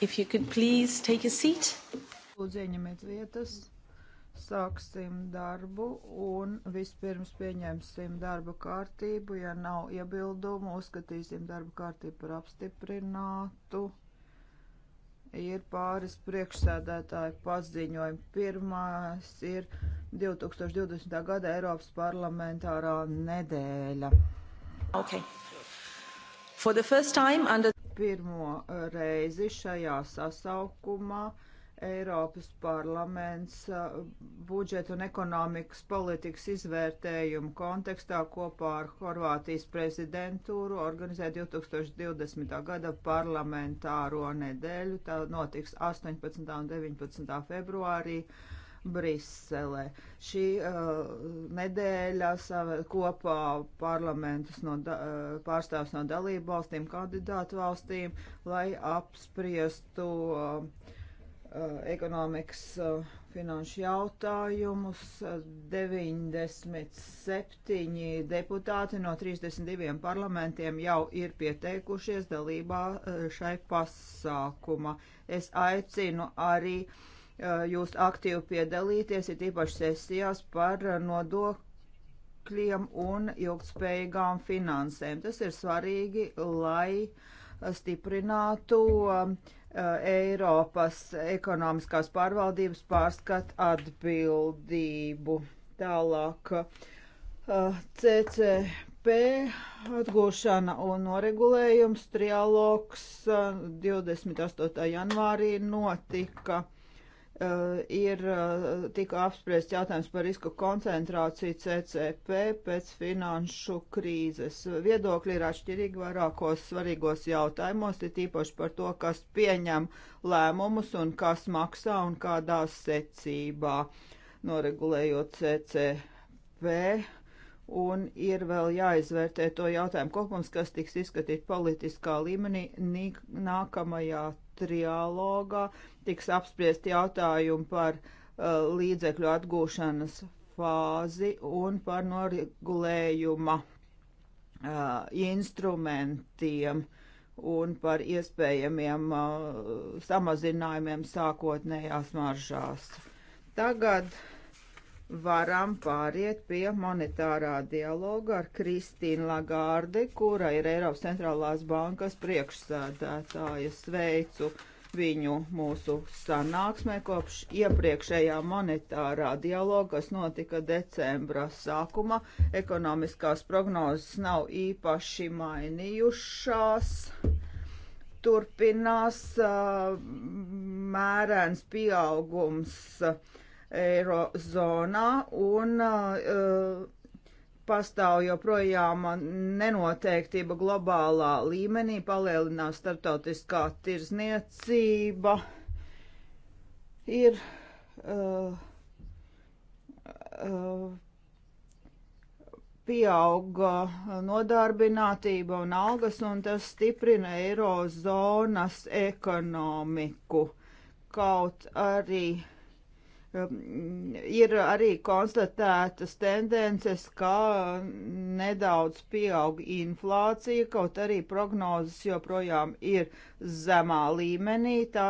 If you could please take a seat. Lūdzu, ieņemiet vietas. Sāksim darbu un vispirms pieņemsim darba kārtību. Ja nav iebildumu, uzskatīsim darba kārtību par apstiprinātu. Ir pāris priekšsēdētāju paziņojumi. Pirmais ir 2020. gada Eiropas parlamentārā nedēļa. Okay. For the first time under pirmo reizi šajā sasaukumā Eiropas parlaments budžeta un ekonomikas politikas izvērtējumu kontekstā kopā ar Horvātijas prezidentūru organizē 2020. gada parlamentāro nedēļu. Tā notiks 18. un 19. februārī Briselē. Šī uh, nedēļā kopā parlamentus no da, uh, pārstāvs no dalību valstīm, kandidātu valstīm, lai apspriestu uh, uh ekonomikas uh, finanšu jautājumus. 97 deputāti no 32 parlamentiem jau ir pieteikušies dalībā uh, šai pasākuma. Es aicinu arī uh, jūs aktīvi piedalīties, ir īpaši sesijās par nodokļiem un ilgspējīgām finansēm. Tas ir svarīgi, lai stiprinātu Eiropas ekonomiskās pārvaldības pārskat atbildību. Tālāk CCP atgūšana un noregulējums trialogs 28. janvārī notika. Eh, ir eh, tika apspriests jautājums par risku koncentrāciju CCP pēc finanšu krīzes. Viedokļi ir atšķirīgi vairākos svarīgos jautājumos, ir tīpaši par to, kas pieņem lēmumus un kas maksā un kādā secībā noregulējot CCP. Un ir vēl jāizvērtē to jautājumu kopums, kas tiks izskatīt politiskā līmenī nākamajā trialogā tiks apspriest jautājumi par uh, līdzekļu atgūšanas fāzi un par noregulējuma uh, instrumentiem un par iespējamiem uh, samazinājumiem sākotnējās maržās. Tagad uh, varam pāriet pie monetārā dialoga ar Kristīnu Lagārdi, kura ir Eiropas centrālās bankas priekšsēdētāja. Sveicu viņu mūsu sanāksmē kopš iepriekšējā monetārā dialoga, kas notika decembra sākuma. Ekonomiskās prognozes nav īpaši mainījušās turpinās uh, mērēns pieaugums uh, eirozonā un uh, pastāv joprojām nenoteiktība globālā līmenī, palielinās starptautiskā tirzniecība. Ir uh, uh, pieauga nodarbinātība un algas, un tas stiprina eirozonas ekonomiku. Kaut arī uh, Um, ir arī konstatētas tendences, ka nedaudz pieaug inflācija, kaut arī prognozes joprojām ir zemā līmenī, tā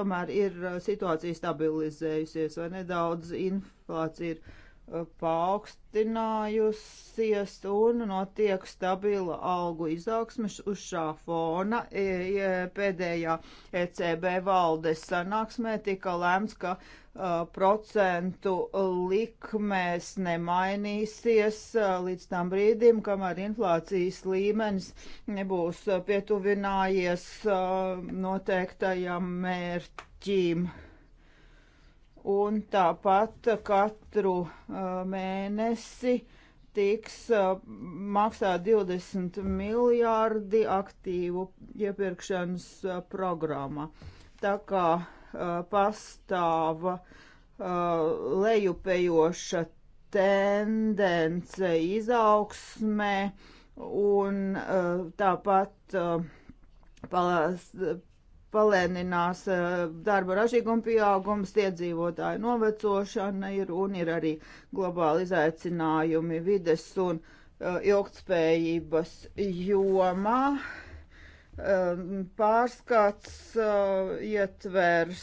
tomēr ir uh, situācija stabilizējusies vai nedaudz inflācija ir uh, paaugstinājusies un notiek stabila algu izaugsmes uz šā fona. E, e, pēdējā ECB valdes sanāksmē tika lēmts, ka Uh, procentu likmēs nemainīsies uh, līdz tam brīdim, kamēr inflācijas līmenis nebūs pietuvinājies uh, noteiktajam mērķim. Un tāpat katru mēnesi tiks maksāt 20 miljārdi aktīvu iepirkšanas programma. Tā kā uh, Uh, pastāv uh, lejupējoša tendence izaugsmē un uh, tāpat palēninās darba ražīguma pieaugums, iedzīvotāju novecošana ir un ir arī globāli izaicinājumi vides un ilgtspējības jomā. Um, pārskats uh, ietvers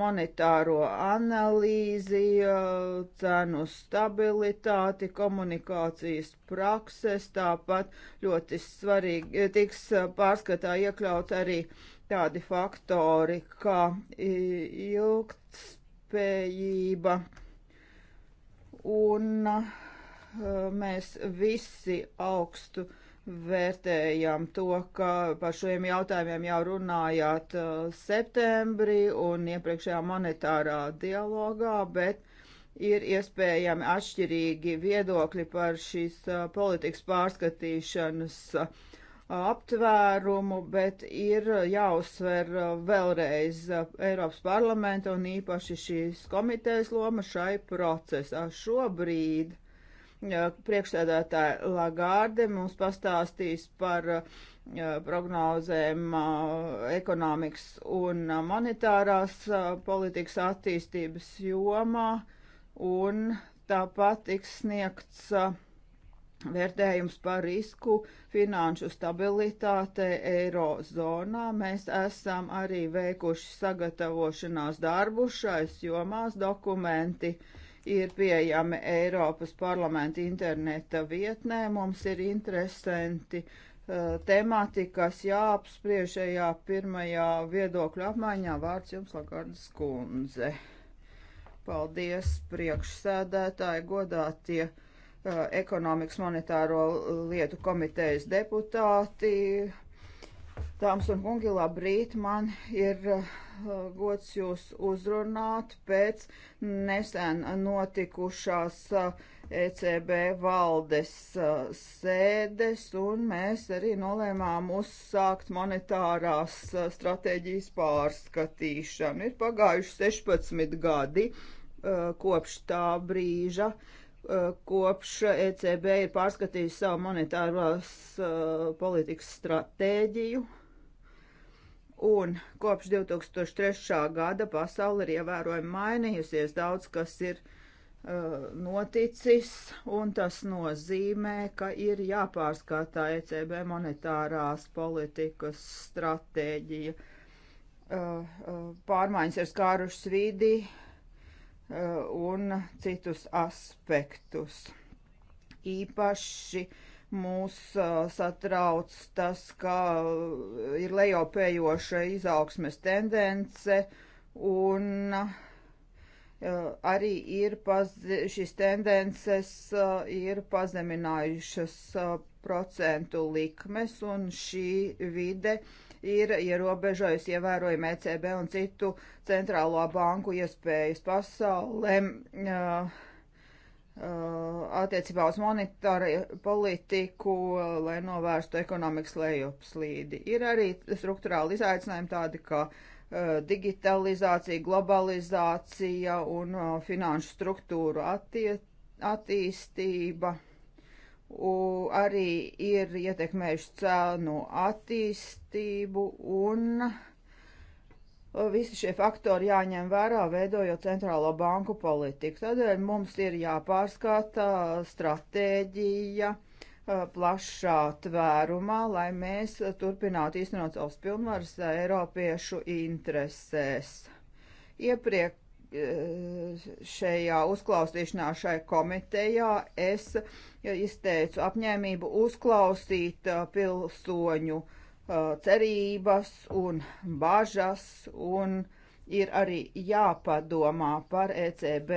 monetāro analīzi, uh, cenu stabilitāti, komunikācijas prakses, tāpat ļoti svarīgi tiks uh, pārskatā iekļaut arī tādi faktori, kā ilgtspējība un uh, mēs visi augstu uh, vērtējam to, ka par šiem jautājumiem jau runājāt uh, septembrī un iepriekšējā monetārā dialogā, bet ir iespējami atšķirīgi viedokļi par šīs uh, politikas pārskatīšanas uh, aptvērumu, bet ir jāuzsver vēlreiz Eiropas parlamenta un īpaši šīs komitejas loma šai procesā. Šobrīd priekšsēdētāja Lagarde mums pastāstīs par prognozēm ekonomikas un monetārās politikas attīstības jomā, un tāpat tiks sniegts vērtējums par risku finanšu stabilitāte eirozonā. Mēs esam arī veikuši sagatavošanās darbu šais jomās dokumenti. Uh, ir pieejami Eiropas parlamenta interneta vietnē. Mums ir interesanti uh, temati, kas jāapspriež šajā pirmajā viedokļu apmaiņā. Vārds jums, Lagardas kundze. Paldies, priekšsēdētāji, godātie uh, ekonomikas monetāro lietu komitejas deputāti, Dāmas un kungi, labrīt! Man ir uh, gods jūs uzrunāt pēc nesen notikušās uh, eh, ECB valdes uh, sēdes, un mēs arī nolēmām uzsākt monetārās stratēģijas pārskatīšanu. Ir pagājuši 16 gadi kopš tā brīža, uh, Eh, kopš ECB ir pārskatījusi savu monetārās eh, politikas stratēģiju. Un kopš 2003. gada pasaule ir ievērojami mainījusies, daudz kas ir uh, noticis, un tas nozīmē, ka ir jāpārskatā ECB monetārās politikas stratēģija. Uh, uh, pārmaiņas ir skārušas vidi, Eh, un citus aspektus. Īpaši mūs eh, satrauc tas, ka eh, ir lejopējoša izaugsmes tendence un arī ir paz, šīs tendences ir pazeminājušas procentu likmes un šī vide uh, ir ierobežojusi ievērojami ECB un citu centrālo banku iespējas pasaulē uh, uh, attiecībā uz monetāru politiku, uh, lai novērstu ekonomikas lejupslīdi. Ir arī struktūrāli izaicinājumi tādi, kā digitalizācija, globalizācija un finanšu struktūru attie, attīstība arī ir ietekmējuši cēnu attīstību un visi šie faktori jāņem vērā, veidojot centrālo banku politiku. Tādēļ mums ir jāpārskata stratēģija plašā tvērumā, lai mēs turpinātu īstenot savus pilnvarus Eiropiešu interesēs. Iepriek Eh, šajā uzklausīšanā šai komitejā es izteicu apņēmību uzklausīt eh, pilsoņu eh, cerības un bažas un ir arī jāpadomā par ECB,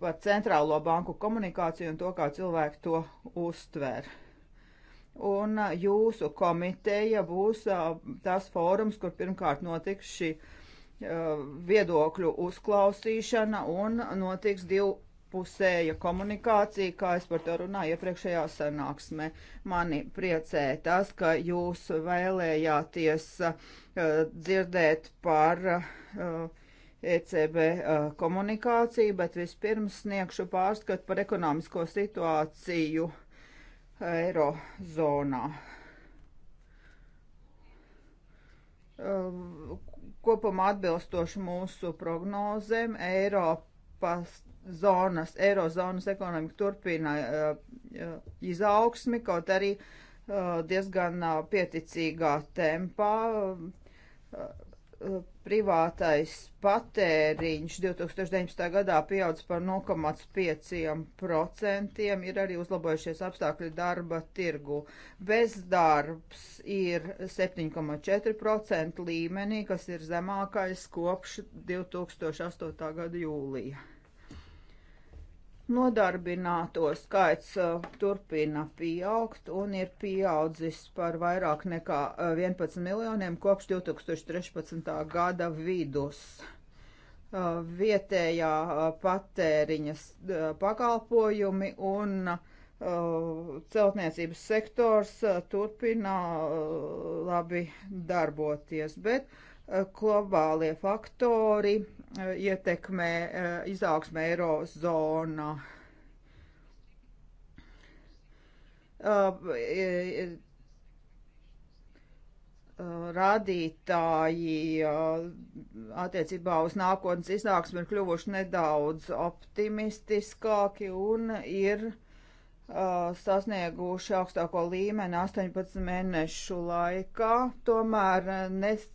par centrālo banku komunikāciju un to, kā cilvēki to uztver. Un jūsu komiteja būs tas fórums, kur pirmkārt notiks šī uh, Uh, viedokļu uzklausīšana un notiks divpusēja komunikācija, kā es par to runāju iepriekšējā sanāksmē. Mani priecē tas, ka jūs vēlējāties uh, dzirdēt par uh, ECB komunikāciju, bet vispirms sniegšu pārskatu par ekonomisko situāciju Eirozonā kopumā atbilstoši mūsu prognozēm Eiropas zonas, Eirozonas ekonomika turpina uh, izaugsmi, kaut arī uh, diezgan uh, pieticīgā tempā. Uh, Uh, privātais patēriņš 2019. gadā pieaudz par 0,5%, ir arī uzlabojušies apstākļi darba tirgu. Bezdarbs ir 7,4% līmenī, kas ir zemākais kopš 2008. gada jūlija. Nodarbināto skaits uh, turpina pieaugt un ir pieaudzis par vairāk nekā 11 uh, miljoniem kopš 2013. gada vidus. Uh, vietējā patēriņas pakalpojumi un celtniecības sektors turpina labi darboties, bet Eh, globālie faktori eh, ietekmē eh, izaugsmē eirozonā. Rādītāji attiecībā uz nākotnes iznāksmi ir kļuvuši nedaudz optimistiskāki un ir sasnieguši augstāko līmeni 18 mēnešu laikā, tomēr nes,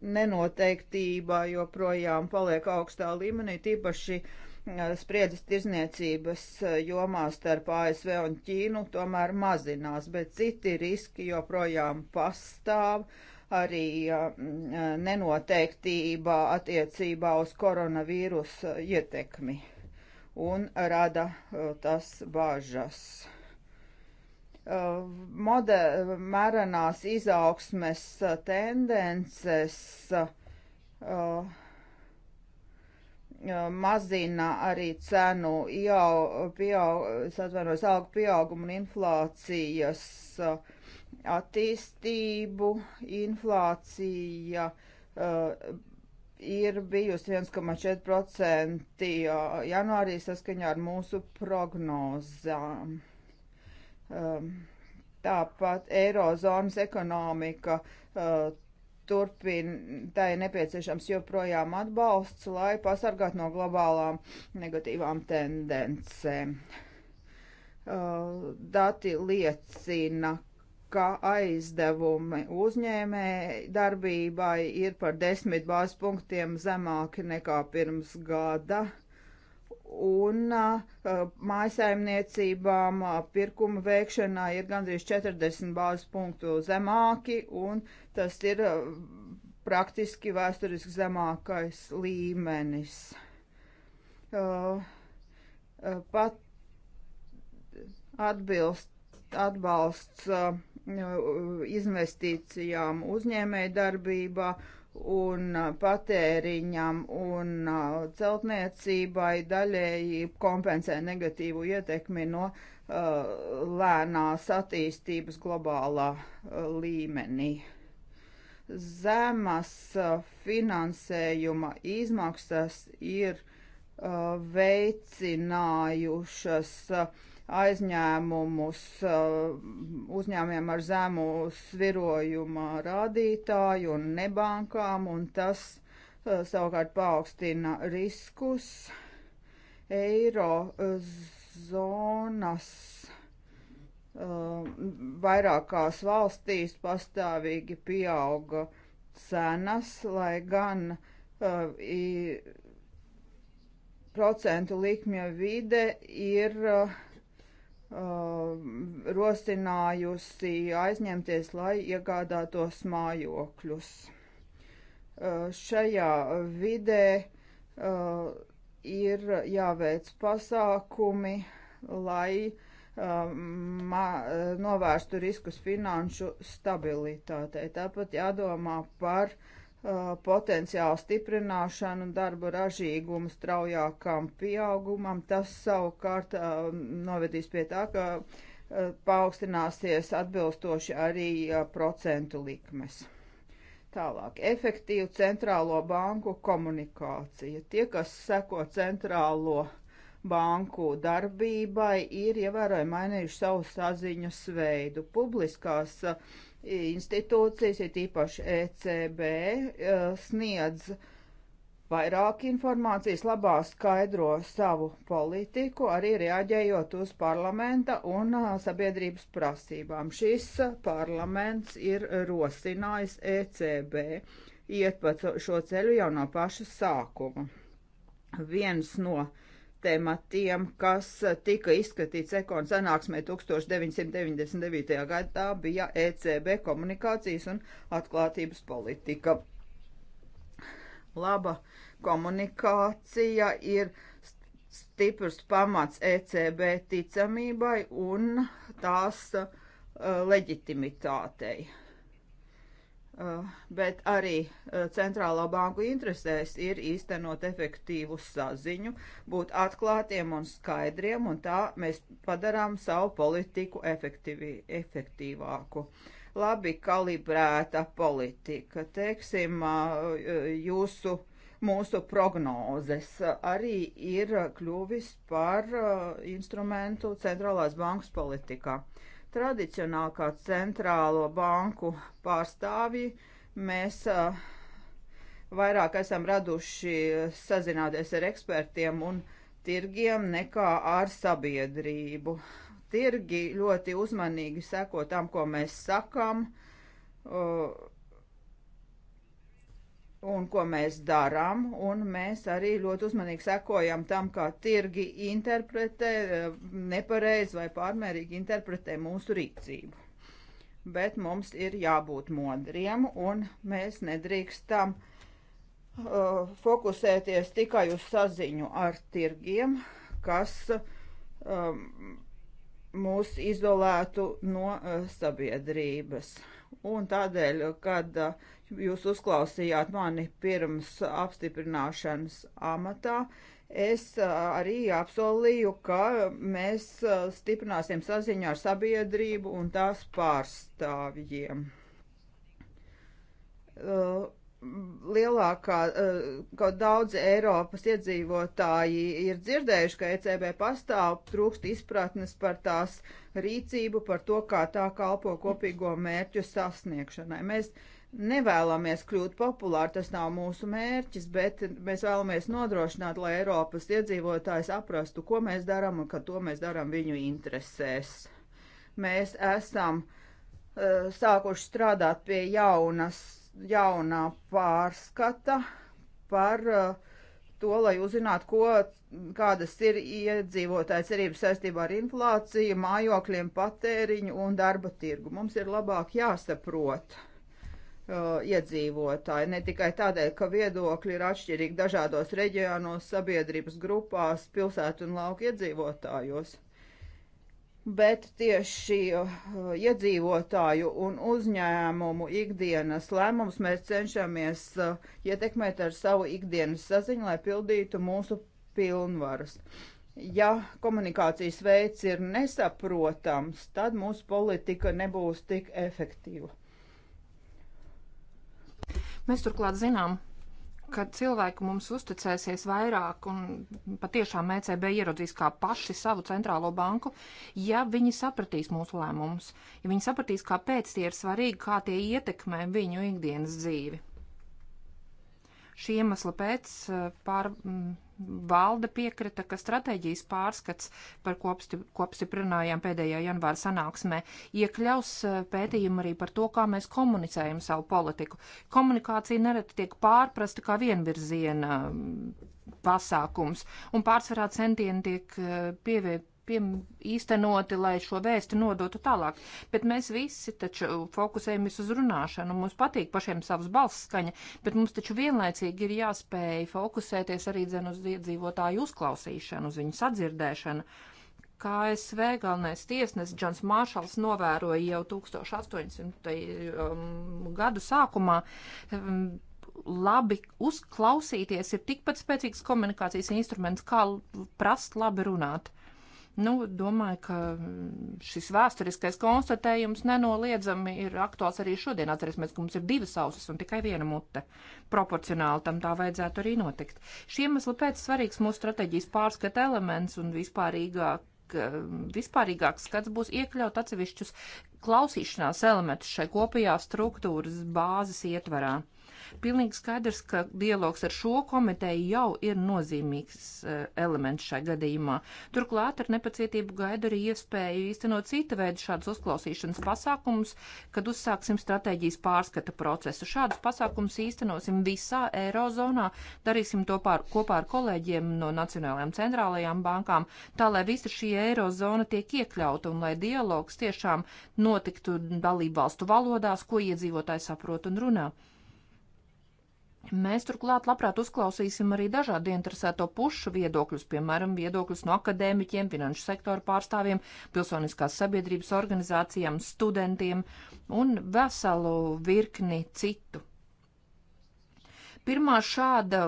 nenoteiktība joprojām paliek augstā līmenī, tīpaši eh, spriedzes tirzniecības eh, jomā starp ASV un Ķīnu tomēr mazinās, bet citi riski joprojām pastāv. Arī eh, mm, nenoteiktība attiecībā uz koronavīrusa ietekmi un rada tas bāžas. Uh, mode, mērenās izaugsmes uh, tendences uh, uh, mazina arī cenu jau pieaug, atvainojas algu pieaugumu un inflācijas attīstību. Inflācija uh, ir bijusi 1,4% janvārī saskaņā ar mūsu prognozām Um, tāpat Eirozonas ekonomika uh, turpin, tā ir nepieciešams joprojām atbalsts, lai pasargātu no globālām negatīvām tendencēm. Uh, dati liecina, ka aizdevumi uzņēmē darbībai ir par desmit bāzpunktiem zemāki nekā pirms gada. Uh, un uh, mājasaimniecībām uh, pirkuma veikšanā ir gandrīz 40 bāzes punktu zemāki, un tas ir uh, praktiski vēsturiski zemākais līmenis. Pat atbilst, atbalsts investīcijām uzņēmējdarbībā darbībā un uh, patēriņam un uh, celtniecībai daļēji kompensē negatīvu ietekmi no uh, lēnās attīstības globālā uh, līmenī. Zemas uh, finansējuma izmaksas ir uh, veicinājušas uh, aizņēmumus uh, uzņēmiem ar zemu svirojuma rādītāju un nebankām, un tas uh, savukārt paaugstina riskus eiro uh, zonas vairākās valstīs pastāvīgi pieauga cenas, lai gan procentu likmju vide ir uh, Uh, rosinājusi aizņemties, lai iegādātos mājokļus. Uh, šajā vidē uh, ir jāveic pasākumi, lai novērstu riskus finanšu stabilitātei. Tāpat jādomā par uh, Uh, potenciālu stiprināšanu, darba ražīgumu straujākam pieaugumam. Tas savukārt uh, novedīs pie tā, ka uh, paaugstināsies atbilstoši arī procentu likmes. Tālāk, efektīva centrālo banku komunikācija. Tie, kas seko centrālo banku, banku darbībai ir ievērojami mainījuši savu saziņu veidu. Publiskās uh, institūcijas, ir īpaši ECB, uh, sniedz vairāk informācijas, labāk skaidro savu politiku, arī reaģējot uz parlamenta un uh, sabiedrības prasībām. Šis parlaments ir rosinājis ECB iet pa šo ceļu jau no paša sākuma. Viens no uh, tematiem, kas tika izskatīts ekonu sanāksmē 1999. gadā, bija ECB komunikācijas un atklātības politika. Laba komunikācija ir stiprs pamats ECB ticamībai un tās uh, leģitimitātei. Eh, bet arī eh, centrālā banku interesēs ir īstenot efektīvu saziņu, būt atklātiem un skaidriem, un tā mēs padarām savu politiku efektīvi, efektīvāku. Labi kalibrēta politika, teiksim, eh, jūsu mūsu prognozes arī ir kļuvis par instrumentu centrālās bankas politikā. Tradicionāli kā centrālo banku pārstāvji mēs eh, vairāk esam raduši sazināties ar ekspertiem un tirgiem nekā ar sabiedrību. Tirgi ļoti uzmanīgi seko tam, ko mēs sakam. Uh, un ko mēs darām, un mēs arī ļoti uzmanīgi sekojam tam, kā tirgi interpretē eh, nepareizi vai pārmērīgi interpretē mūsu rīcību. Bet mums ir jābūt modriem, un mēs nedrīkstam uh, fokusēties tikai uz saziņu ar tirgiem, kas um, mūs izolētu no uh, sabiedrības. Uh, un tādēļ, kad uh, jūs uzklausījāt mani pirms apstiprināšanas amatā, es uh, arī apsolīju, ka mēs uh, stiprināsim saziņu ar sabiedrību un tās pārstāvjiem. Uh, lielākā, eh, kaut daudz Eiropas iedzīvotāji ir dzirdējuši, ka ECB pastāv, trūkst izpratnes par tās rīcību, par to, kā tā kalpo kopīgo mērķu sasniegšanai. Mēs nevēlamies kļūt populāri, tas nav mūsu mērķis, bet mēs vēlamies nodrošināt, lai Eiropas iedzīvotājs aprastu, ko mēs darām un ka to mēs darām viņu interesēs. Mēs esam uh, sākuši strādāt pie jaunas jaunā pārskata par uh, to, lai uzzinātu, ko, kādas ir iedzīvotāji cerības saistībā ar inflāciju, mājokļiem, patēriņu un darba tirgu. Mums ir labāk jāsaprot uh, iedzīvotāji, ne tikai tādēļ, ka viedokļi ir atšķirīgi dažādos reģionos, sabiedrības grupās, pilsētu un lauku iedzīvotājos bet tieši uh, iedzīvotāju un uzņēmumu ikdienas lēmums mēs cenšamies uh, ietekmēt ar savu ikdienas saziņu, lai pildītu mūsu pilnvaras. Ja komunikācijas veids ir nesaprotams, tad mūsu politika nebūs tik efektīva. Mēs turklāt zinām, kad cilvēki mums uzticēsies vairāk un patiešām ECB ieraudzīs kā paši savu centrālo banku, ja viņi sapratīs mūsu lēmumus, ja viņi sapratīs, kāpēc tie ir svarīgi, kā tie ietekmē viņu ikdienas dzīvi. Šī iemesla pēc eh, pār, m, mm, valde piekrita, ka stratēģijas pārskats, par ko apstiprinājām pēdējā janvāra sanāksmē, iekļaus eh, pētījumu arī par to, kā mēs komunicējam savu politiku. Komunikācija nereti tiek pārprasta kā vienvirziena mm, pasākums, un pārsvarā centieni tiek eh, pievērt piem, īstenoti, lai šo vēstu nodotu tālāk. Bet mēs visi taču fokusējamies uz runāšanu. Mums patīk pašiem savas balss skaņa, bet mums taču vienlaicīgi ir jāspēj fokusēties arī dzen uz iedzīvotāju uzklausīšanu, uz viņu sadzirdēšanu. KSV galvenais tiesnesis Džons Māršals novēroja jau 1800. Um, gadu sākumā. Um, labi uzklausīties ir tikpat spēcīgs komunikācijas instruments, kā prast labi runāt. Nu, domāju, ka mm, šis vēsturiskais konstatējums nenoliedzami ir aktuāls arī šodien. Atcerēsimies, ka mums ir divas ausis un tikai viena mute. Proporcionāli tam tā vajadzētu arī notikt. Šī iemesla pēc svarīgs mūsu strateģijas pārskata elements un vispārīgāk mm, vispārīgāks skats būs iekļaut atsevišķus klausīšanās elementus šai kopējā struktūras bāzes ietverā. Pilnīgi skaidrs, ka dialogs ar šo komiteju jau ir nozīmīgs uh, elements šai gadījumā. Turklāt ar nepacietību gaidu arī iespēju īstenot cita veida šādus uzklausīšanas pasākumus, kad uzsāksim stratēģijas pārskata procesu. Šādus pasākumus īstenosim visā Eirozonā, darīsim to pār, kopā ar kolēģiem no Nacionālajām centrālajām bankām, tā lai visa šī Eirozona tiek iekļauta un lai dialogs tiešām notiktu dalību valstu valodās, ko iedzīvotāji saprot un runā. Mēs turklāt labprāt uzklausīsim arī dažādu interesēto pušu viedokļus, piemēram, viedokļus no akadēmiķiem, finanšu sektora pārstāvjiem, pilsoniskās sabiedrības organizācijām, studentiem un veselu virkni citu Pirmā šāda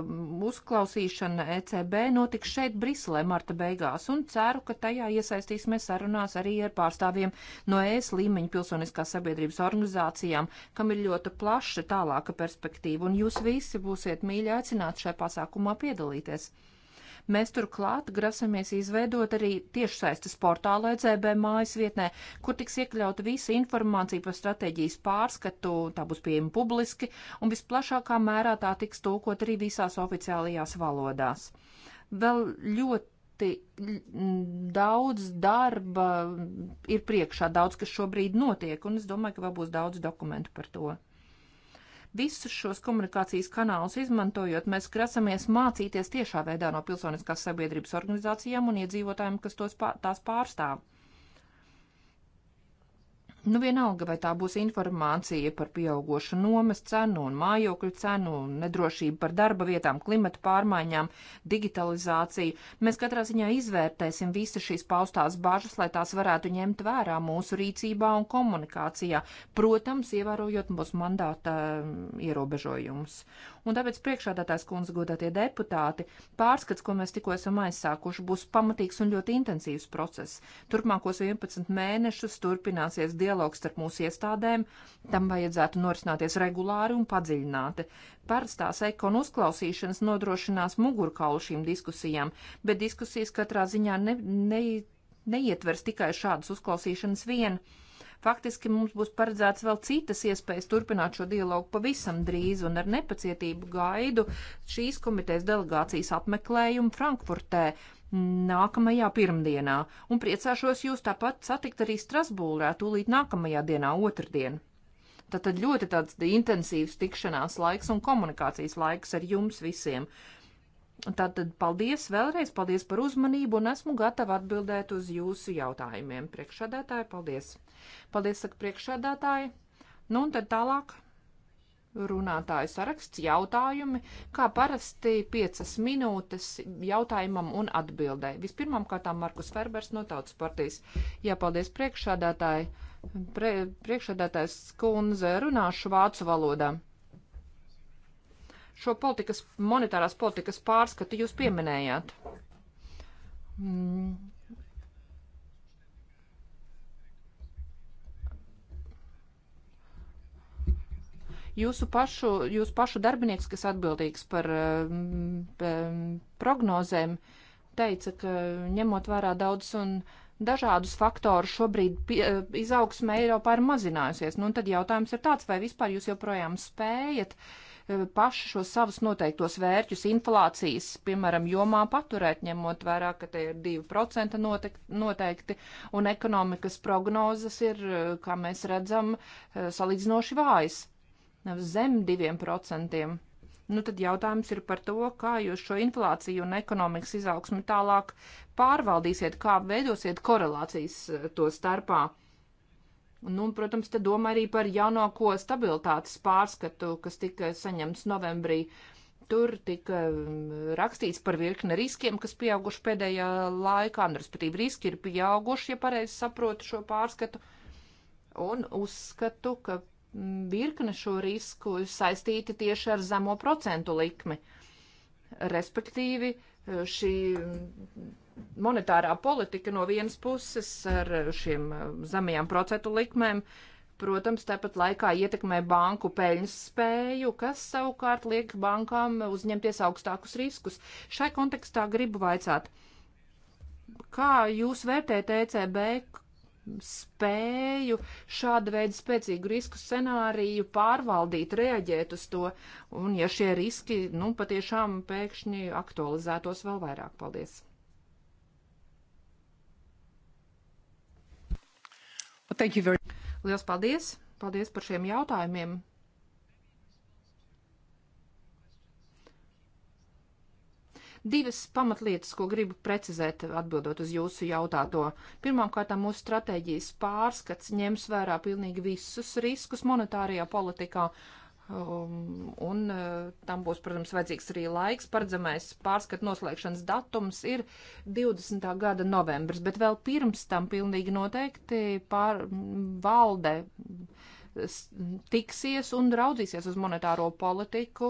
uzklausīšana ECB notiks šeit, Briselē, marta beigās, un ceru, ka tajā iesaistīsimies sarunās arī ar pārstāvjiem no ES līmeņa pilsoniskās sabiedrības organizācijām, kam ir ļoti plaša tālāka perspektīva, un jūs visi būsiet mīļi aicināti šajā pasākumā piedalīties. Mēs turklāt grasamies izveidot arī tiešsaistes portālu ECB mājas vietnē, kur tiks iekļauta visa informācija par stratēģijas pārskatu, tā būs pieejama publiski, un visplašākā mērā tā tiks tulkot arī visās oficiālajās valodās. Vēl ļoti ļoti daudz darba ir priekšā, daudz kas šobrīd notiek, un es domāju, ka vēl būs daudz dokumentu par to. Visus šos komunikācijas kanālus izmantojot, mēs grasamies mācīties tiešā veidā no pilsoniskās sabiedrības organizācijām un iedzīvotājiem, kas tos pār, tās pārstāv. Nu, vienalga, vai tā būs informācija par pieaugušu nomas cenu un mājokļu cenu, nedrošību par darba vietām, klimatu pārmaiņām, digitalizāciju. Mēs katrā ziņā izvērtēsim visas šīs paustās bažas, lai tās varētu ņemt vērā mūsu rīcībā un komunikācijā, protams, ievērojot mūsu mandāta mm, ierobežojumus. Un tāpēc priekšādātājs kundze godātie deputāti, pārskats, ko mēs tikko esam aizsākuši, būs pamatīgs un ļoti intensīvs process. Turpmākos 11 mēnešus turpināsies dialogs starp mūsu iestādēm, tam vajadzētu norisināties regulāri un padziļināti. Parastās ekonu uzklausīšanas nodrošinās mugurkaulu šīm diskusijām, bet diskusijas katrā ziņā ne, ne, neietver tikai šādas uzklausīšanas vienu. Faktiski mums būs paredzēts vēl citas iespējas turpināt šo dialogu pavisam drīz un ar nepacietību gaidu šīs komitejas delegācijas apmeklējumu Frankfurtē nākamajā pirmdienā un priecāšos jūs tāpat satikt arī Strasbūrā tūlīt nākamajā dienā otrdien. Tātad ļoti tāds intensīvs tikšanās laiks un komunikācijas laiks ar jums visiem. Tātad paldies vēlreiz, paldies par uzmanību un esmu gatava atbildēt uz jūsu jautājumiem. Priekšādātāji, paldies! Paldies, saka priekšsēdētāji. Nu un tad tālāk runātāju saraksts, jautājumi, kā parasti piecas minūtes jautājumam un atbildēji. Vispirmām kārtām Markus Ferbers no Tautas partijas. Jā, paldies priekšādātāji. Pre, priekšādātājs kundze runāšu vācu valodā. Šo politikas, monetārās politikas pārskatu jūs pieminējāt. Mm Jūsu pašu, jūsu pašu darbinieks, kas atbildīgs par mm, prognozēm, teica, ka ņemot vērā daudz un dažādus faktorus šobrīd e, izaugsme Eiropā ir mazinājusies. Nu, un tad jautājums ir tāds, vai vispār jūs joprojām spējat e, paši šos savus noteiktos vērķus inflācijas, piemēram, jomā paturēt, ņemot vērā, ka te ir 2% noteikti, un ekonomikas prognozes ir, e, kā mēs redzam, salīdzinoši vājas zem diviem procentiem. Nu, tad jautājums ir par to, kā jūs šo inflāciju un ekonomikas izaugsmu tālāk pārvaldīsiet, kā veidosiet korelācijas eh, to starpā. Nu, un, protams, te domā arī par jaunāko stabilitātes pārskatu, kas tika saņemts novembrī. Tur tika mm, rakstīts par virkni riskiem, kas pieauguši pēdējā laikā, un, nu, respektīvi, riski ir pieauguši, ja pareizi saprotu šo pārskatu. Un uzskatu, ka virkne šo risku saistīti tieši ar zemo procentu likmi. Respektīvi, šī monetārā politika no vienas puses ar šiem eh, zemajām procentu likmēm, protams, tāpat laikā ietekmē banku peļņas spēju, kas savukārt liek bankām uzņemties augstākus riskus. Šai kontekstā gribu vaicāt, kā jūs vērtējat ECB spēju šāda veida spēcīgu risku scenāriju pārvaldīt, reaģēt uz to, un ja šie riski, nu, patiešām pēkšņi aktualizētos vēl vairāk. Paldies! Well, Lielas paldies! Paldies par šiem jautājumiem! divas pamatlietas, ko gribu precizēt atbildot uz jūsu jautāto. Pirmkārt, mūsu stratēģijas pārskats ņems vērā pilnīgi visus riskus monetārajā politikā. Um, un uh, tam būs, protams, vajadzīgs arī laiks. Paredzamais pārskatu noslēgšanas datums ir 20. gada novembris, bet vēl pirms tam pilnīgi noteikti pār, valde tiksies un raudzīsies uz monetāro politiku,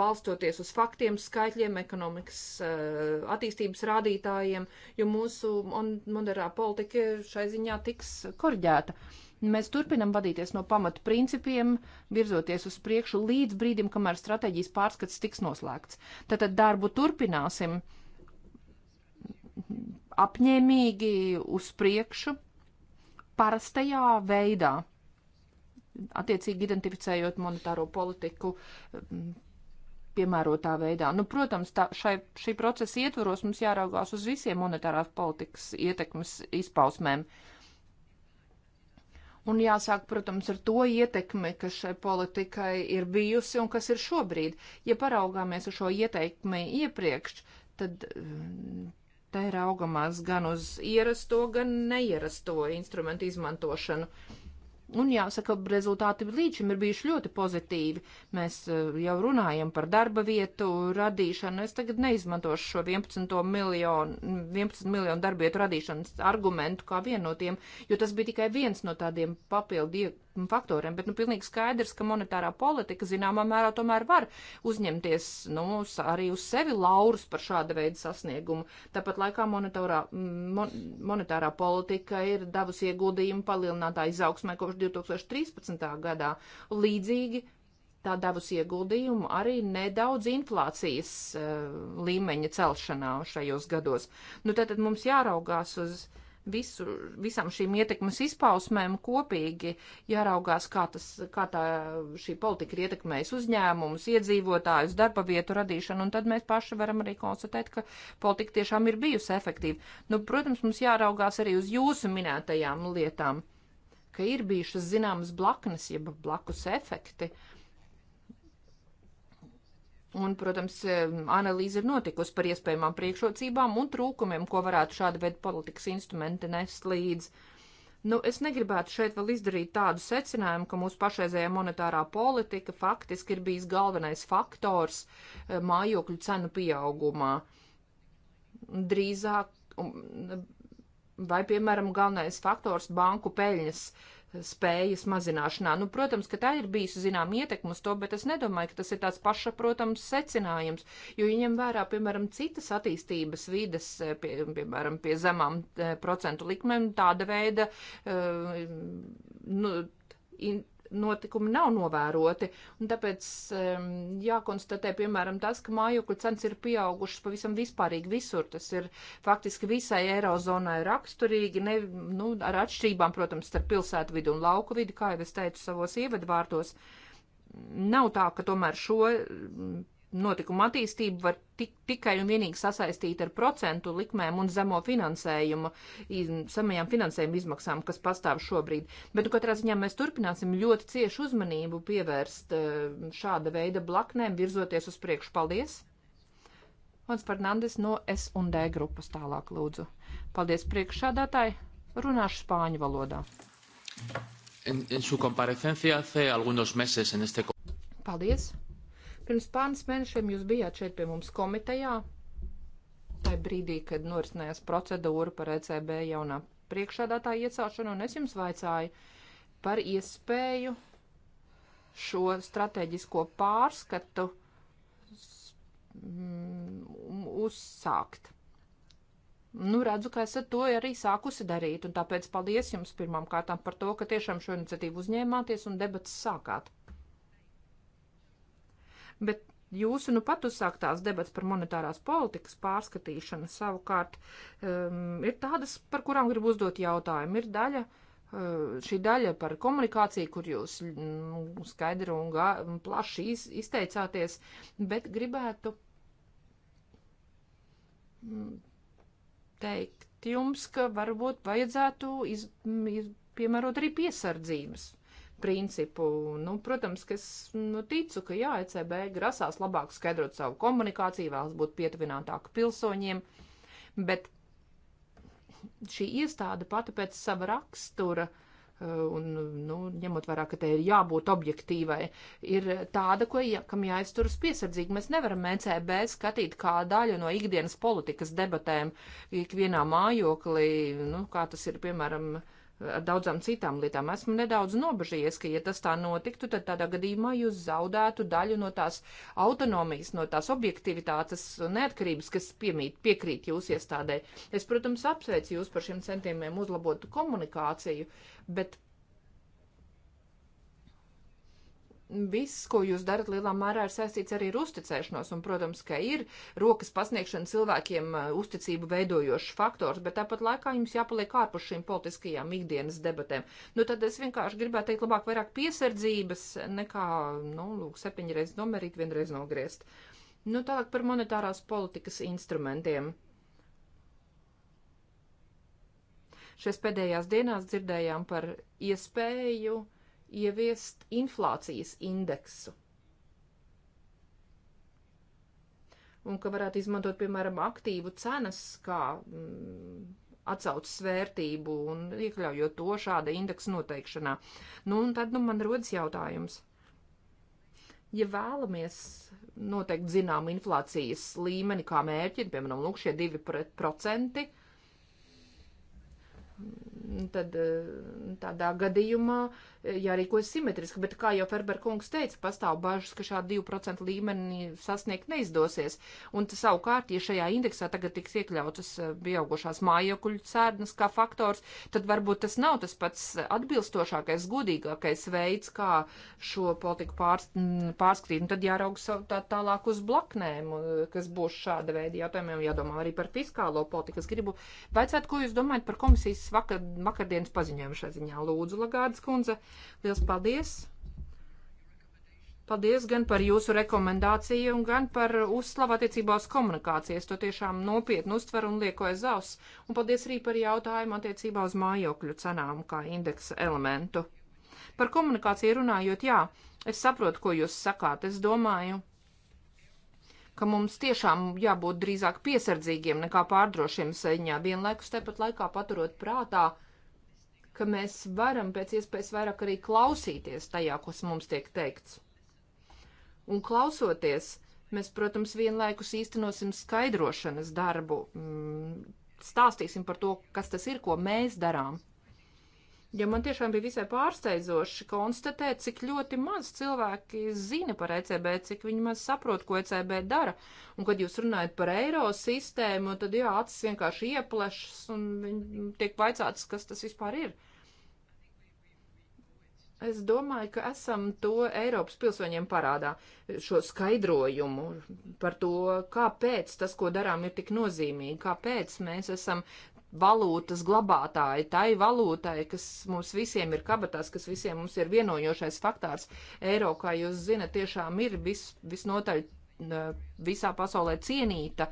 balstoties uz faktiem, skaitļiem, ekonomikas eh, attīstības rādītājiem, jo mūsu monetārā politika šai ziņā tiks korģēta. Mēs turpinam vadīties no pamatu principiem, virzoties uz priekšu līdz brīdim, kamēr stratēģijas pārskats tiks noslēgts. Tātad darbu turpināsim apņēmīgi uz priekšu parastajā veidā attiecīgi identificējot monetāro politiku mm, piemērotā veidā. Nu, protams, tā, šai, šī procesa ietvaros mums jāraugās uz visiem monetārās politikas ietekmes izpausmēm. Un jāsāk, protams, ar to ietekmi, kas šai politikai ir bijusi un kas ir šobrīd. Ja paraugāmies uz šo ieteikmi iepriekš, tad mm, te ir augamās gan uz ierasto, gan neierasto instrumentu izmantošanu. Un jāsaka, rezultāti līdz šim ir bijuši ļoti pozitīvi. Mēs eh, jau runājam par darba vietu radīšanu. Es tagad neizmantošu šo 11 miljonu, 11 miljonu darba vietu radīšanas argumentu kā vienu no tiem, jo tas bija tikai viens no tādiem papildu faktoriem, bet, nu, pilnīgi skaidrs, ka monetārā politika zināmā mērā tomēr var uzņemties, nu, arī uz sevi laurus par šāda veida sasniegumu. Tāpat laikā monetārā, mon, monetārā politika ir devusi ieguldījumu palielinātā izaugsmē kopš 2013. gadā. Līdzīgi tā devusi ieguldījumu arī nedaudz inflācijas uh, līmeņa celšanā šajos gados. Nu, tātad mums jāraugās uz. Uh, visu, visam šīm ietekmes izpausmēm kopīgi jāraugās, kā, tas, kā tā, šī politika ir ietekmējusi uzņēmumus, iedzīvotājus, darba vietu radīšanu, un tad mēs paši varam arī konstatēt, ka politika tiešām ir bijusi efektīva. Nu, protams, mums jāraugās arī uz jūsu minētajām lietām, ka ir bijušas zināmas blaknes, jeb blakus efekti. Uh, Un, protams, analīze ir notikusi par iespējamām priekšrocībām un trūkumiem, ko varētu šāda veida politikas instrumenti nest līdzi. Nu, es negribētu šeit vēl izdarīt tādu secinājumu, ka mūsu pašreizējā monetārā politika faktiski ir bijis galvenais faktors eh, mājokļu cenu pieaugumā. Drīzāk, um, vai, piemēram, galvenais faktors banku peļņas uh, spējas mazināšanā. Nu, protams, ka tā ir bijusi zinām ietekme uz to, bet es nedomāju, ka tas ir tāds pašaprotams secinājums, jo ņem vērā, piemēram, citas attīstības vides, eh, pie, piemēram, pie zemām eh, procentu likmēm, tāda veida, eh, nu, in, notikumi nav novēroti. Un tāpēc um, jākonstatē, piemēram, tas, ka mājokļu cenas ir pieaugušas pavisam vispārīgi visur. Tas ir faktiski visai Eirozonai raksturīgi, ne, nu, ar atšķirībām, protams, starp pilsētu vidu un lauku vidu, kā jau es teicu savos ievadvārdos. Nav tā, ka tomēr šo notikuma attīstību var tik, tikai un vienīgi sasaistīt ar procentu likmēm un zemo finansējumu, samajām finansējuma izmaksām, kas pastāv šobrīd. Bet nu, katrā ziņā mēs turpināsim ļoti ciešu uzmanību pievērst eh, šāda veida blaknēm, virzoties uz priekšu. Paldies! Mans Fernandes no S&D grupas tālāk lūdzu. Paldies priekšsādātāji! Runāšu spāņu valodā. En, en su comparecencia hace algunos meses en este... Paldies! Pirms pāris mēnešiem jūs bijāt šeit pie mums komitejā, tai brīdī, kad norisinājās procedūra par ECB jaunā priekšādātāja iecelšanu, un es jums vaicāju par iespēju šo strateģisko pārskatu mm, uzsākt. Nu, redzu, ka esat to arī sākusi darīt, un tāpēc paldies jums pirmām kārtām par to, ka tiešām šo iniciatīvu uzņēmāties un debats sākāt bet jūsu nu pat uzsāktās debats par monetārās politikas pārskatīšanu savukārt um, ir tādas, par kurām gribu uzdot jautājumu. Ir daļa, uh, šī daļa par komunikāciju, kur jūs nu, skaidri un gā, plaši iz, izteicāties, bet gribētu mm, teikt jums, ka varbūt vajadzētu iz, iz, piemērot arī piesardzības principu. Nu, protams, ka es nu, ticu, ka jā, ECB grasās labāk skaidrot savu komunikāciju, vēlas būt pietuvinātāka pilsoņiem, bet šī iestāde pati pēc sava rakstura, eh, un, nu, ņemot vērā, ka te ir jābūt objektīvai, ir tāda, ko, jā, kam jāizturas piesardzīgi. Mēs nevaram ECB skatīt kā daļu no ikdienas politikas debatēm ikvienā mājoklī, nu, kā tas ir, piemēram, uh, ar daudzām citām lietām. Esmu nedaudz nobežījies, ka, ja tas tā notiktu, tad tādā gadījumā jūs zaudētu daļu no tās autonomijas, no tās objektivitātes neatkarības, kas piemīt, piekrīt jūs iestādē. Es, protams, apsveicu jūs par šiem centiemiem uzlabot komunikāciju, bet viss, ko jūs darat, lielā mērā ir saistīts arī ar uzticēšanos. Un, protams, ka ir rokas pasniegšana cilvēkiem uh, uzticību veidojošs faktors, bet tāpat laikā jums jāpaliek ārpus šīm politiskajām ikdienas debatēm. Nu, tad es vienkārši gribētu teikt, labāk vairāk piesardzības nekā, nu, lūk, septiņreiz nomerīt, vienreiz nogriezt. Nu, tālāk par monetārās politikas instrumentiem. Šais pēdējās dienās dzirdējām par iespēju. Ja ieviest inflācijas indeksu. Un ka varētu izmantot, piemēram, aktīvu cenas kā mm, atsaucas vērtību un iekļaujot to šāda indeksa noteikšanā. Nu, un tad nu, man rodas jautājums. Ja vēlamies noteikt zinām inflācijas līmeni kā mērķi, piemēram, lūk, šie 2%, tad mm, tādā gadījumā jārīkojas simetriski, bet kā jau Ferberkungs teica, pastāv bažas, ka šādu 2% līmeni sasniegt neizdosies. Un tas savukārt, ja šajā indeksā tagad tiks iekļautas eh, pieaugušās mājokļu cērnas kā faktors, tad varbūt tas nav tas pats atbilstošākais, godīgākais veids, kā šo politiku pārs, mm, pārskatīt. Un tad jāraugs tā, tālāk uz blaknēm, eh, kas būs šāda veida jautājumiem, jādomā arī par fiskālo politiku. Es gribu vaicāt, ko jūs domājat par komisijas vakar, vakardienas paziņojumu šajā ziņā. Lūdzu, Lagādas kundze. Liels paldies! Paldies gan par jūsu rekomendāciju, gan par uzslavu attiecībā uz komunikācijas. To tiešām nopietni uztver un lieko aiz auss. Un paldies arī par jautājumu attiecībā uz mājokļu cenām kā indeksa elementu. Par komunikāciju runājot, jā, es saprotu, ko jūs sakāt. Es domāju, ka mums tiešām jābūt drīzāk piesardzīgiem nekā pārdrošiem saiņā, vienlaikus tepat laikā paturot prātā, uh, ka mēs varam pēc iespējas vairāk arī klausīties tajā, kas mums tiek teikts. Un klausoties, mēs, protams, vienlaikus īstenosim skaidrošanas darbu, mm, stāstīsim par to, kas tas ir, ko mēs darām. Ja man tiešām bija visai pārsteidzoši konstatēt, cik ļoti maz cilvēki zina par ECB, cik viņi maz saprot, ko ECB dara. Un, kad jūs runājat par eiro sistēmu, tad jā, acis vienkārši ieplešas un tiek vaicāts, kas tas vispār ir. Uh, Es domāju, ka esam to Eiropas pilsoņiem parādā, šo skaidrojumu par to, kāpēc tas, ko darām, ir tik nozīmīgi, kāpēc mēs esam valūtas glabātāji, tai valūtai, kas mums visiem ir kabatās, kas visiem mums ir vienojošais faktārs. Eiro, kā jūs zinat, tiešām ir vis, visnotaļ visā pasaulē cienīta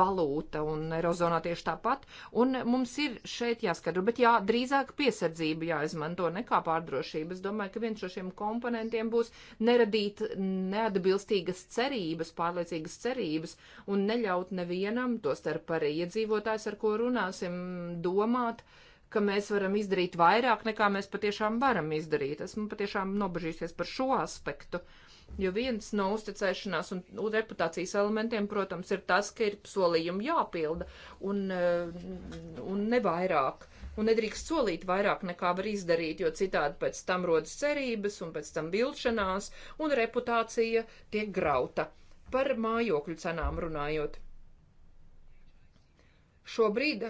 valūta un Eirozonā tieši tāpat. Un mums ir šeit jāskatās, bet jā, drīzāk piesardzība jāizmanto nekā pārdrošība. Es domāju, ka viens no šiem komponentiem būs neradīt neatbilstīgas cerības, pārliecīgas cerības un neļaut nevienam, to starp arī iedzīvotājs, ar ko runāsim, domāt ka mēs varam izdarīt vairāk, nekā mēs patiešām varam izdarīt. Esmu patiešām nobežījusies par šo aspektu. Uh, Jo viens no uzticēšanās un reputācijas elementiem, protams, ir tas, ka ir solījumi jāpilda un, eh, un ne vairāk. Un nedrīkst solīt vairāk nekā var izdarīt, jo citādi pēc tam rodas cerības un pēc tam vilšanās un reputācija tiek grauta. Par mājokļu cenām runājot. Šobrīd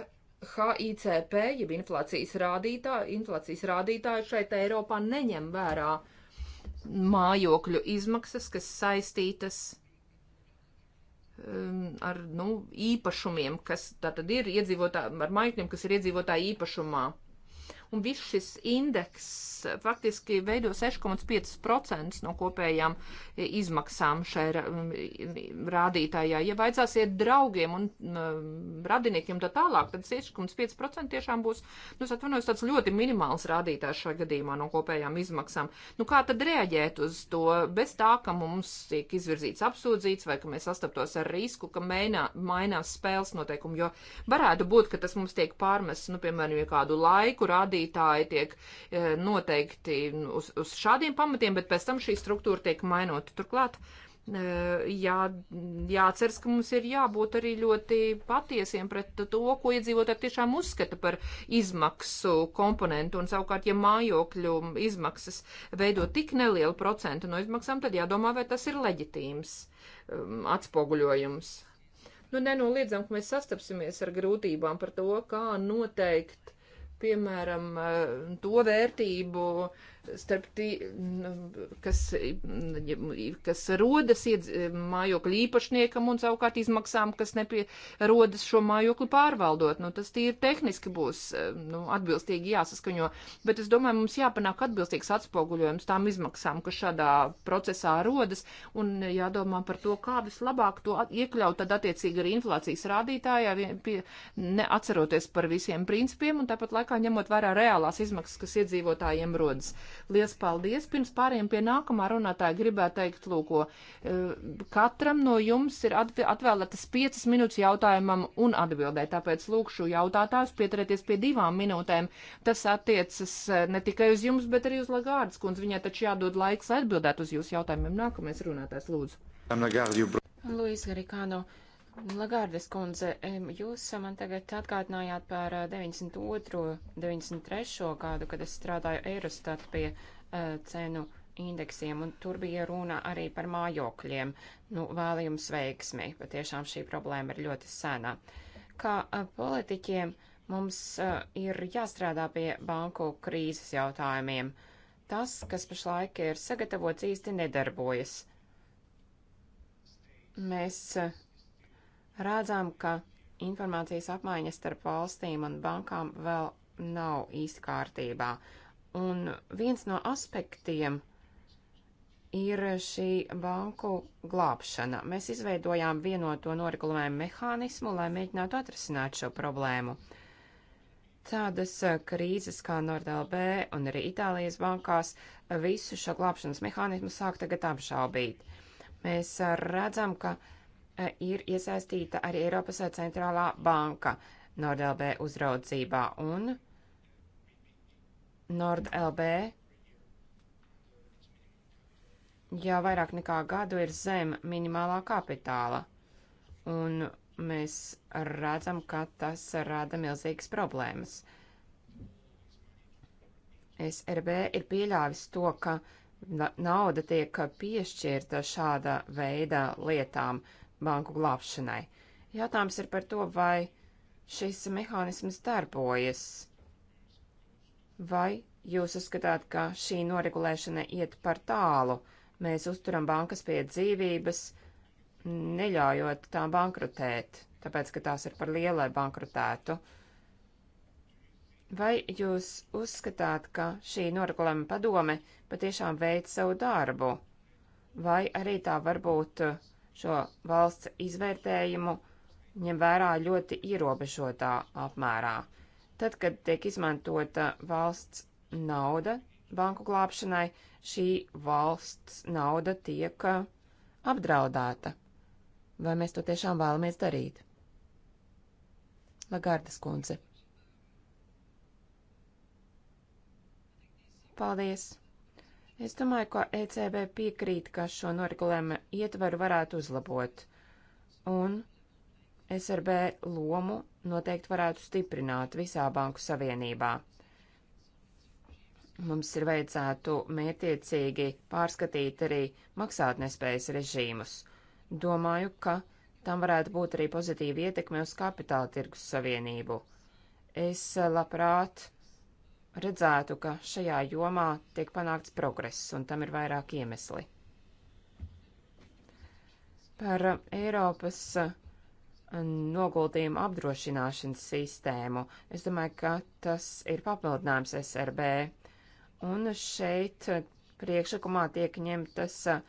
HICP, jeb inflācijas rādītāji, inflācijas rādītāji šeit Eiropā neņem vērā uh, mājokļu izmaksas, kas saistītas um, ar nu, īpašumiem, kas tātad ir iedzīvotāji, ar mājokļiem, kas ir iedzīvotāji īpašumā un viss šis indeks faktiski veido 6,5% no kopējām e, izmaksām šai rādītājā. Ja vajadzāsiet draugiem un radiniekiem tā tālāk, tad 6,5% tiešām būs, nu, es atvainojos, tāds ļoti minimāls rādītājs šajā gadījumā no kopējām izmaksām. Nu, kā tad reaģēt uz to bez tā, ka mums tiek izvirzīts apsūdzīts vai ka mēs sastaptos ar risku, ka mainā, mainās spēles noteikumi, jo varētu būt, ka tas mums tiek pārmests, nu, piemēram, ja kādu laiku rādīt vadītāji tiek e, noteikti uz, uz šādiem pamatiem, bet pēc tam šī struktūra tiek mainota. Turklāt e, jā, jāceras, ka mums ir jābūt arī ļoti patiesiem pret to, ko iedzīvotāji tiešām uzskata par izmaksu komponentu, un savukārt, ja mājokļu izmaksas veido tik nelielu procentu no izmaksām, tad jādomā, vai tas ir leģitīms um, atspoguļojums. Nu, nenoliedzam, ka mēs sastapsimies ar grūtībām par to, kā noteikt piemēram, eh, to vērtību starp tī, nu, kas, kas rodas iedz, mājokļu īpašniekam un savukārt izmaksām, kas nepie rodas šo mājokli pārvaldot. Nu, tas tīri tehniski būs nu, atbilstīgi jāsaskaņo, bet es domāju, mums jāpanāk atbilstīgs atspoguļojums tām izmaksām, kas šādā procesā rodas un jādomā par to, kā vislabāk to iekļaut tad attiecīgi arī inflācijas rādītājā, pie, neatceroties par visiem principiem un tāpat laikā ņemot vērā reālās izmaksas, kas iedzīvotājiem rodas. Uh, Lielas paldies! Pirms pāriem pie nākamā runātāja gribētu teikt, lūko, eh, katram no jums ir atvēlētas 5 minūtes jautājumam un atbildē, tāpēc lūkšu jautātājus pieturēties pie divām minūtēm. Tas attiecas eh, ne tikai uz jums, bet arī uz Lagārdas kundzi. Viņai taču jādod laiks atbildēt uz jūsu jautājumiem. Nākamais runātājs, lūdzu. Luis Garikano. Uh, Lagārdes kundze, jūs man tagad atgādinājāt par 92. 93. gadu, kad es strādāju Eirostat pie uh, cenu indeksiem, un tur bija runa arī par mājokļiem. Nu, vēl jums veiksmi, patiešām šī problēma ir ļoti sena. Kā uh, politiķiem mums uh, ir jāstrādā pie banku krīzes jautājumiem. Tas, kas pašlaik ir sagatavots, īsti nedarbojas. Mēs uh, redzam, ka informācijas apmaiņa starp valstīm un bankām vēl nav īsti kārtībā. Un viens no aspektiem ir šī banku glābšana. Mēs izveidojām vienoto noregulējumu mehānismu, lai mēģinātu atrisināt šo problēmu. Tādas eh, krīzes kā NordLB un arī Itālijas bankās visu šo glābšanas mehānismu sāk tagad apšaubīt. Mēs eh, redzam, ka uh, Eh, ir iesaistīta arī Eiropas eh, centrālā banka NordLB uzraudzībā un NordLB jau vairāk nekā gadu ir zem minimālā kapitāla. Un mēs redzam, ka tas rada milzīgas problēmas. SRB ir pieļāvis to, ka nauda tiek piešķirta šāda veida lietām, uh, banku glābšanai. Jautājums ir par to, vai šis mehānisms darbojas, vai jūs uzskatāt, ka šī noregulēšana iet par tālu. Mēs uzturam bankas pie dzīvības, neļaujot tām bankrutēt, tāpēc, ka tās ir par lielu, lai bankrutētu. Vai jūs uzskatāt, ka šī noregulējuma padome patiešām veic savu darbu, vai arī tā varbūt uh, šo valsts izvērtējumu ņem vērā ļoti ierobežotā apmērā. Tad, kad tiek izmantota valsts nauda banku glābšanai, šī valsts nauda tiek uh, apdraudēta. Vai mēs to tiešām vēlamies darīt? Lagardas kundze. Paldies! Es domāju, ka ECB piekrīt, ka šo noregulējumu ietvaru varētu uzlabot, un SRB lomu noteikti varētu stiprināt visā Banku Savienībā. Mums ir vajadzētu mētiecīgi pārskatīt arī maksātnespējas režīmus. Domāju, ka tam varētu būt arī pozitīva ietekme uz kapitāla tirgus savienību. Es eh, labprāt uh, redzētu, ka šajā jomā tiek panākts progress, un tam ir vairāk iemesli. Par Eiropas eh, noguldījumu apdrošināšanas sistēmu. Es domāju, ka tas ir papildinājums SRB. Un šeit eh, priekšlikumā tiek ņemtas eh,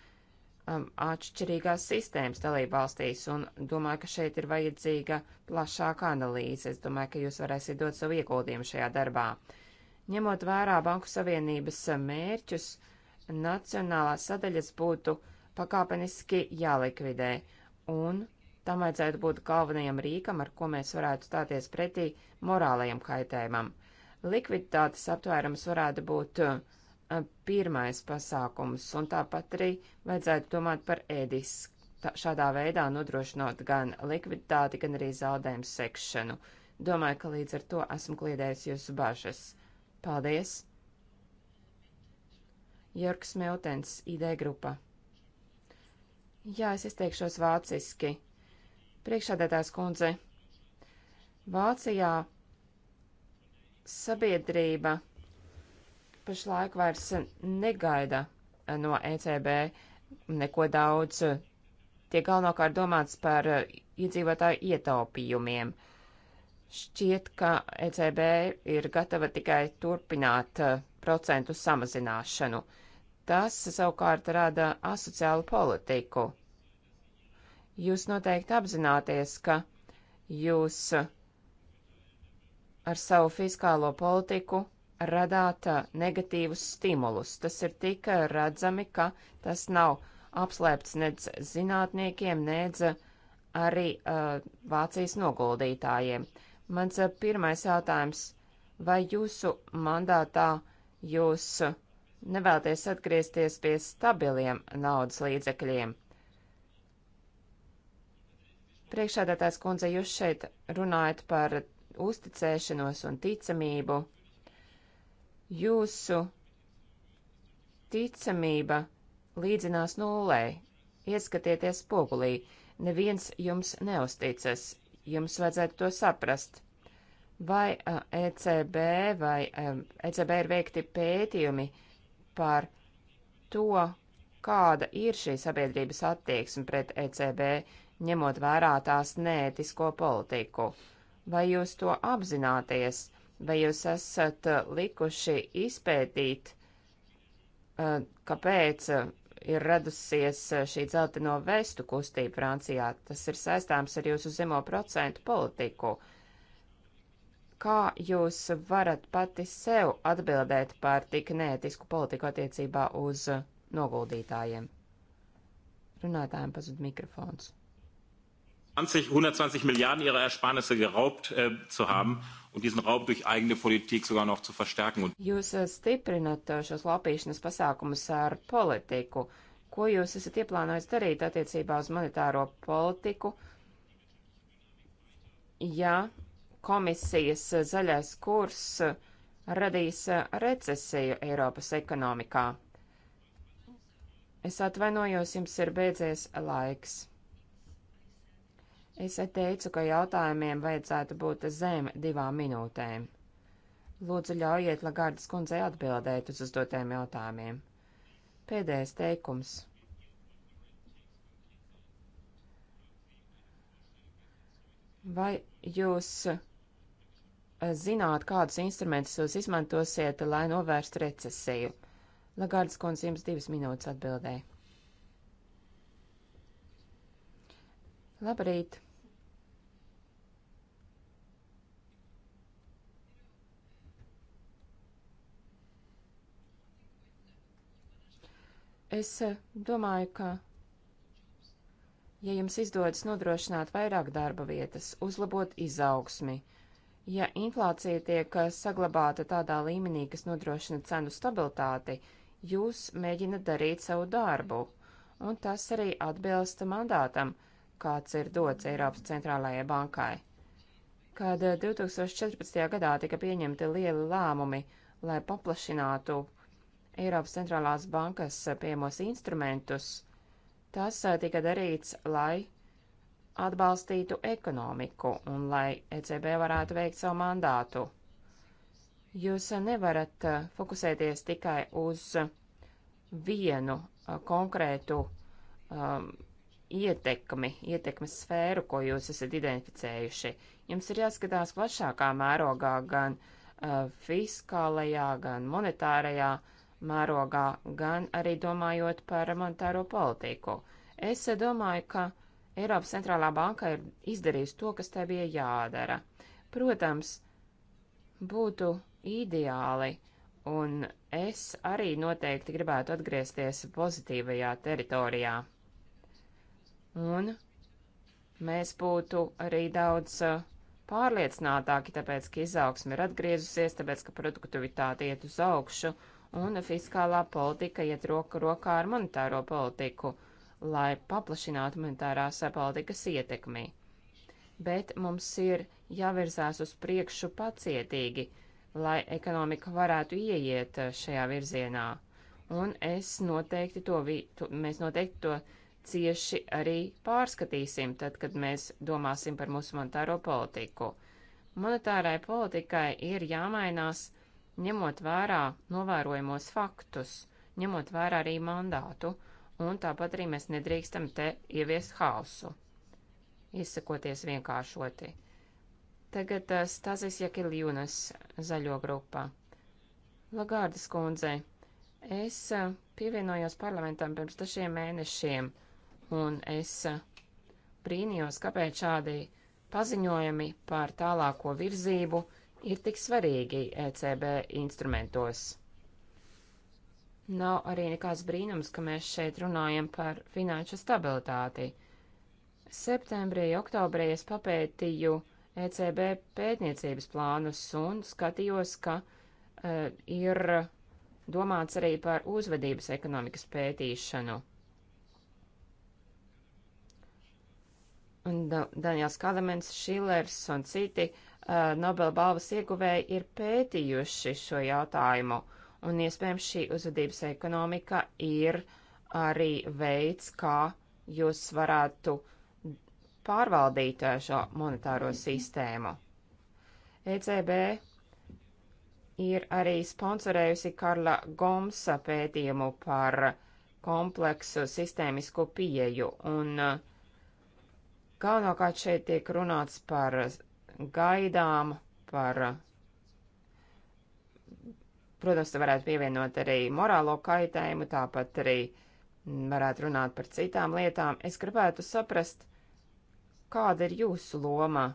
um, atšķirīgās sistēmas dalībvalstīs, un domāju, ka šeit ir vajadzīga plašāka analīze. Es domāju, ka jūs varēsiet dot savu ieguldījumu šajā darbā. Uh, Ņemot vērā Banku Savienības mērķus, nacionālās sadaļas būtu pakāpeniski jālikvidē, un tam vajadzētu būt galvenajam rīkam, ar ko mēs varētu stāties pretī morālajam kaitējumam. Likviditātes aptvērums varētu būt uh, pirmais pasākums, un tāpat arī vajadzētu domāt par ēdis, šādā veidā nodrošinot gan likviditāti, gan arī zaudējumu sekšanu. Domāju, ka līdz ar to esmu kliedējis jūsu bažas. Paldies! Jorgs Miltens, ID grupa. Jā, es izteikšos vāciski. Priekšādētājs kundze. Vācijā sabiedrība pašlaik vairs negaida eh, no ECB neko daudz. Tiek galvenokārt domāts par eh, iedzīvotāju ietaupījumiem. Uh, Šķiet, ka ECB ir gatava tikai turpināt eh, procentu samazināšanu. Tas savukārt rada asociālu politiku. Jūs noteikti apzināties, ka jūs ar savu fiskālo politiku radāt eh, negatīvus stimulus. Tas ir tik redzami, ka tas nav apslēpts nec zinātniekiem, nec arī uh, Vācijas noguldītājiem. Mans eh, pirmais jautājums. Vai jūsu mandātā jūs nevēlaties atgriezties pie stabiliem naudas līdzekļiem? Priekšādātājs kundze, jūs šeit runājat par uzticēšanos un ticamību. Jūsu ticamība līdzinās nulē. Ieskatieties spogulī, neviens jums neusticas, Jums vajadzētu to saprast. Vai ECB vai ECB ir veikti pētījumi par to, kāda ir šī sabiedrības attieksme pret ECB, ņemot vērā tās neētisko politiku? Vai jūs to apzināties, vai jūs esat likuši izpētīt, kāpēc ir radusies eh, šī dzelteno vestu kustība Francijā. Tas ir saistāms ar jūsu zemo procentu politiku. Kā jūs varat pati sev atbildēt par tik neētisku politiku attiecībā uz noguldītājiem? Runātājiem pazud mikrofons. 20, 120 Milliarden ihrer Ersparnisse geraubt äh, zu haben un diesen Raub durch eigene Politik sogar noch zu verstärken. Un... Jūs äh, stiprinat äh, šos lopīšanas pasākumus ar politiku. Ko jūs esat ieplānojis darīt attiecībā uz monetāro politiku? Ja komisijas äh, zaļais kurs radīs recesiju Eiropas ekonomikā. Es atvainojos, jums ir beidzies laiks. Es teicu, ka jautājumiem vajadzētu būt zem divām minūtēm. Lūdzu, ļaujiet Lagardas kundzei atbildēt uz uzdotiem jautājumiem. Pēdējais teikums. Vai jūs eh, zināt, kādus instrumentus jūs izmantosiet, lai novērstu recesiju? Lagardas kundze jums divas minūtes atbildēja. Labrīt! Es eh, domāju, ka, ja jums izdodas nodrošināt vairāk darba vietas, uzlabot izaugsmi, ja inflācija tiek eh, saglabāta tādā līmenī, kas nodrošina cenu stabilitāti, jūs mēģinat darīt savu darbu, un tas arī atbilst mandātam, kāds ir dots Eiropas centrālajai bankai. Kad 2014. Eh, gadā tika pieņemti lieli lēmumi, lai paplašinātu uh, Eiropas centrālās bankas pieejamos instrumentus, tas tika darīts, lai atbalstītu ekonomiku un lai ECB varētu veikt savu mandātu. Jūs nevarat fokusēties tikai uz vienu konkrētu um, ietekmi, ietekmes sfēru, ko jūs esat identificējuši. Jums ir jāskatās plašākā mērogā gan uh, fiskālajā, gan monetārajā uh, mērogā, gan arī domājot par monetāro politiku. Es domāju, ka Eiropas centrālā banka ir izdarījusi to, kas tai bija jādara. Protams, būtu ideāli, un es arī noteikti gribētu atgriezties pozitīvajā teritorijā. Un mēs būtu arī daudz uh, pārliecinātāki, tāpēc, ka izaugsme ir atgriezusies, tāpēc, ka produktivitāte iet uz augšu, un fiskālā politika iet roku rokā ar monetāro politiku, lai paplašinātu monetārās politikas ietekmi. Bet mums ir jāvirzās uz priekšu pacietīgi, lai ekonomika varētu ieiet eh, šajā virzienā, un es noteikti to, vi, to mēs noteikti to cieši arī pārskatīsim, tad, kad mēs domāsim par mūsu monetāro politiku. Monetārai politikai ir jāmainās, uh, ņemot vērā novērojamos faktus, ņemot vērā arī mandātu, un tāpat arī mēs nedrīkstam te ieviest hausu, izsakoties vienkāršoti. Tagad eh, Stazis Jakiljūnas zaļo grupā. Lagārdas kundze, es eh, pievienojos parlamentam pirms dažiem mēnešiem, un es eh, brīnījos, kāpēc šādi paziņojumi par tālāko virzību – ir tik svarīgi ECB instrumentos. Nav arī nekāds brīnums, ka mēs šeit runājam par finanšu stabilitāti. Septembrī, oktobrī es papētīju ECB pētniecības plānus un skatījos, ka uh, ir domāts arī par uzvedības ekonomikas pētīšanu. Un da Daniels Kalemens, Šilers un citi uh, Uh, Nobel balvas ieguvēji ir pētījuši šo jautājumu, un iespējams šī uzvedības ekonomika ir arī veids, kā jūs varētu pārvaldīt uh, šo monetāro sistēmu. ECB ir arī sponsorējusi Karla Gomsa pētījumu par kompleksu sistēmisku pieju, un uh, galvenokārt šeit tiek runāts par gaidām, par, protams, varētu pievienot arī morālo kaitējumu, tāpat arī varētu runāt par citām lietām. Es gribētu saprast, kāda ir jūsu loma,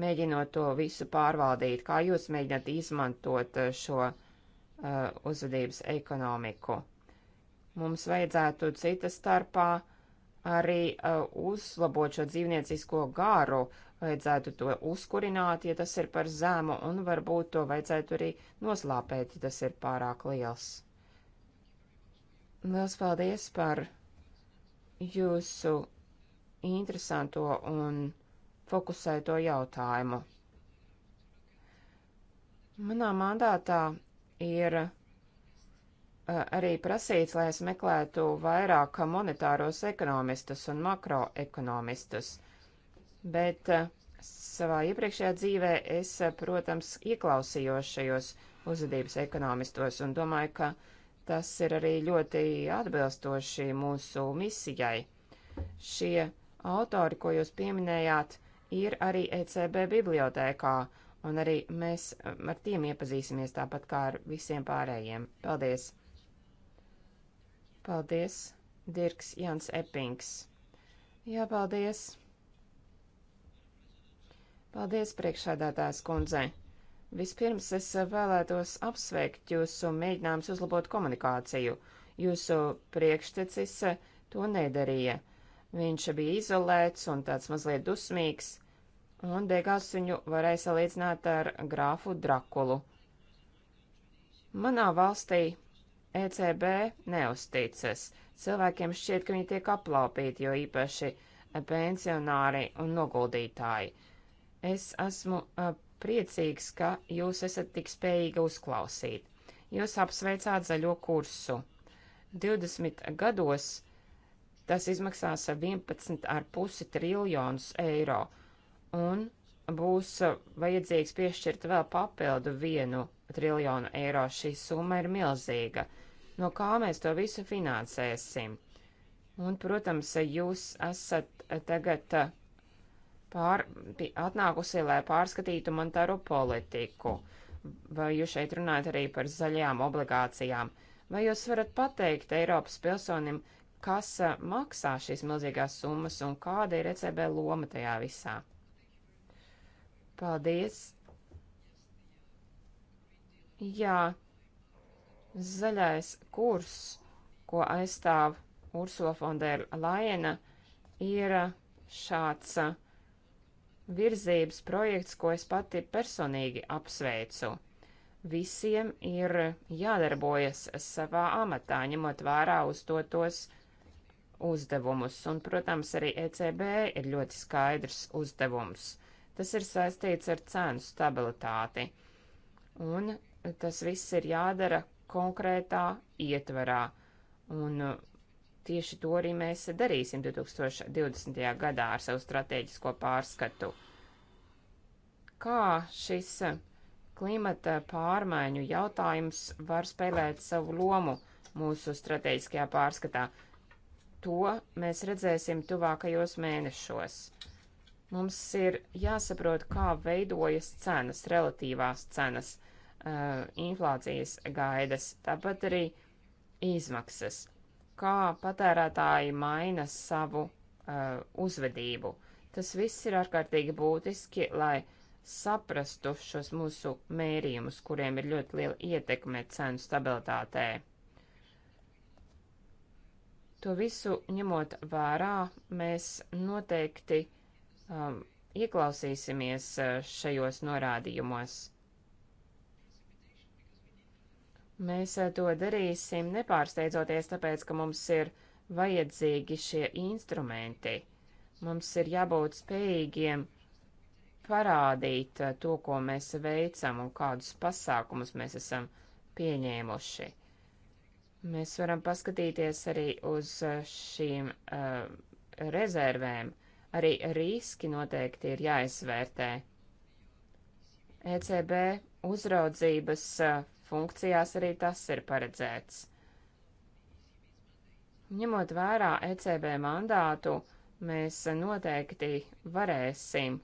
mēģinot to visu pārvaldīt, kā jūs mēģināt izmantot eh, šo uh, uzvedības ekonomiku. Mums vajadzētu cita starpā uh, arī uh, uzlabot šo dzīvniecisko garu, vajadzētu to uzkurināt, ja tas ir par zemu, un varbūt to vajadzētu arī noslāpēt, ja tas ir pārāk liels. Liels paldies par jūsu interesanto un fokusēto jautājumu. Manā mandātā ir Eh, arī prasīts, lai es meklētu vairāk monetāros ekonomistus un makroekonomistus. Bet eh, savā iepriekšējā dzīvē es, eh, protams, ieklausījos šajos uzvedības ekonomistos un domāju, ka tas ir arī ļoti atbilstoši mūsu misijai. Šie autori, ko jūs pieminējāt, ir arī ECB bibliotēkā, un arī mēs ar tiem iepazīsimies tāpat kā ar visiem pārējiem. Paldies! Paldies, Dirks Jans Epings. Jā, paldies. Paldies, priekšādātājs kundzei. Vispirms es vēlētos apsveikt jūsu mēģinājums uzlabot komunikāciju. Jūsu priekštecis to nedarīja. Viņš bija izolēts un tāds mazliet dusmīgs, un beigās viņu varēja salīdzināt ar grāfu Drakulu. Manā valstī ECB neusticas. Cilvēkiem šķiet, ka viņi tiek aplaupīti, jo īpaši e, pensionāri un noguldītāji. Es esmu e, priecīgs, ka jūs esat tik spējīga uzklausīt. Jūs apsveicāt zaļo kursu. 20 gados tas izmaksās 11,5 triljonus eiro un būs e, vajadzīgs piešķirt vēl papildu vienu triljonu eiro. Šī summa ir milzīga no kā mēs to visu finansēsim. Un, protams, jūs esat tagad eh, pār, atnākusi, lai pārskatītu monetāro politiku. Vai jūs šeit runājat arī par zaļajām obligācijām? Vai jūs varat pateikt Eiropas pilsonim, kas eh, maksā šīs milzīgās summas un kāda ir ECB loma tajā visā? Paldies! Jā, Zaļais kurs, ko aizstāv Ursula Fondēra Lajena, ir šāds uh, virzības projekts, ko es pati personīgi apsveicu. Visiem ir jādarbojas savā amatā, ņemot vērā uz to tos uzdevumus, un, protams, arī ECB ir ļoti skaidrs uzdevums. Tas ir saistīts ar cenu stabilitāti, un tas viss ir jādara konkrētā ietvarā. Un uh, tieši to arī mēs darīsim 2020. gadā ar savu strateģisko pārskatu. Kā šis uh, klimata pārmaiņu jautājums var spēlēt savu lomu mūsu strateģiskajā pārskatā? To mēs redzēsim tuvākajos mēnešos. Mums ir jāsaprot, kā veidojas cenas, relatīvās cenas uh, inflācijas gaidas, tāpat arī izmaksas, kā patērētāji maina savu uh, uzvedību. Tas viss ir ārkārtīgi būtiski, lai saprastu šos mūsu mērījumus, kuriem ir ļoti liela ietekme cenu stabilitātē. To visu ņemot vērā, mēs noteikti um, ieklausīsimies šajos norādījumos. Mēs to darīsim nepārsteidzoties, tāpēc, ka mums ir vajadzīgi šie instrumenti. Mums ir jābūt spējīgiem parādīt to, ko mēs veicam un kādus pasākumus mēs esam pieņēmuši. Mēs varam paskatīties arī uz šīm uh, rezervēm. Arī riski noteikti ir jāizvērtē. ECB uzraudzības uh, funkcijās arī tas ir paredzēts. Ņemot vērā ECB mandātu, mēs noteikti varēsim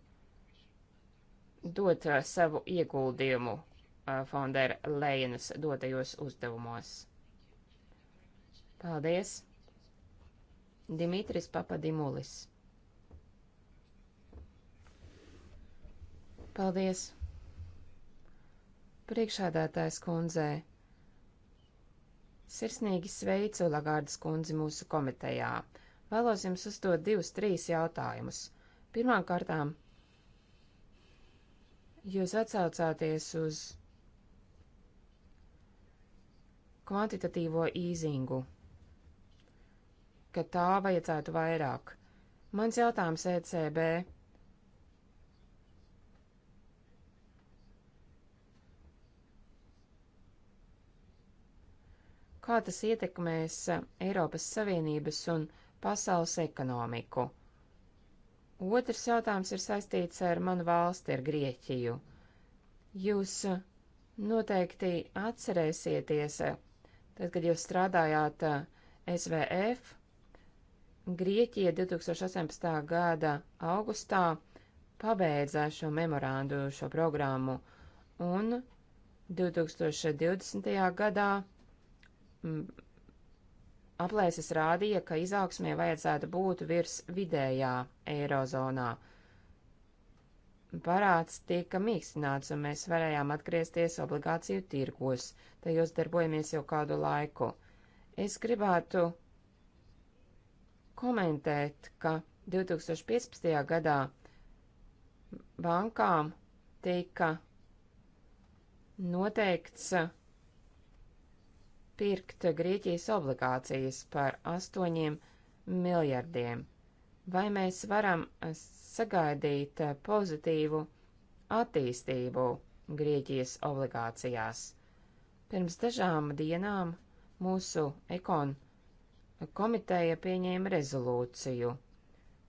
dot uh, savu ieguldījumu uh, Fondera Lejenas dotajos uzdevumos. Paldies! Dimitris Papadimulis. Paldies! Priekšādātājs kundzē, sirsnīgi sveicu Lagārdas kundzi mūsu komitejā. Vēlos jums uzdot divus, trīs jautājumus. Pirmām kārtām, jūs atsaucāties uz kvantitatīvo īzingu, ka tā vajadzētu vairāk. Mans jautājums ECB kā tas ietekmēs eh, Eiropas Savienības un pasaules ekonomiku. Otrs jautājums ir saistīts ar manu valsti, ar Grieķiju. Jūs eh, noteikti atcerēsieties, eh, tad, kad jūs strādājāt SVF, Grieķija 2018. gada augustā pabeidza šo memorandu, šo programmu, un 2020. gadā Mm, aplēses rādīja, ka izaugsmē vajadzētu būt virs vidējā eirozonā. Parāds tika mīkstināts, un mēs varējām atgriezties obligāciju tirgos, tajos darbojamies jau kādu laiku. Es gribētu komentēt, ka 2015. gadā bankām tika noteikts pirkt Grieķijas obligācijas par 8 miljardiem. Vai mēs varam eh, sagaidīt eh, pozitīvu attīstību Grieķijas obligācijās? Pirms dažām dienām mūsu ekon komiteja pieņēma rezolūciju.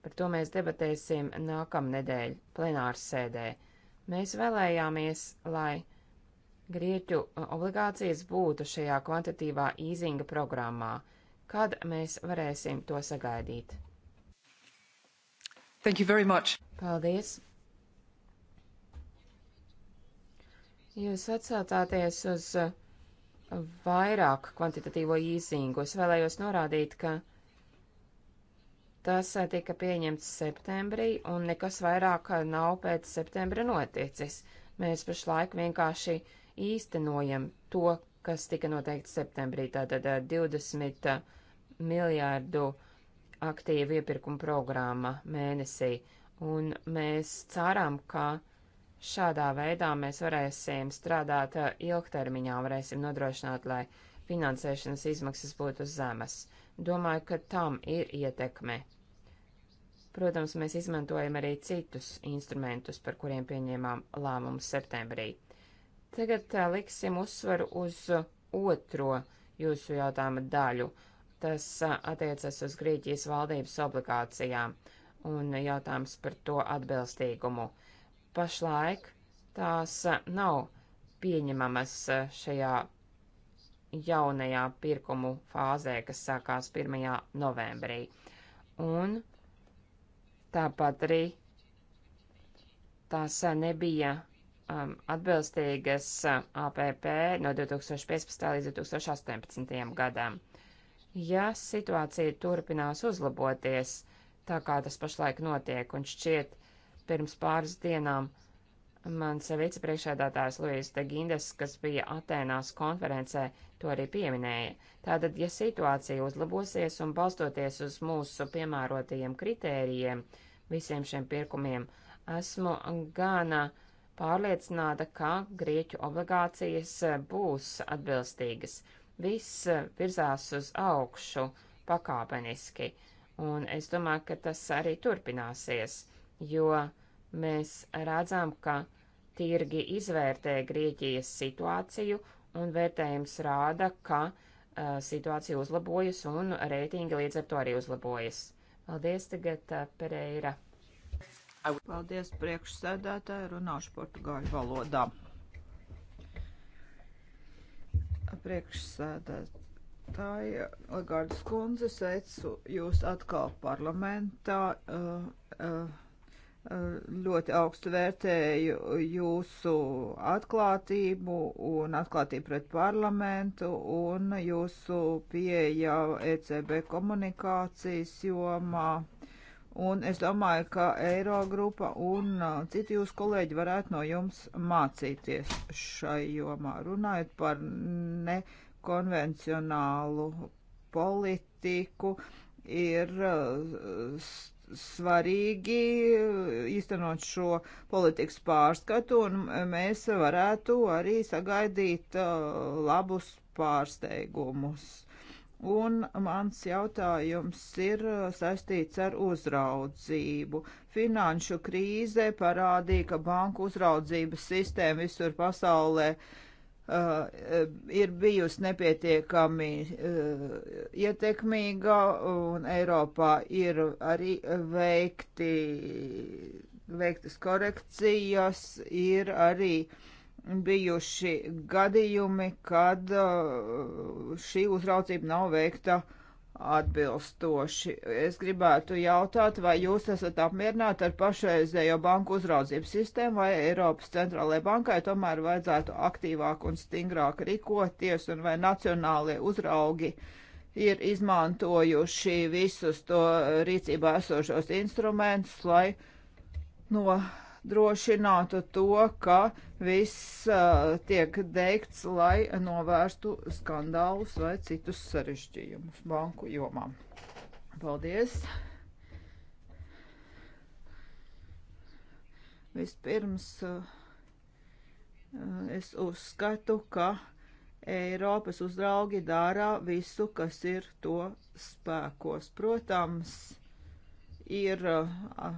Par to mēs debatēsim nākamnedēļ plenārsēdē. Mēs vēlējāmies, lai grieķu uh, obligācijas būtu šajā kvantitīvā īzinga programmā? Kad mēs varēsim to sagaidīt? Thank you very much. Paldies. Jūs atsaucāties uz uh, vairāk kvantitatīvo īzingu. Es vēlējos norādīt, ka tas uh, tika pieņemts septembrī un nekas vairāk nav pēc septembra noticis. Mēs pašlaik vienkārši uh, īstenojam to, kas tika noteikts septembrī, tātad 20 miljārdu aktīvu iepirkumu programma mēnesī. Un mēs ceram, ka šādā veidā mēs varēsim strādāt ilgtermiņā, varēsim nodrošināt, lai finansēšanas izmaksas būtu zemas. Domāju, ka tam ir ietekme. Protams, mēs izmantojam arī citus instrumentus, par kuriem pieņēmām lēmumu septembrī. Tagad tā, liksim uzsvaru uz otro jūsu jautājuma daļu. Tas attiecas uz Grieķijas valdības obligācijām un jautājums par to atbilstīgumu. Pašlaik tās nav pieņemamas šajā jaunajā pirkumu fāzē, kas sākās 1. novembrī. Un tāpat arī tās nebija um, atbilstīgas um, APP no 2015. līdz 2018. gadam. Ja situācija turpinās uzlaboties, tā kā tas pašlaik notiek, un šķiet pirms pāris dienām mans vicepriekšēdātājs Luijas Degindes, kas bija Atēnās konferencē, to arī pieminēja. Tātad, ja situācija uzlabosies un balstoties uz mūsu piemērotajiem kritērijiem, visiem šiem pirkumiem, esmu gana uh, pārliecināta, ka grieķu obligācijas eh, būs atbilstīgas. Viss eh, virzās uz augšu pakāpeniski, un es domāju, ka tas arī turpināsies, jo mēs redzam, ka tirgi izvērtē Grieķijas situāciju, un vērtējums rāda, ka uh, situācija uzlabojas, un reitingi līdz ar to arī uzlabojas. Paldies tagad, uh, Pereira! Paldies priekšsēdētāji, runāšu portugāļu valodā. Priekšsēdētāji, Lagardas kundze, sveicu jūs atkal parlamentā. Uh, uh, ļoti augstu vērtēju jūsu atklātību un atklātību pret parlamentu un jūsu pieeja ECB komunikācijas jomā. Un es domāju, ka Eirogrupa un uh, citi jūs kolēģi varētu no jums mācīties šai jomā. Runājot par nekonvencionālu politiku, ir uh, svarīgi uh, īstenot šo politikas pārskatu, un mēs varētu arī sagaidīt labus pārsteigumus. Un mans jautājums ir uh, saistīts ar uzraudzību. Finanšu krīze parādīja, ka banku uzraudzības sistēma visur pasaulē uh, ir bijusi nepietiekami uh, ietekmīga, un Eiropā ir arī veikti, veiktas korekcijas, ir arī uh, bijuši gadījumi, kad uh, šī uzraudzība nav veikta atbilstoši. Es gribētu jautāt, vai jūs esat apmierināti ar pašreizējo banku uzraudzības sistēmu, vai Eiropas centrālajai bankai tomēr vajadzētu aktīvāk un stingrāk rīkoties, un vai nacionālie uzraugi ir izmantojuši visus to rīcībā esošos instrumentus, lai no nodrošinātu to, ka viss uh, tiek deikts, lai novērstu skandālus vai citus sarežģījumus banku jomām. Paldies! Vispirms uh, es uzskatu, ka Eiropas uzraugi dara visu, kas ir to spēkos. Protams, ir uh,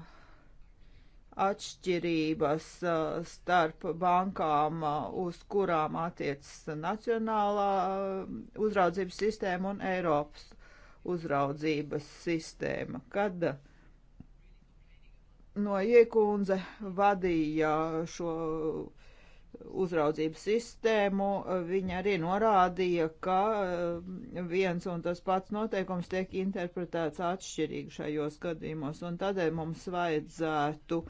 atšķirības uh, starp bankām, uh, uz kurām attiecas nacionālā uh, uzraudzības sistēma un Eiropas uzraudzības sistēma. Kad no iekundze vadīja šo uh, uzraudzības sistēmu, viņa arī norādīja, ka eh, viens un tas pats noteikums tiek interpretēts atšķirīgi šajos gadījumos, un tādēļ mums vajadzētu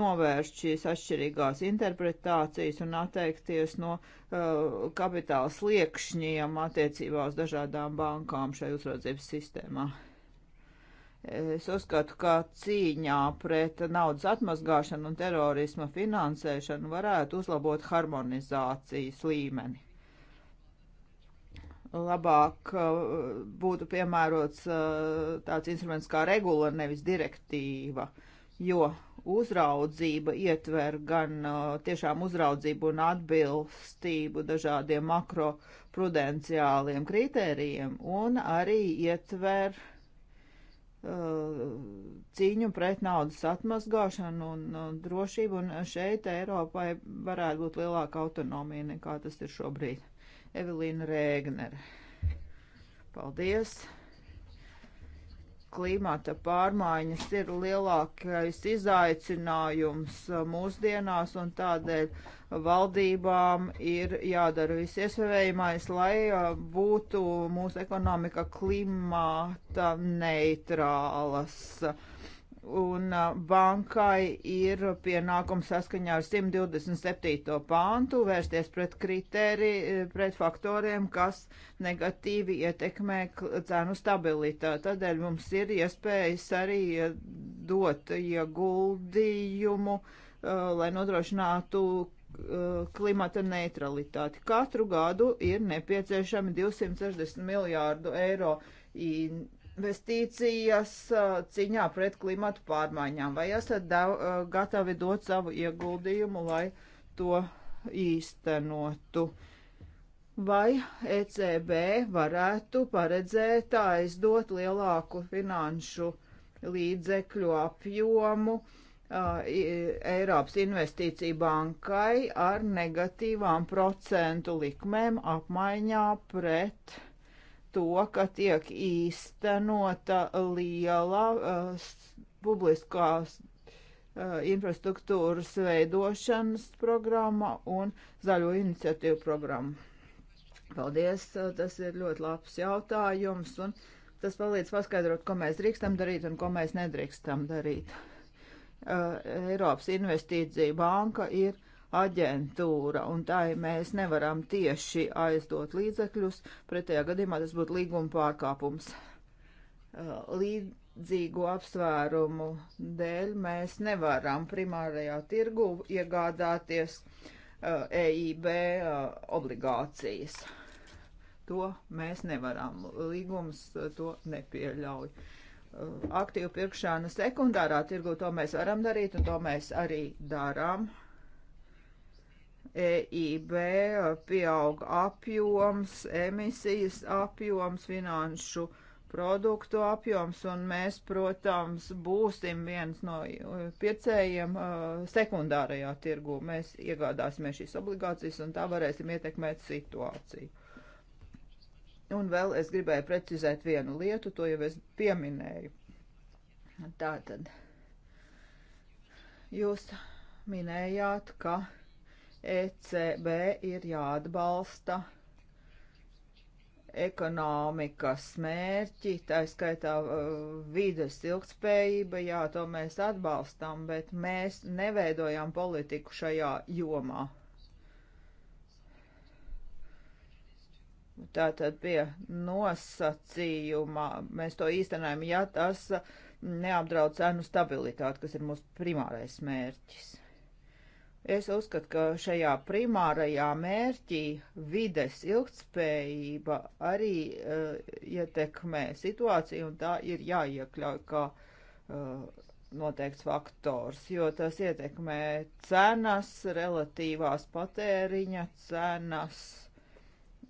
novērst šīs atšķirīgās interpretācijas un atteikties no uh, kapitāla sliekšņiem attiecībā uz dažādām bankām šajā uzraudzības sistēmā. Es uzskatu, ka cīņā pret naudas atmazgāšanu un terorisma finansēšanu varētu uzlabot harmonizācijas līmeni labāk uh, būtu piemērots uh, tāds instruments kā regula, nevis direktīva, jo uzraudzība ietver gan uh, tiešām uzraudzību un atbilstību dažādiem makroprudenciāliem kritērijiem un arī ietver uh, cīņu pret naudas atmazgāšanu un drošību, un šeit Eiropai varētu būt lielāka autonomija nekā tas ir šobrīd. Evelīna Rēgnere. Paldies! Klimata pārmaiņas ir lielākais izaicinājums mūsdienās, un tādēļ valdībām ir jādara viss iespējamais, lai uh, būtu mūsu ekonomika klimāta neitrālas. Un uh, bankai ir pienākums saskaņā ar 127. pāntu vērsties pret kriteri, eh, pret faktoriem, kas negatīvi ietekmē cenu stabilitāti. Tādēļ mums ir iespējas arī eh, dot ieguldījumu, eh, lai nodrošinātu Eh, klimata neutralitāti. Katru gadu ir nepieciešami 260 miljārdu eiro investīcijas eh, ciņā pret klimatu pārmaiņām. Vai esat dav, eh, gatavi dot savu ieguldījumu, lai to īstenotu? Vai ECB varētu paredzēt aizdot lielāku finanšu līdzekļu apjomu? Uh, Eiropas investīcija bankai ar negatīvām procentu likmēm apmaiņā pret to, ka tiek īstenota liela uh, publiskās uh, infrastruktūras veidošanas programma un zaļo iniciatīvu programma. Paldies, tas ir ļoti labs jautājums un tas palīdz paskaidrot, ko mēs drīkstam darīt un ko mēs nedrīkstam darīt. Eh, Eiropas investīcija banka ir aģentūra, un tā mēs nevaram tieši aizdot līdzekļus, pretējā gadījumā tas būtu līguma pārkāpums. Eh, līdzīgu apsvērumu dēļ mēs nevaram primārajā tirgu iegādāties EIB eh, e obligācijas. To mēs nevaram. Līgums to nepieļauj aktīvu pirkšanu sekundārā tirgu, to mēs varam darīt un to mēs arī darām. EIB pieaug apjoms, emisijas apjoms, finanšu produktu apjoms, un mēs, protams, būsim viens no uh, pircējiem uh, sekundārajā tirgu. Mēs iegādāsimies šīs obligācijas, un tā varēsim ietekmēt situāciju. Un vēl es gribēju precizēt vienu lietu, to jau es pieminēju. Tā tad jūs minējāt, ka ECB ir jāatbalsta ekonomikas mērķi, tā skaitā uh, vides ilgspējība, jā, to mēs atbalstam, bet mēs neveidojam politiku šajā jomā. Tātad pie nosacījuma mēs to īstenojam, ja tas neapdraud cenu stabilitāti, kas ir mūsu primārais mērķis. Es uzskatu, ka šajā primārajā mērķī vides ilgtspējība arī uh, ietekmē situāciju, un tā ir jāiekļauj kā uh, noteikts faktors, jo tas ietekmē cenas, relatīvās patēriņa cenas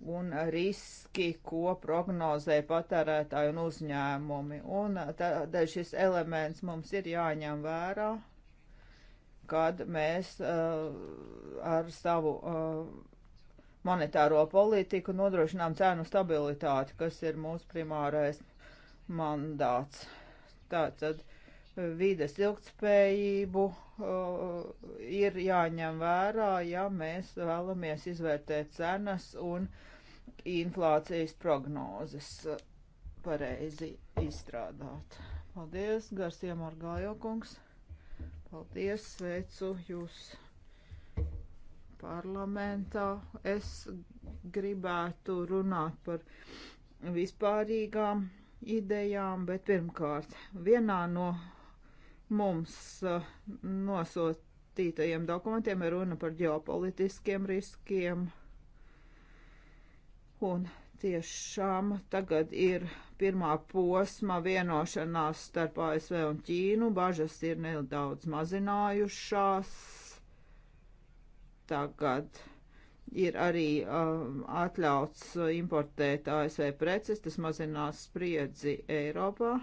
un riski, ko prognozē patērētāji un uzņēmumi. Un tādēļ šis elements mums ir jāņem vērā, kad mēs uh, ar savu uh, monetāro politiku nodrošinām cēnu stabilitāti, kas ir mūsu primārais mandāts. Tātad. Uh, vides ilgtspējību uh, ir jāņem vērā, ja mēs vēlamies izvērtēt cenas un inflācijas prognozes uh, pareizi izstrādāt. Paldies, Garsiem Argājokungs. Paldies, sveicu jūs parlamentā. Es gribētu runāt par vispārīgām idejām, bet pirmkārt, vienā no mums eh, nosūtītajiem dokumentiem ir runa par ģeopolitiskiem riskiem. Un tiešām tagad ir pirmā posma vienošanās starp ASV un Ķīnu. Bažas ir nedaudz mazinājušās. Tagad ir arī um, atļauts importēt ASV preces, tas mazinās spriedzi Eiropā.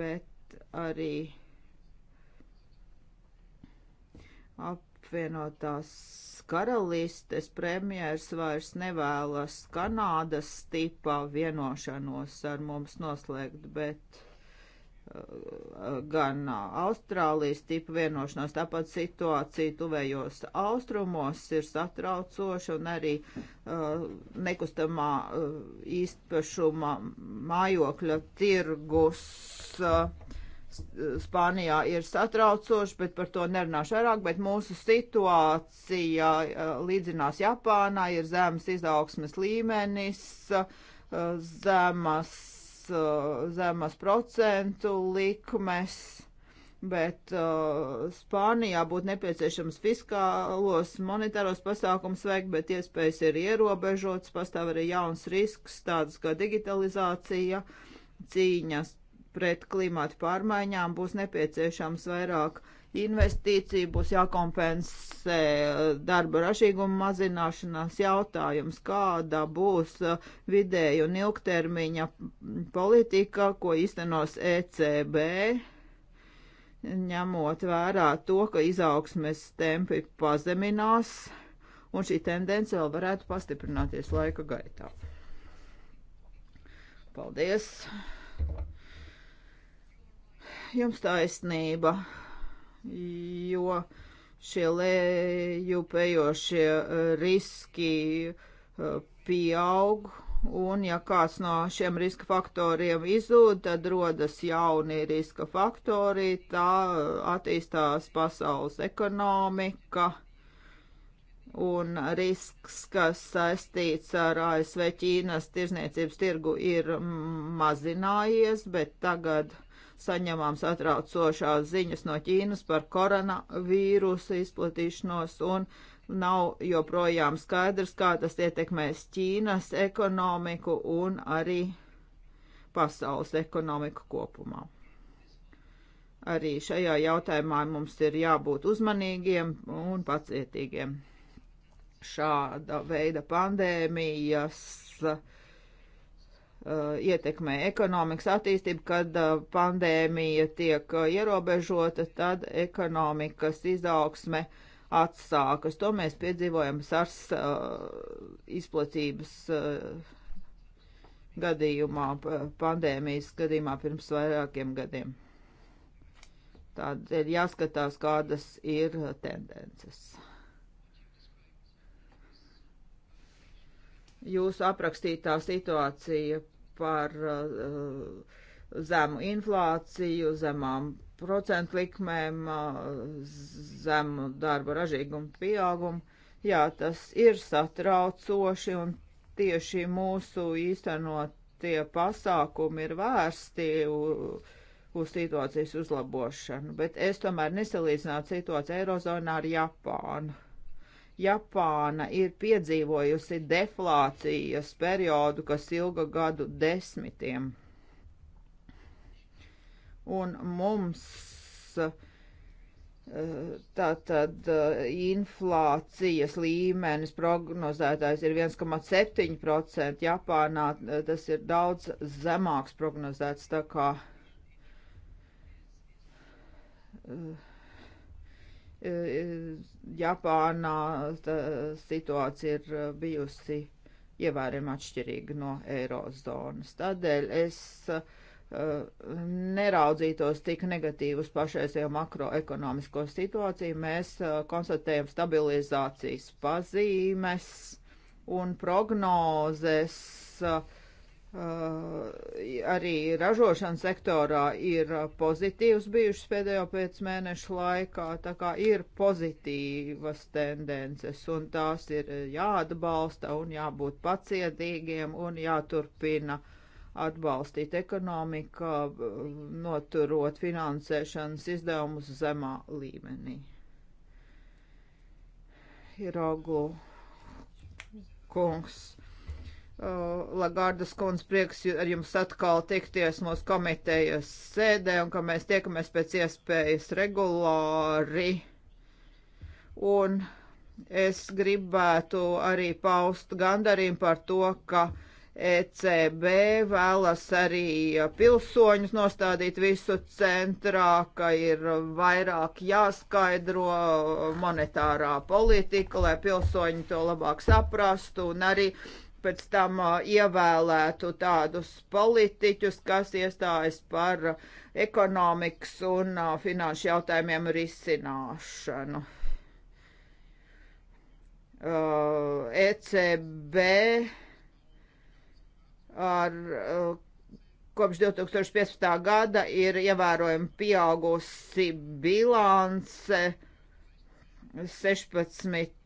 Bet arī apvienotās karalistes premjers vairs nevēlas Kanādas tipā vienošanos ar mums noslēgt, bet uh, gan Austrālijas tipa vienošanās, tāpat situācija tuvējos austrumos ir satraucoša un arī uh, nekustamā uh, īstpašuma mājokļa tirgus uh, Spānijā ir satraucoši, bet par to nerunāšu vairāk, bet mūsu situācija līdzinās Japānā ir zemes izaugsmes līmenis, zemas, zemas procentu likmes bet uh, Spānijā būtu nepieciešams fiskālos, monetāros pasākums veikt, bet iespējas ir ierobežotas, pastāv arī jauns risks, tāds kā digitalizācija, cīņas pret klimatu pārmaiņām, būs nepieciešams vairāk investīciju, būs jākompensē uh, darba ražīguma mazināšanās jautājums, kāda būs uh, vidēju un ilgtermiņa politika, ko īstenos ECB, ņemot vērā to, ka izaugsmes tempi pazeminās, un šī tendence vēl varētu pastiprināties laika gaitā. Paldies! jums taisnība, jo šie lējupējošie eh, riski eh, pieaug, un ja kāds no šiem riska faktoriem izzūd, tad rodas jauni riska faktori, tā eh, attīstās pasaules ekonomika un risks, kas saistīts ar ASV Ķīnas tirzniecības tirgu, ir mazinājies, bet tagad saņemām satraucošās ziņas no Ķīnas par koronavīrusa izplatīšanos un nav joprojām skaidrs, kā tas ietekmēs Ķīnas ekonomiku un arī pasaules ekonomiku kopumā. Arī šajā jautājumā mums ir jābūt uzmanīgiem un pacietīgiem. Šāda veida pandēmijas uh, Uh, ietekmē ekonomikas attīstību, kad uh, pandēmija tiek uh, ierobežota, tad ekonomikas izaugsme atsākas. To mēs piedzīvojam SARS izplatības gadījumā, pandēmijas gadījumā pirms vairākiem gadiem. Tādēļ jāskatās, kādas ir tendences. Jūsu aprakstītā situācija par uh, zemu inflāciju, zemām procentu likmēm, eh, zemu darba ražīgumu pieaugumu. Jā, tas ir satraucoši un tieši mūsu īstenotie pasākumi ir vērsti uz situācijas uzlabošanu, bet es tomēr nesalīdzinātu situāciju Eirozonā ar Japānu. Japāna ir piedzīvojusi deflācijas periodu, kas ilga gadu desmitiem. Un mums eh, tātad eh, inflācijas līmenis prognozētājs ir 1,7%, Japānā eh, tas ir daudz zemāks prognozēts, tā kā. Uh, E, e, Japānā situācija ir e, bijusi ievērojami atšķirīga no eirozonas. Tādēļ es uh, neraudzītos tik negatīvi uz pašreizējo makroekonomisko situāciju. Mēs uh, konstatējam stabilizācijas pazīmes un prognozes. Uh, Eh, arī ražošanas sektorā ir pozitīvs bijušas pēdējo pēc mēnešu laikā, tā kā ir pozitīvas tendences un tās ir jāatbalsta un jābūt pacietīgiem un jāturpina atbalstīt ekonomikā, noturot finansēšanas izdevumus zemā līmenī. Iroglu kungs Uh, Lagardas kundze, prieks ar jums atkal tikties mūsu komitejas sēdē un ka mēs tiekamies pēc iespējas regulāri. Un es gribētu arī paust gandarījumu par to, ka ECB vēlas arī uh, pilsoņus nostādīt visu centrā, ka ir vairāk jāskaidro monetārā politika, lai pilsoņi to labāk saprastu un arī uh, pēc tam ievēlētu tādus politiķus, kas iestājas par ekonomikas un finanšu jautājumiem risināšanu. ECB ar kopš 2015. gada ir ievērojami pieaugusi bilance 16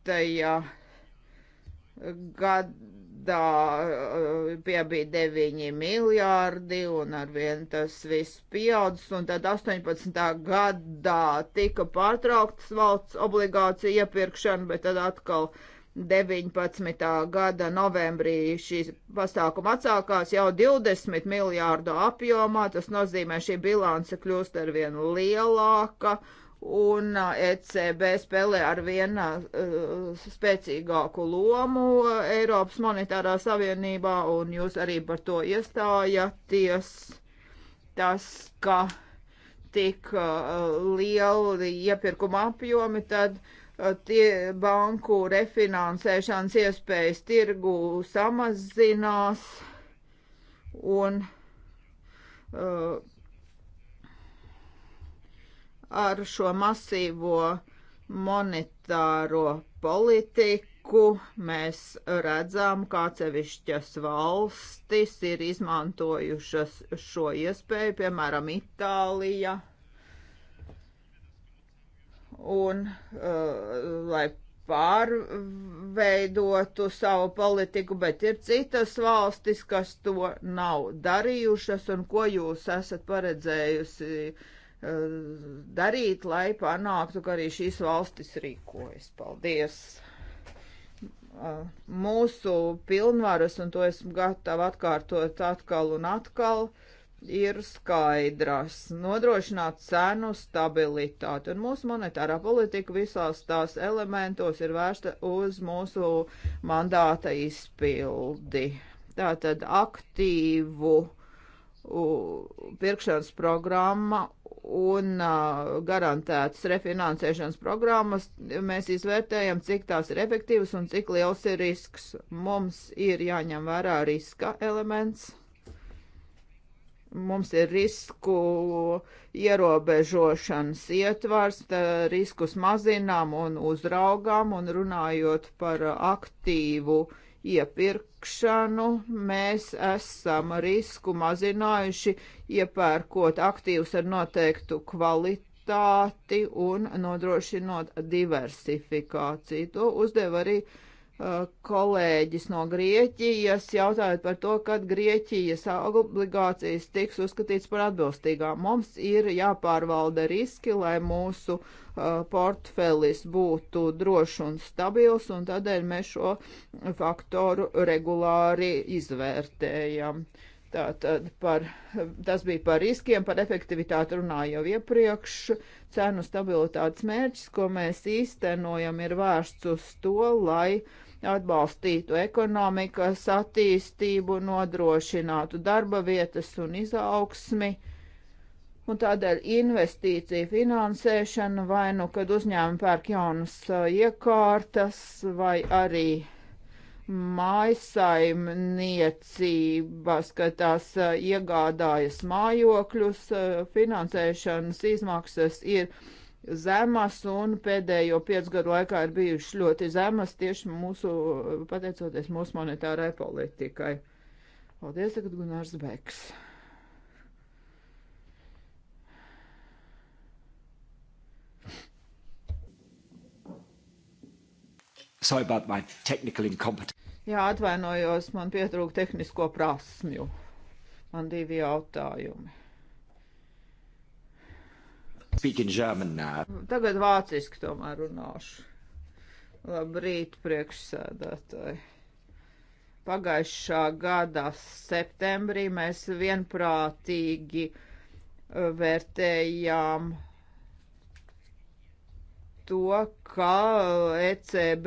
gadā eh, pie bija 9 miljārdi un arvien tas viss pieaudzis, un tad 18. gadā tika pārtrauktas valsts obligācija iepirkšana, bet tad atkal 19. gada novembrī šī pasākuma atsākās jau 20 miljārdu apjomā, tas nozīmē šī bilance kļūst arvien lielāka. Uh, un ECB spēlē ar vienu uh, spēcīgāku lomu Eiropas monetārā savienībā, un jūs arī par to iestājaties. Tas, ka tik uh, lieli iepirkuma apjomi, tad uh, tie banku refinansēšanas iespējas tirgu samazinās, un uh, ar šo masīvo monetāro politiku mēs redzam, kā cevišķas valstis ir izmantojušas šo iespēju, piemēram, Itālija. Un, uh, lai pārveidotu savu politiku, bet ir citas valstis, kas to nav darījušas, un ko jūs esat paredzējusi uh, darīt, lai panāktu, ka arī šīs valstis rīkojas. Paldies! Mūsu pilnvaras, un to esmu gatava atkārtot atkal un atkal, ir skaidras - nodrošināt cenu stabilitāti, un mūsu monetārā politika visās tās elementos ir vērsta uz mūsu mandāta izpildi. Tātad aktīvu pirkšanas programma un garantētas refinansēšanas programmas, mēs izvērtējam, cik tās ir efektīvas un cik liels ir risks. Mums ir jāņem vērā riska elements. Mums ir risku ierobežošanas ietvars, riskus mazinām un uzraugām, un runājot par aktīvu uh, iepirkšanu. Mēs esam risku mazinājuši, iepērkot aktīvus ar noteiktu kvalitāti un nodrošinot diversifikāciju. To uzdev arī uh, Uh, kolēģis no Grieķijas jautājot par to, kad Grieķijas obligācijas tiks uzskatīts par atbilstīgām. Mums ir jāpārvalda riski, lai mūsu uh, portfelis būtu drošs un stabils, un tādēļ mēs šo faktoru regulāri izvērtējam. Uh, Tātad par, tas bija par riskiem, par efektivitāti runāju jau iepriekš. Cenu stabilitātes mērķis, ko mēs īstenojam, ir vērsts uz to, lai atbalstītu ekonomikas attīstību, nodrošinātu darba vietas un izaugsmi. Un tādēļ investīcija finansēšana vai nu, kad uzņēmumi pērk jaunas uh, iekārtas vai arī maisaimniecības, ka tās iegādājas mājokļus, finansēšanas izmaksas ir zemas un pēdējo piecu gadu laikā ir bijušas ļoti zemas tieši mūsu, pateicoties mūsu monetārai politikai. Paldies, tagad Gunārs Beks. Sorry about my technical incompetence. Jā, atvainojos, man pietrūka tehnisko prasmju. Man divi jautājumi. Tagad vāciski tomēr runāšu. Labrīt, priekšsēdētāji. Pagājušā gada septembrī mēs vienprātīgi eh, vērtējām uh, to, ka ECB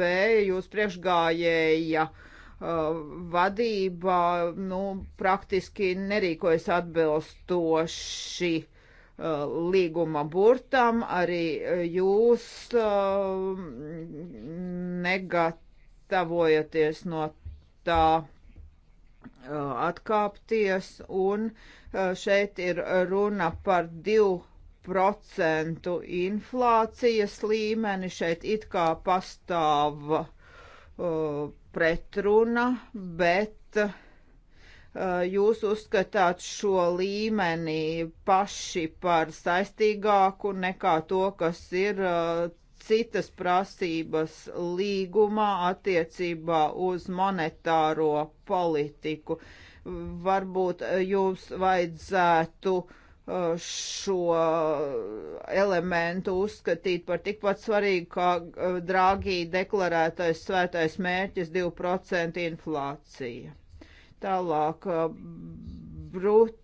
jūs priekšgājēja uh, vadībā nu, praktiski nerīkojas atbilstoši uh, līguma burtam, arī jūs uh, negatavojaties no tā atkāpties, un šeit ir runa par divu procentu inflācijas līmeni. Šeit it kā pastāv uh, pretruna, bet uh, jūs uzskatāt šo līmeni paši par saistīgāku nekā to, kas ir uh, citas prasības līgumā attiecībā uz monetāro politiku. Varbūt uh, jums vajadzētu uh, šo elementu uzskatīt par tikpat svarīgu, kā eh, drāgī deklarētais svētais mērķis 2% inflācija. Tālāk, eh, brut,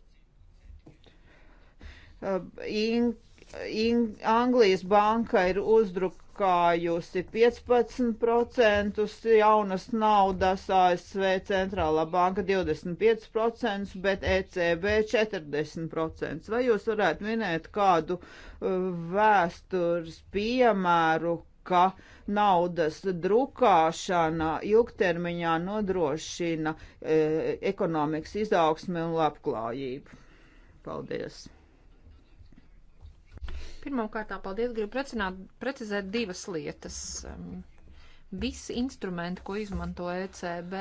in, eh, in, Anglijas banka ir uzdruk, iemaksājusi 15% jaunas naudas, ASV centrālā banka 25%, bet ECB 40%. Vai jūs varētu minēt kādu uh, vēstures piemēru, ka naudas drukāšana ilgtermiņā nodrošina e, ekonomikas izaugsmi un labklājību? Paldies! Pirmkārt, paldies, gribu precināt, precizēt divas lietas. Visi instrumenti, ko izmanto ECB,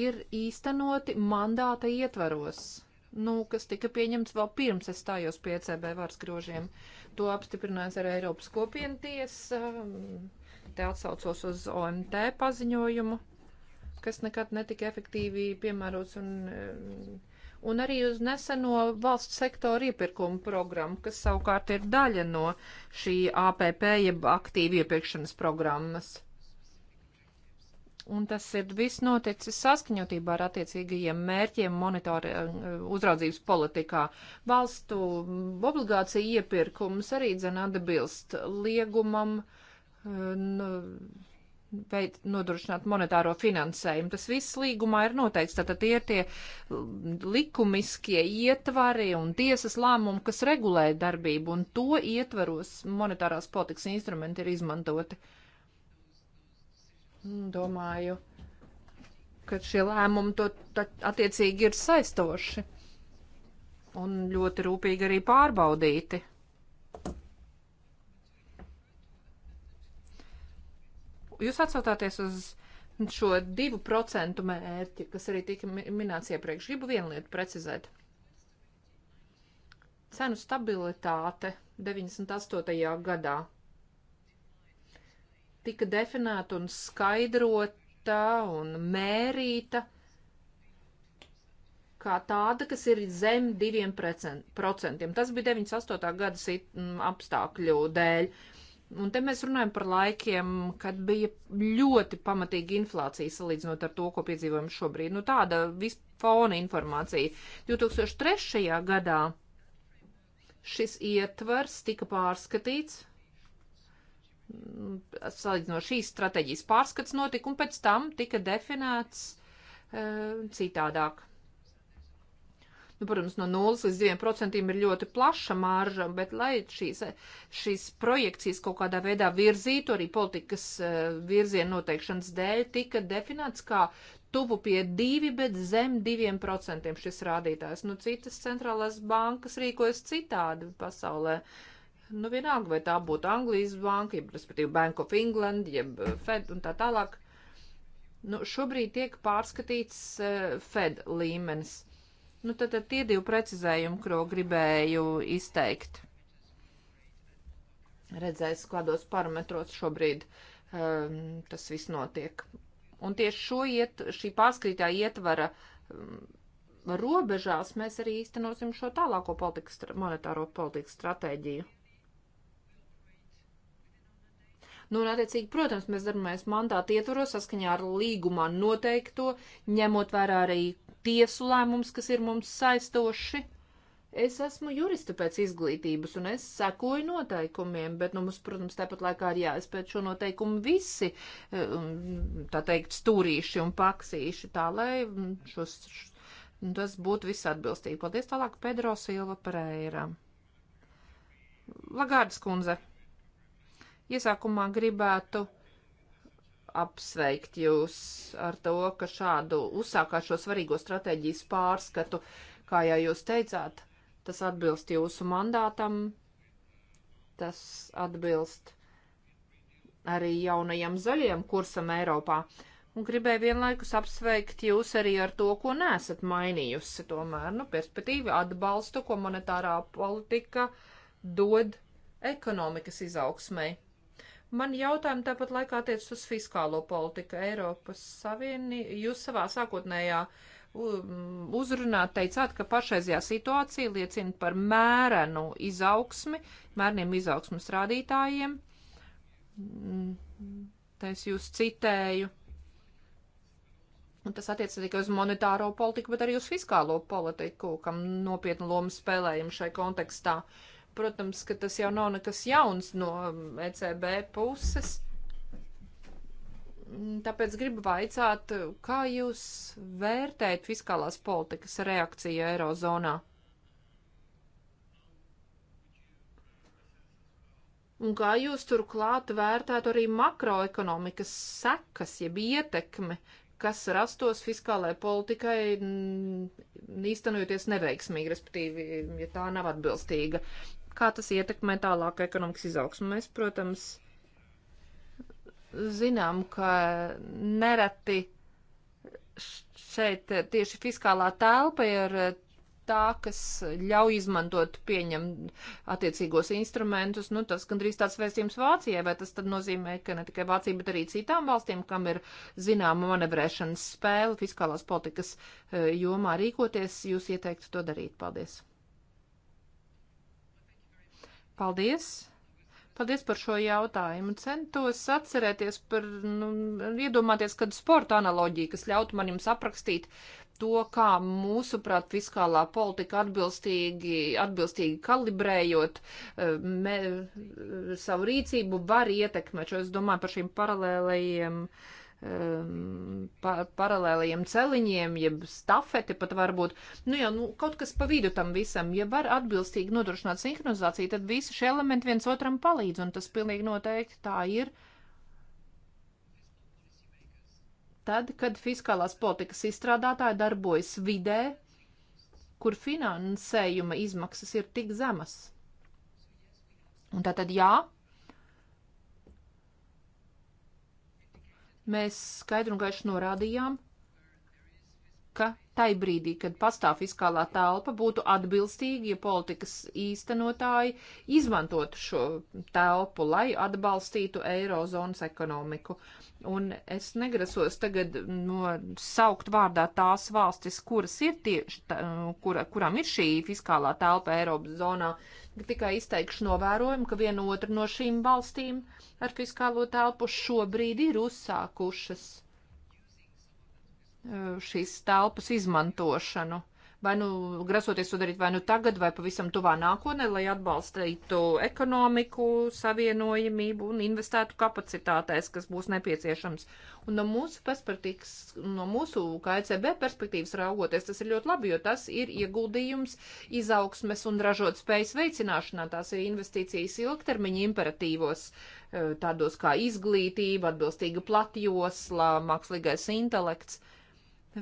ir īstenoti mandāta ietvaros nu, kas tika pieņemts vēl pirms es stājos pie ECB varas grožiem. To apstiprinājās ar Eiropas kopienu tiesa, te atsaucos uz OMT paziņojumu, kas nekad netika efektīvi piemērots un un arī uz neseno valsts sektoru iepirkumu programmu, kas savukārt ir daļa no šī APP jeb aktīvu iepirkšanas programmas. Un tas ir viss noticis saskaņotībā ar attiecīgajiem mērķiem monitora eh, uzraudzības politikā. Valstu obligācija iepirkums arī dzen atbilst liegumam. Eh, nu, veid, nodrošināt monetāro finansējumu. Tas viss līgumā ir noteikts. Tātad tie ir tie mm, likumiskie ietvari un tiesas lēmumi, kas regulē darbību, un to ietvaros monetārās politikas instrumenti ir izmantoti. Mm, domāju, ka šie lēmumi to attiecīgi ir saistoši un ļoti rūpīgi arī pārbaudīti. jūs atsautāties uz šo 2% mērķi, kas arī tika minēts iepriekš. Gribu vienu lietu precizēt. Cenu stabilitāte 98. gadā tika definēta un skaidrota un mērīta kā tāda, kas ir zem 2%. Tas bija 98. gada apstākļu dēļ. Un te mēs runājam par laikiem, kad bija ļoti pamatīga inflācija salīdzinot ar to, ko piedzīvojam šobrīd. Nu, tāda vispāna informācija. 2003. gadā šis ietvers tika pārskatīts. Salīdzinot šīs stratēģijas pārskats notika, un pēc tam tika definēts e, citādāk. Nu, protams, no 0 līdz 2% ir ļoti plaša marža, bet lai šīs, šīs projekcijas kaut kādā veidā virzītu, arī politikas eh, virziena noteikšanas dēļ tika definēts kā tuvu pie 2, bet zem 2% šis rādītājs. Nu, citas centrālās bankas rīkojas citādi pasaulē. Nu, vienalga, vai tā būtu Anglijas banka, jeb, respektīvi, Bank of England, jeb eh, Fed un tā tālāk. Nu, šobrīd tiek pārskatīts uh, Fed līmenis. Nu, tad, tad tie divi precizējumi, ko gribēju izteikt. Redzēs, kādos parametros šobrīd um, tas viss notiek. Un tieši šo iet, šī pārskatītā ietvara um, robežās mēs arī īstenosim šo tālāko politikas, monetāro politikas stratēģiju. Nu, un, attiecīgi, protams, mēs darbamies mandāta ietvaros saskaņā ar līgumā noteikto, ņemot vērā arī tiesu lēmums, kas ir mums saistoši. Es esmu jurista pēc izglītības, un es sekoju noteikumiem, bet nu, mums, protams, tāpat laikā ir jāizpēt šo noteikumu visi, e, tā teikt, stūrīši un paksīši, tā lai mm, šos, tas būtu viss atbilstīgi. Paldies tālāk Pedro Silva Pereira. Lagārdas kundze, iesākumā gribētu apsveikt jūs ar to, ka šādu uzsākāt šo svarīgo stratēģijas pārskatu, kā jau jūs teicāt, tas atbilst jūsu mandātam, tas atbilst arī jaunajam zaļajam kursam Eiropā. Un gribēju vienlaikus apsveikt jūs arī ar to, ko nesat mainījusi. Tomēr, nu, perspektīvi atbalstu, ko monetārā politika dod ekonomikas izaugsmai. Man jautājumi tāpat laikā attiec uz fiskālo politiku Eiropas Savienī. Jūs savā sākotnējā um, uzrunā teicāt, ka pašreizajā situācija liecina par mērenu izaugsmi, mērniem izaugsmas rādītājiem. Mm, tā es jūs citēju. Un tas attiec ne tikai uz monetāro politiku, bet arī uz fiskālo politiku, kam nopietnu lomu spēlējam šai kontekstā. Uh, Protams, ka tas jau nav nekas jauns no um, ECB puses. Mm, tāpēc gribu vaicāt, kā jūs vērtējat fiskālās politikas reakciju Eirozonā? Un kā jūs turklāt vērtētu arī makroekonomikas sekas, jeb ietekmi, kas rastos fiskālajai politikai, īstenojoties neveiksmīgi, respektīvi, ja tā nav atbilstīga kā tas ietekmē tālāk ekonomikas izaugsmu. Mēs, protams, zinām, ka nereti šeit tieši fiskālā telpa ir tā, kas ļauj izmantot, pieņem attiecīgos instrumentus. Nu, tas gandrīz tāds vēstījums Vācijai, vai tas tad nozīmē, ka ne tikai Vācija, bet arī citām valstīm, kam ir zināma manevrēšanas spēle fiskālās politikas eh, jomā rīkoties, jūs ieteiktu to darīt. Paldies! Paldies! Paldies par šo jautājumu. Centos atcerēties par, nu, iedomāties kādu sporta analoģiju, kas ļautu man jums aprakstīt to, kā mūsuprāt fiskālā politika atbilstīgi, atbilstīgi kalibrējot eh, me, savu rīcību var ietekmēt. Šo es domāju par šīm paralēlējiem. Uh, um, pa, paralēliem celiņiem, jeb stafeti pat varbūt, nu jā, nu, kaut kas pa vidu tam visam, ja var atbilstīgi nodrošināt sinhronizāciju, tad visi šie elementi viens otram palīdz, un tas pilnīgi noteikti tā ir. Tad, kad fiskālās politikas izstrādātāji darbojas vidē, kur finansējuma izmaksas ir tik zemas. Un tātad jā, Mēs skaidru un gaišu norādījām, ka tai brīdī, kad pastāv fiskālā telpa, būtu atbilstīgi, ja politikas īstenotāji izmantotu šo telpu, lai atbalstītu eirozonas ekonomiku. Un es negrasos tagad no, saukt vārdā tās valstis, kuras ir tieši, tā, kura, kurām ir šī fiskālā telpa Eiropas zonā, uh, tikai izteikšu novērojumu, ka viena otra no šīm valstīm ar fiskālo telpu šobrīd ir uzsākušas eh, šīs telpas izmantošanu vai nu grasoties to darīt vai nu tagad, vai pavisam tuvā nākotnē, lai atbalstītu ekonomiku, savienojamību un investētu kapacitātēs, kas būs nepieciešams. Un no mūsu perspektīvas, no mūsu KCB e perspektīvas raugoties, tas ir ļoti labi, jo tas ir ieguldījums izaugsmes un ražot spējas veicināšanā. Tās ir investīcijas ilgtermiņa imperatīvos, eh, tādos kā izglītība, atbilstīga platjosla, mākslīgais intelekts.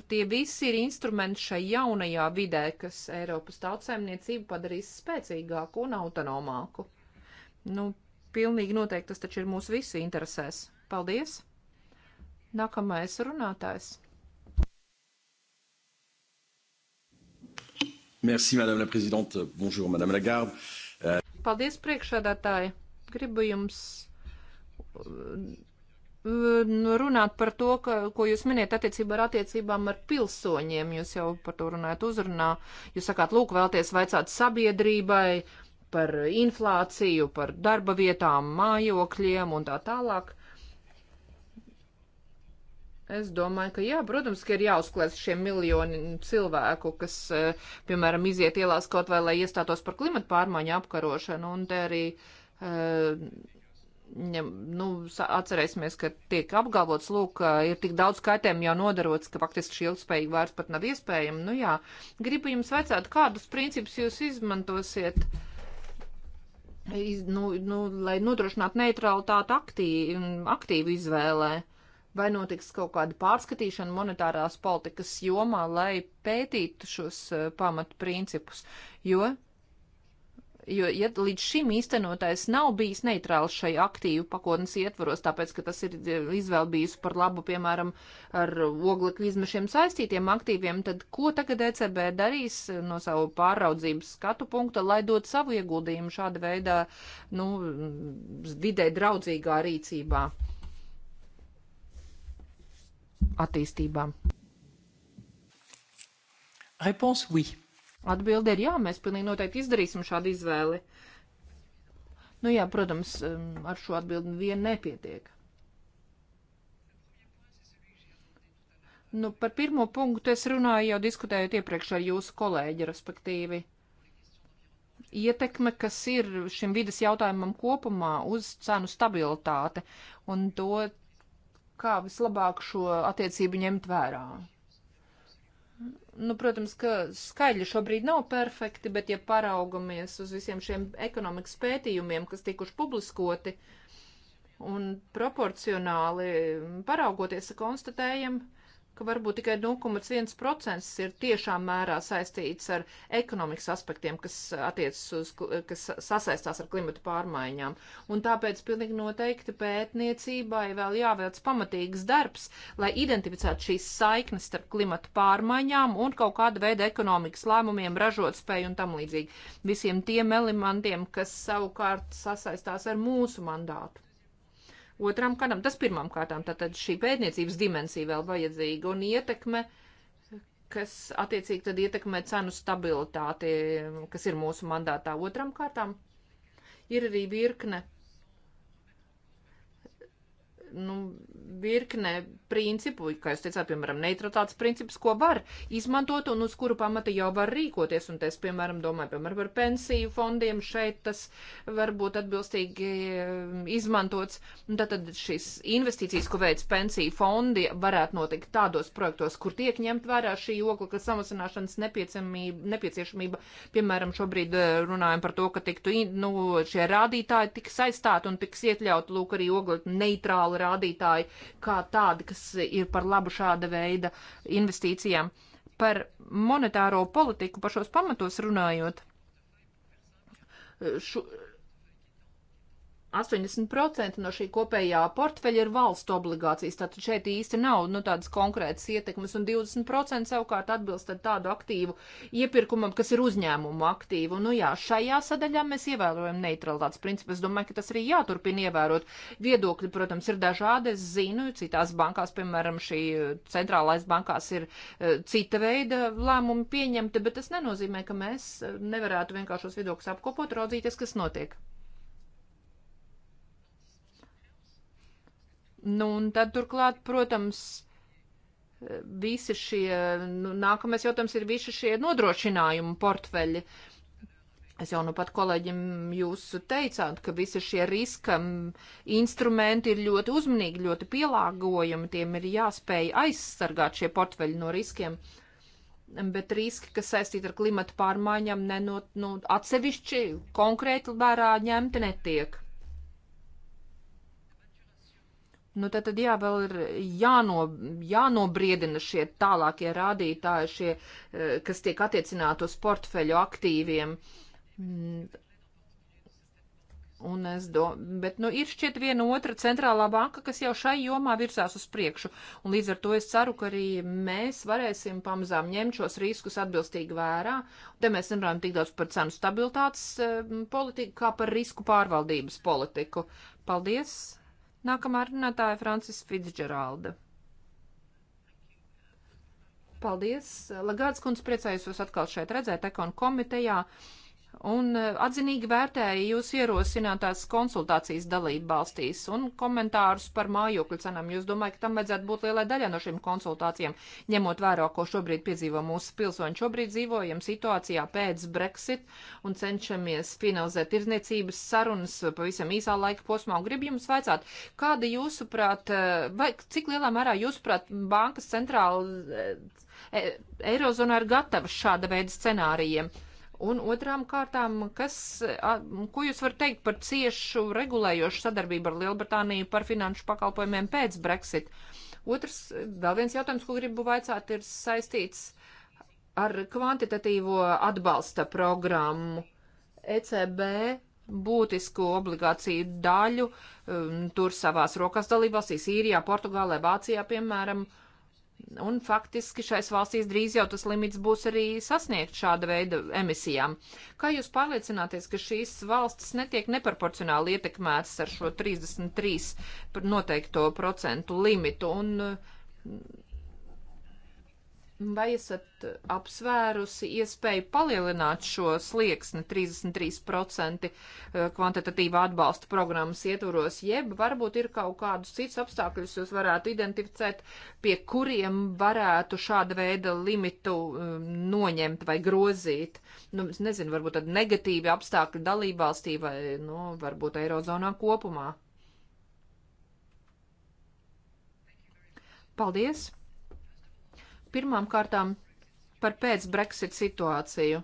Tie visi ir instrumenti šai jaunajā vidē, kas Eiropas tautsēmniecību padarīs spēcīgāku un autonomāku. Nu, pilnīgi noteikti tas taču ir mūsu visu interesēs. Paldies! Nākamais runātājs. Merci, madame la présidente. Bonjour, madame Lagarde. Paldies, priekšādātāji. Gribu jums runāt par to, ka, ko jūs miniet attiecībā ar attiecībām ar pilsoņiem. Jūs jau par to runājat uzrunā. Jūs sakāt, lūk, vēlties vaicāt sabiedrībai par inflāciju, par darba vietām, mājokļiem un tā tālāk. Es domāju, ka jā, protams, ka ir jāuzklāst šie miljoni cilvēku, kas, e, piemēram, iziet ielās kaut vai, lai iestātos par klimatu pārmaiņu apkarošanu, un te arī uh, ja, nu, atcerēsimies, ka tiek apgalvots, lūk, ir tik daudz kaitējumu jau nodarots, ka faktiski šī ilgspējīga vairs pat nav iespējama. Nu jā, gribu jums vecāt, kādus principus jūs izmantosiet, iz, nu, nu, lai nodrošinātu neutralitāti aktīvi, aktīvu izvēlē. Vai notiks kaut kāda pārskatīšana monetārās politikas jomā, lai pētītu šos eh, pamatprincipus? Jo jo ja līdz šim īstenotais nav bijis neitrāls šai aktīvu pakotnes ietvaros, tāpēc, ka tas ir eh, izvēle bijusi par labu, piemēram, ar oglekļu izmešiem saistītiem aktīviem, tad ko tagad ECB darīs eh, no savu pāraudzības skatu punkta, lai dot savu ieguldījumu šāda veidā, nu, mm, vidē draudzīgā rīcībā? Attīstībā. Réponse oui. Atbilde ir jā, mēs pilnīgi noteikti izdarīsim šādu izvēli. Nu jā, protams, ar šo atbildi vien nepietiek. Nu, par pirmo punktu es runāju jau diskutējot iepriekš ar jūsu kolēģi, respektīvi. Ietekme, kas ir šim vidas jautājumam kopumā uz cenu stabilitāti un to, kā vislabāk šo attiecību ņemt vērā. Nu, protams, ka skaļi šobrīd nav perfekti, bet ja paraugamies uz visiem šiem ekonomikas pētījumiem, kas tikuši publiskoti un proporcionāli paraugoties, konstatējam, uh, ka varbūt tikai 0,1% ir tiešām mērā saistīts ar ekonomikas aspektiem, kas attiecas uz, kas sasaistās ar klimatu pārmaiņām. Un tāpēc pilnīgi noteikti pētniecībai vēl jāveic pamatīgs darbs, lai identificētu šīs saiknes starp klimatu pārmaiņām un kaut kāda veida ekonomikas lēmumiem, ražotspēju un tam līdzīgi. Visiem tiem elementiem, kas savukārt sasaistās ar mūsu mandātu otram kādam. Tas pirmām kārtām tātad šī pētniecības dimensija vēl vajadzīga un ietekme, kas attiecīgi tad ietekmē cenu stabilitāti, kas ir mūsu mandātā otram kārtām. Ir arī virkne nu, virknē principu, kā jūs teicāt, piemēram, neutralitātes princips, ko var izmantot un uz kuru pamata jau var rīkoties. Un es, piemēram, domāju piemēram, par pensiju fondiem, šeit tas var būt atbilstīgi um, izmantots. Un tad, tad šīs investīcijas, ko veids pensiju fondi, varētu notikt tādos projektos, kur tiek ņemt vērā šī oglekļa samazināšanas nepieciešamība. Piemēram, šobrīd uh, runājam par to, ka tiktu, nu, šie rādītāji tiks aizstāti un tiks iekļaut, lūk, arī oglekļa neitrāli rādītāji kā tādi, kas ir par labu šāda veida investīcijām. Par monetāro politiku, par šos pamatos runājot, šo, 80% no šī kopējā portfeļa ir valstu obligācijas, tātad šeit īsti nav nu, tādas konkrētas ietekmes, un 20% savukārt atbilst tādu aktīvu iepirkumam, kas ir uzņēmumu aktīvu. Nu jā, šajā sadaļā mēs ievērojam neutralitātes principu. Es domāju, ka tas arī jāturpina ievērot. Viedokļi, protams, ir dažādi. Es zinu, citās bankās, piemēram, šī centrālais bankās ir cita veida lēmumi pieņemti, bet tas nenozīmē, ka mēs nevarētu vienkārši šos viedokļus apkopot, raudzīties, kas notiek. Nu, un tad turklāt, protams, visi šie, nu, nākamais jautājums ir visi šie nodrošinājumu portfeļi. Es jau nu pat kolēģim jūs teicāt, ka visi šie riska instrumenti ir ļoti uzmanīgi, ļoti pielāgojami, tiem ir jāspēj aizsargāt šie portfeļi no riskiem. Bet riski, kas saistīti ar klimatu pārmaiņām, nenot, nu, atsevišķi konkrēti vērā ņemti netiek. Nu, tad, tad jā, vēl ir jāno, jānobriedina šie tālākie rādītāji, šie, eh, kas tiek attiecināti uz portfeļu aktīviem. Mm. Un es domāju, bet nu, ir šķiet viena otra centrālā banka, kas jau šai jomā virzās uz priekšu. Un līdz ar to es ceru, ka arī mēs varēsim pamazām ņemt šos riskus atbilstīgi vērā. Un te mēs nerunājam tik daudz par cenu stabilitātes eh, politiku, kā par risku pārvaldības politiku. Paldies! Nākamā runātāja Francis Fitzgeralda. Paldies! Lagāds kundze priecājos jūs atkal šeit redzēt ekonu komitejā. Uh, un e, atzinīgi vērtēja jūs ierosinātās konsultācijas dalību valstīs un komentārus par mājokļu cenām. Jūs domājat, ka tam vajadzētu būt lielai daļai no šīm konsultācijām, ņemot vērā, ko šobrīd piedzīvo mūsu pilsoņi. Šobrīd dzīvojam situācijā pēc Brexit un cenšamies finalizēt tirzniecības sarunas pavisam īsā laika posmā. Un gribu jums vaicāt, kāda jūsuprāt, e, vai cik lielā mērā jūsuprāt bankas centrāla e, e Eirozonā ir gatava šāda veida scenārijiem? Un otrām kārtām, kas, a, ko jūs varat teikt par ciešu regulējošu sadarbību ar Lielbritāniju par finanšu pakalpojumiem pēc Brexit? Otrs, vēl viens jautājums, ko gribu vaicāt, ir saistīts ar kvantitatīvo atbalsta programmu ECB būtisku obligāciju daļu, um, tur savās rokās dalībvalstīs, Īrijā, Portugālē, Vācijā, piemēram, uh, Un faktiski šais valstīs drīz jau tas limits būs arī sasniegt šāda veida emisijām. Kā jūs pārliecināties, ka šīs valstis netiek neproporcionāli ietekmētas ar šo 33 noteikto procentu limitu? Un, Vai esat apsvērusi iespēju palielināt šo slieksni 33% eh, kvantitatīvā atbalsta programmas ietvaros, jeb varbūt ir kaut kādus cits apstākļus jūs varētu identificēt, pie kuriem varētu šāda veida limitu eh, noņemt vai grozīt? Nu, es nezinu, varbūt tad negatīvi apstākļi dalībvalstī vai, nu, varbūt Eirozonā kopumā. Paldies! Pirmām kārtām par pēc-Brexit situāciju.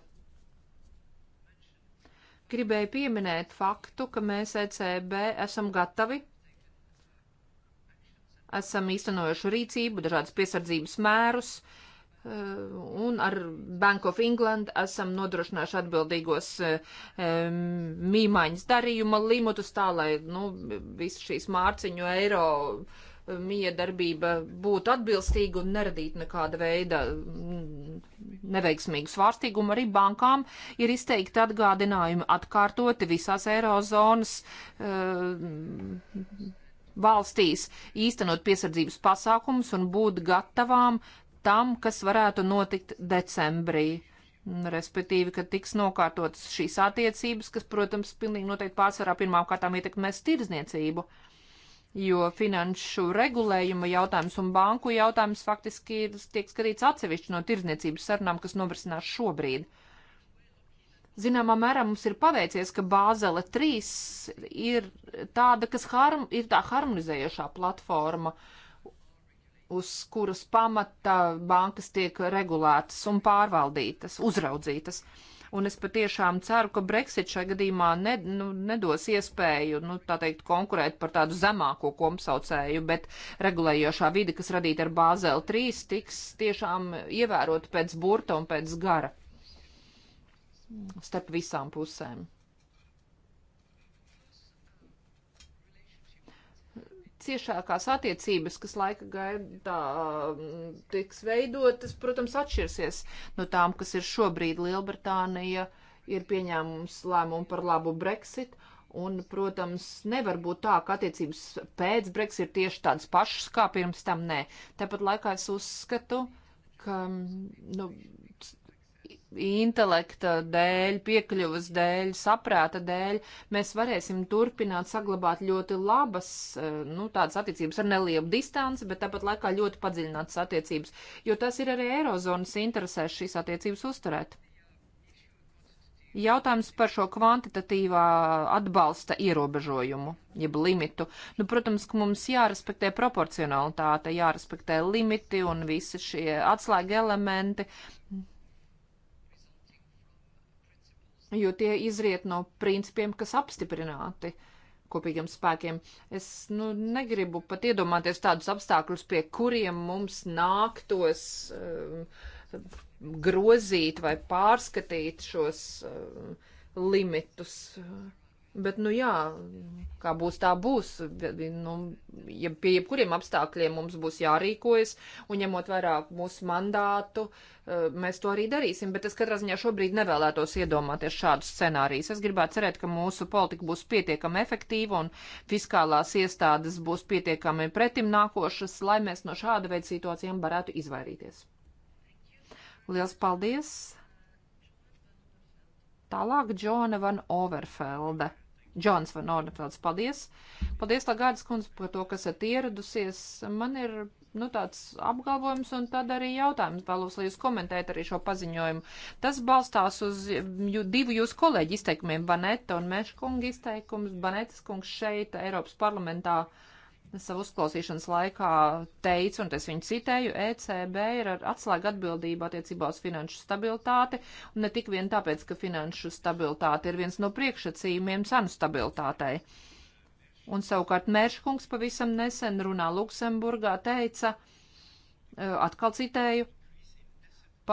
Gribēju pieminēt faktu, ka mēs ECB esam gatavi esam īstenojuši rīcību, dažādas piesardzības mērus, eh, un ar Bank of England esam nodrošinājuši atbildīgos eh, mīmaiņas darījuma limitus tā, lai nu, visu šīs mārciņu eiro miedarbība būtu atbilstīga un neradītu nekāda veida mm, neveiksmīgu svārstīgumu. Arī bankām ir izteikti atgādinājumi atkārtoti visās eirozonas uh, valstīs īstenot piesardzības pasākumus un būt gatavām tam, kas varētu notikt decembrī. Respektīvi, ka tiks nokārtotas šīs attiecības, kas, protams, pilnīgi noteikti pārsvarā pirmām kārtām ietekmēs tirdzniecību. Uh, jo finanšu regulējuma jautājums un banku jautājums faktiski ir, tiek skatīts atsevišķi no tirdzniecības sarunām, kas norisinās šobrīd. Zināmā mērā mums ir paveicies, ka Bāzele 3 ir tāda, kas harm, ir tā harmonizējošā platforma, uz kuras pamata bankas tiek regulētas un pārvaldītas, uzraudzītas. Uh, un es patiešām ceru, ka Brexit šai gadījumā ne, nu, nedos iespēju, nu, tā teikt, konkurēt par tādu zemāko kompsaucēju, bet regulējošā vide, kas radīta ar Bāzeli 3, tiks tiešām ievērota pēc burta un pēc gara starp visām pusēm. ciešākās attiecības, kas laika gaitā um, tiks veidotas, protams, atšķirsies no tām, kas ir šobrīd Lielbritānija ir pieņēmums lēmumu par labu Brexit. Un, protams, nevar būt tā, ka attiecības pēc Brexit ir tieši tādas pašas kā pirms tam. Nē, tāpat laikā es uzskatu, ka nu, intelekta dēļ, piekļuvas dēļ, saprāta dēļ, mēs varēsim turpināt saglabāt ļoti labas, eh, nu, tādas attiecības ar nelielu distanci, bet tāpat laikā ļoti padziļinātas attiecības, jo tas ir arī Eirozonas interesēs šīs attiecības uzturēt. Jautājums par šo kvantitatīvā atbalsta ierobežojumu, jeb limitu. Nu, protams, ka mums jārespektē proporcionalitāte, jārespektē limiti un visi šie atslēga elementi jo tie izriet no principiem, kas apstiprināti kopīgiem spēkiem. Es nu, negribu pat iedomāties tādus apstākļus, pie kuriem mums nāktos um, grozīt vai pārskatīt šos um, limitus. Bet, nu jā, kā būs, tā būs. Nu, ja pie jebkuriem apstākļiem mums būs jārīkojas, un ņemot vairāk mūsu mandātu, eh, mēs to arī darīsim. Bet es katrā ziņā šobrīd nevēlētos iedomāties šādu scenāriju. Es gribētu cerēt, ka mūsu politika būs pietiekami efektīva un fiskālās iestādes būs pietiekami pretim nākošas, lai mēs no šāda veida situācijām varētu izvairīties. Liels paldies! Tālāk Džona van Overfelde. Džons van Ornefels, paldies! Paldies, Lagādas kundze, par to, kas esat ieradusies. Man ir, nu, tāds apgalvojums un tad arī jautājums. Vēlos, lai jūs komentētu arī šo paziņojumu. Tas balstās uz jū, divu jūsu kolēģu izteikumiem, Baneta un Meškunga izteikums. Banetas kungs šeit, Eiropas parlamentā. Uh, savu uzklausīšanas laikā teica, un es viņu citēju, ECB ir ar atslēgu atbildību attiecībā uz finanšu stabilitāti, un ne tik vien tāpēc, ka finanšu stabilitāte ir viens no priekšsacījumiem cenu stabilitātei. Un savukārt Mērškungs pavisam nesen runā Luksemburgā teica, atkal citēju,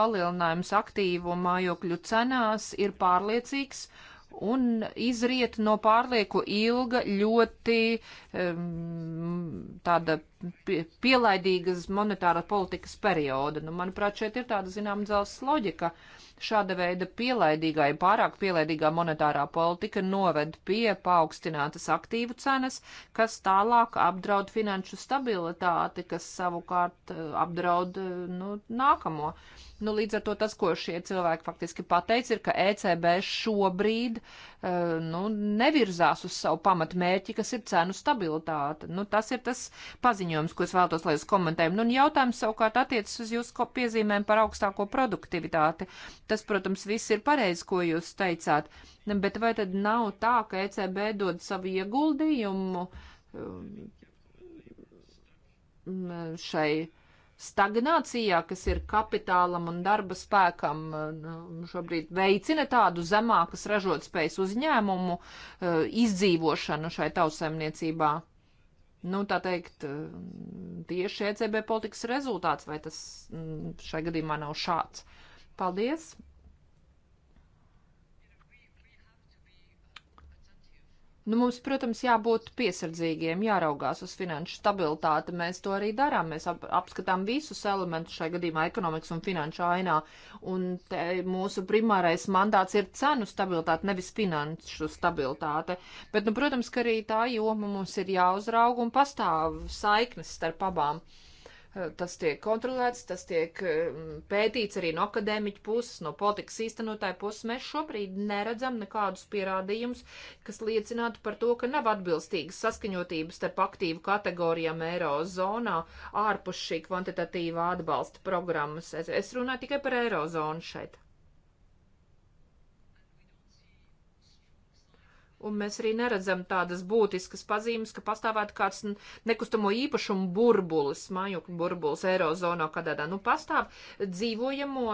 palielinājums aktīvu mājokļu cenās ir pārliecīgs, uh, un izriet no pārlieku ilga ļoti um, tāda pie, pielaidīgas monetārā politikas perioda. Nu, manuprāt, šeit ir tāda zināma dzelzs loģika. Šāda veida pielaidīgā, ja pārāk pielaidīgā monetārā politika noved pie paaugstinātas aktīvu cenas, kas tālāk apdraud finanšu stabilitāti, kas savukārt eh, apdraud eh, nu, nākamo. Nu, līdz ar to tas, ko šie cilvēki faktiski pateica, ir, ka ECB šobrīd eh, nu, nevirzās uz savu pamatmērķi, kas ir cenu stabilitāte. Nu, tas ir tas paziņojums paziņojums, ko es vēlos, lai jūs komentējam. Nu, un jautājums savukārt attiecas uz jūsu piezīmēm par augstāko produktivitāti. Tas, protams, viss ir pareizi, ko jūs teicāt, bet vai tad nav tā, ka ECB dod savu ieguldījumu um, šai stagnācijā, kas ir kapitālam un darba spēkam, um, šobrīd veicina tādu zemākas ražotspējas uzņēmumu uh, izdzīvošanu šai tausaimniecībā nu, tā teikt, tieši ECB politikas rezultāts, vai tas mm, šai gadījumā nav šāds. Paldies! Nu, mums, protams, jābūt piesardzīgiem, jāraugās uz finanšu stabilitāti. Mēs to arī darām. Mēs ap, apskatām visus elementus šai gadījumā ekonomikas un finanšu ainā. Un te, mūsu primārais mandāts ir cenu stabilitāte, nevis finanšu stabilitāte. Bet, nu, protams, ka arī tā joma mums ir jāuzrauga un pastāv saiknes starp abām. Uh, Tas tiek kontrolēts, tas tiek mm, pētīts arī no akadēmiķa puses, no politikas īstenotāja puses. Mēs šobrīd neredzam nekādus pierādījumus, kas liecinātu par to, ka nav atbilstīgas saskaņotības starp aktīvu kategorijām Eirozonā ārpus šī kvantitatīvā atbalsta programmas. Es, es runāju tikai par Eirozonu šeit. Un mēs arī neredzam tādas būtiskas pazīmes, ka pastāvētu kāds nekustamo īpašumu burbulis, mājokļu burbulis Eirozonā, kad tādā, nu, pastāv dzīvojamo,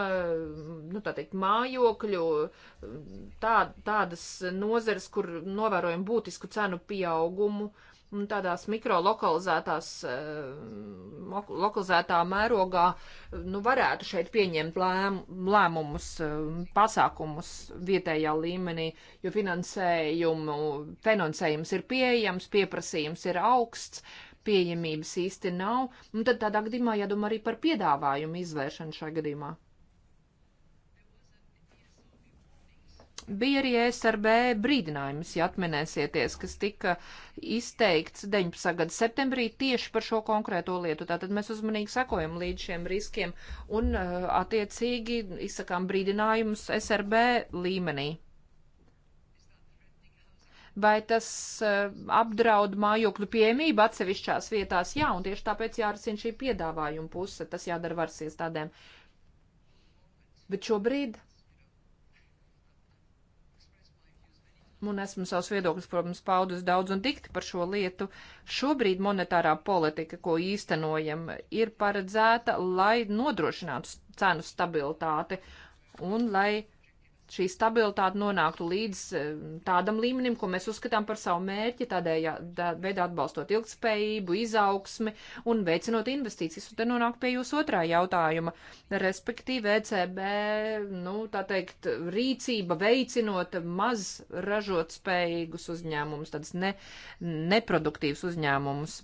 nu, tā teikt, mājokļu, tā, tādas nozeres, kur novērojam būtisku cenu pieaugumu un tādās mikro lokalizētās, eh, lokalizētā mērogā, nu, varētu šeit pieņemt lēm, lēmumus, eh, pasākumus vietējā līmenī, jo finansējumu, finansējums ir pieejams, pieprasījums ir augsts, pieejamības īsti nav, un tad tādā gadījumā jādomā arī par piedāvājumu izvēršanu šajā gadījumā. Bija arī e SRB brīdinājums, ja atminēsieties, kas tika izteikts 19. gada septembrī tieši par šo konkrēto lietu. Tātad mēs uzmanīgi sakojam līdz šiem riskiem un uh, attiecīgi izsakām brīdinājumus e SRB līmenī. Vai tas uh, apdraud mājokļu pieejamību atsevišķās vietās? Jā, un tieši tāpēc jārasina šī piedāvājuma puse. Tas jādara varas iestādēm. Bet šobrīd un esmu savus viedokļus, protams, paudus daudz un dikti par šo lietu. Šobrīd monetārā politika, ko īstenojam, ir paredzēta, lai nodrošinātu cenu stabilitāti un lai šī stabilitāte nonāktu līdz e, tādam līmenim, ko mēs uzskatām par savu mērķi, tādējā veidā atbalstot ilgspējību, izaugsmi un veicinot investīcijas. Un te nonāk pie jūsu otrā jautājuma, respektīvi ECB, nu, tā teikt, rīcība veicinot maz ražot spējīgus uzņēmumus, tādus ne, neproduktīvus uzņēmumus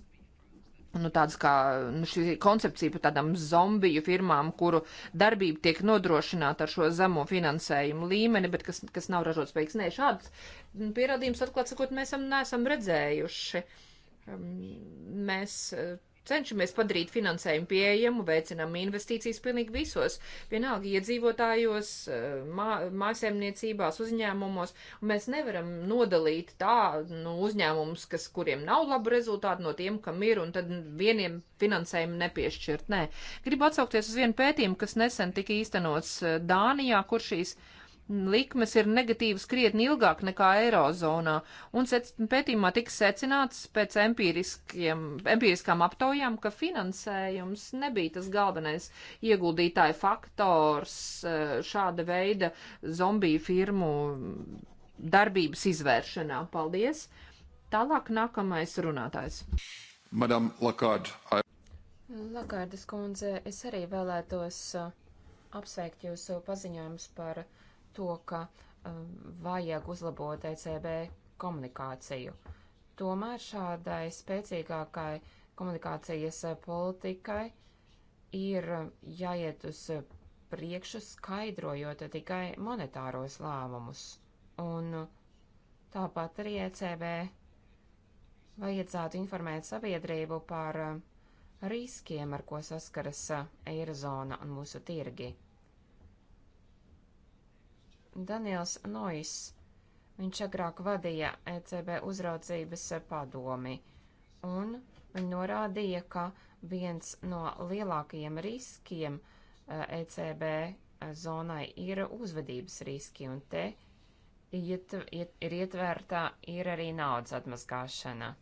nu, tādas kā nu, šī koncepcija par tādām zombiju firmām, kuru darbība tiek nodrošināta ar šo zemo finansējumu līmeni, bet kas, kas nav ražots spējīgs. Nē, šādas nu, pierādījumus, atklāt sakot, mēs esam, neesam redzējuši. Um, mēs Cenšamies padarīt finansējumu pieejamu, veicinām investīcijas pilnīgi visos, vienalga iedzīvotājos, eh, mā, mājasēmniecībās, uzņēmumos, un mēs nevaram nodalīt tā nu, uzņēmumus, kas, kuriem nav labu rezultātu, no tiem, kam ir, un tad vieniem finansējumu nepiešķirt. Nē, gribu atsaukties uz vienu pētījumu, kas nesen tika īstenots eh, Dānijā, kur šīs. Uh, likmes ir negatīvas krietni ilgāk nekā Eirozonā, un sec, pētījumā tika secināts pēc empiriskām aptaujām, ka finansējums nebija tas galvenais ieguldītāja faktors e, šāda veida zombiju firmu darbības izvēršanā. Paldies! Tālāk nākamais runātājs. Madam Lakard, I... Lakardas kundze, es arī vēlētos e, apsveikt jūsu paziņojumus par uh, to, ka eh, vajag uzlabot ECB komunikāciju. Tomēr šādai spēcīgākai komunikācijas eh, politikai ir eh, jāiet uz priekšu skaidrojot tikai monetāros lēmumus. Un tāpat arī ECB vajadzētu informēt sabiedrību par riskiem, ar ko saskaras Eirozona un mūsu tirgi. Daniels Nois. Viņš agrāk vadīja ECB uzraudzības padomi, un viņi norādīja, ka viens no lielākajiem riskiem ECB e zonai ir uzvedības riski, un te iet, iet, ir ietvērta ir arī naudas atmazgāšana.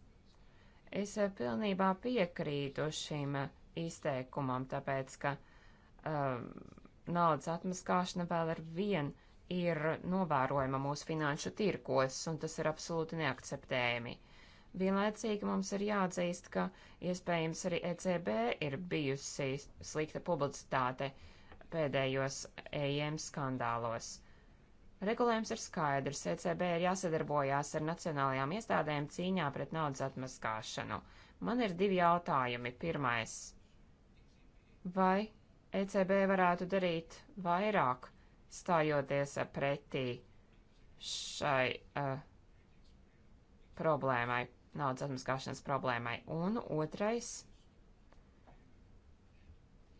Es e, pilnībā piekrītu šim izteikumam, tāpēc, ka um, naudas atmazgāšana vēl ar vienu ir novērojama mūsu finanšu tirkos, un tas ir absolūti neakceptējami. Vienlaicīgi mums ir jāatzīst, ka iespējams arī ECB ir bijusi slikta publicitāte pēdējos EM skandālos. Regulējums ir skaidrs, ECB ir jāsadarbojās ar nacionālajām iestādēm cīņā pret naudas atmaskāšanu. Man ir divi jautājumi. Pirmais. Vai ECB varētu darīt vairāk, stājoties pretī šai uh, problēmai, naudas atmaskāšanas problēmai. Un otrais,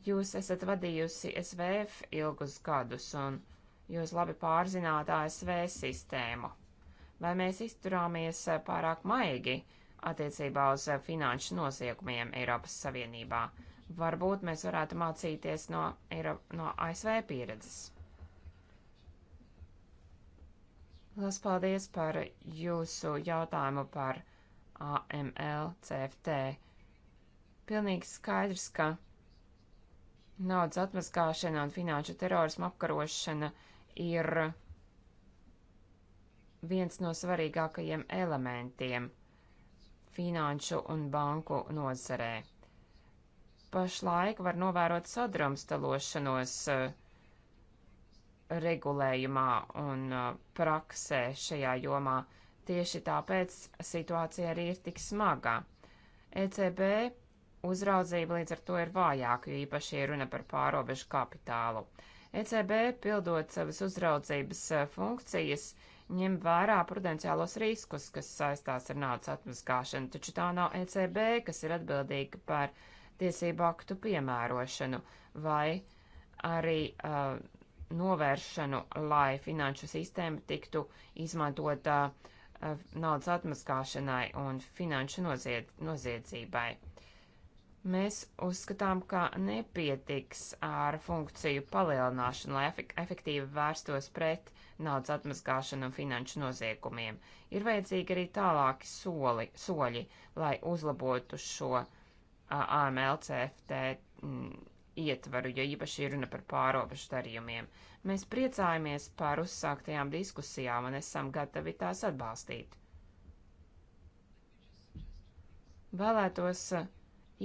jūs esat vadījusi SVF ilgus gadus un jūs labi pārzināt ASV sistēmu. Vai mēs izturāmies eh, pārāk maigi attiecībā uz eh, finanšu nosiegumiem Eiropas Savienībā? Varbūt mēs varētu mācīties no, Eiro, no ASV pieredzes. Lielas paldies par jūsu jautājumu par AML, CFT. Pilnīgi skaidrs, ka naudas atmaskāšana un finanšu terorismu apkarošana ir viens no svarīgākajiem elementiem finanšu un banku nozarē. Pašlaik var novērot sadrumstalošanos uh, regulējumā un uh, praksē šajā jomā. Tieši tāpēc situācija arī ir tik smagā. ECB uzraudzība līdz ar to ir vājāka, jo īpaši ir runa par pārobežu kapitālu. ECB, pildot savas uzraudzības uh, funkcijas, ņem vērā prudenciālos riskus, kas saistās ar naudas atmaskāšanu, taču tā nav ECB, kas ir atbildīga par tiesību aktu piemērošanu vai arī uh, novēršanu, lai finanšu sistēma tiktu izmantota eh, naudas atmaskāšanai un finanšu nozied, noziedzībai. Mēs uzskatām, ka nepietiks ar funkciju palielināšanu, lai efektīvi vērstos pret naudas atmaskāšanu un finanšu noziegumiem. Ir vajadzīgi arī tālāki soli, soļi, lai uzlabotu šo AMLCFT ietvaru, jo īpaši ir runa par pārobežu darījumiem. Mēs priecājamies par uzsāktajām diskusijām un esam gatavi tās atbalstīt. Vēlētos uh,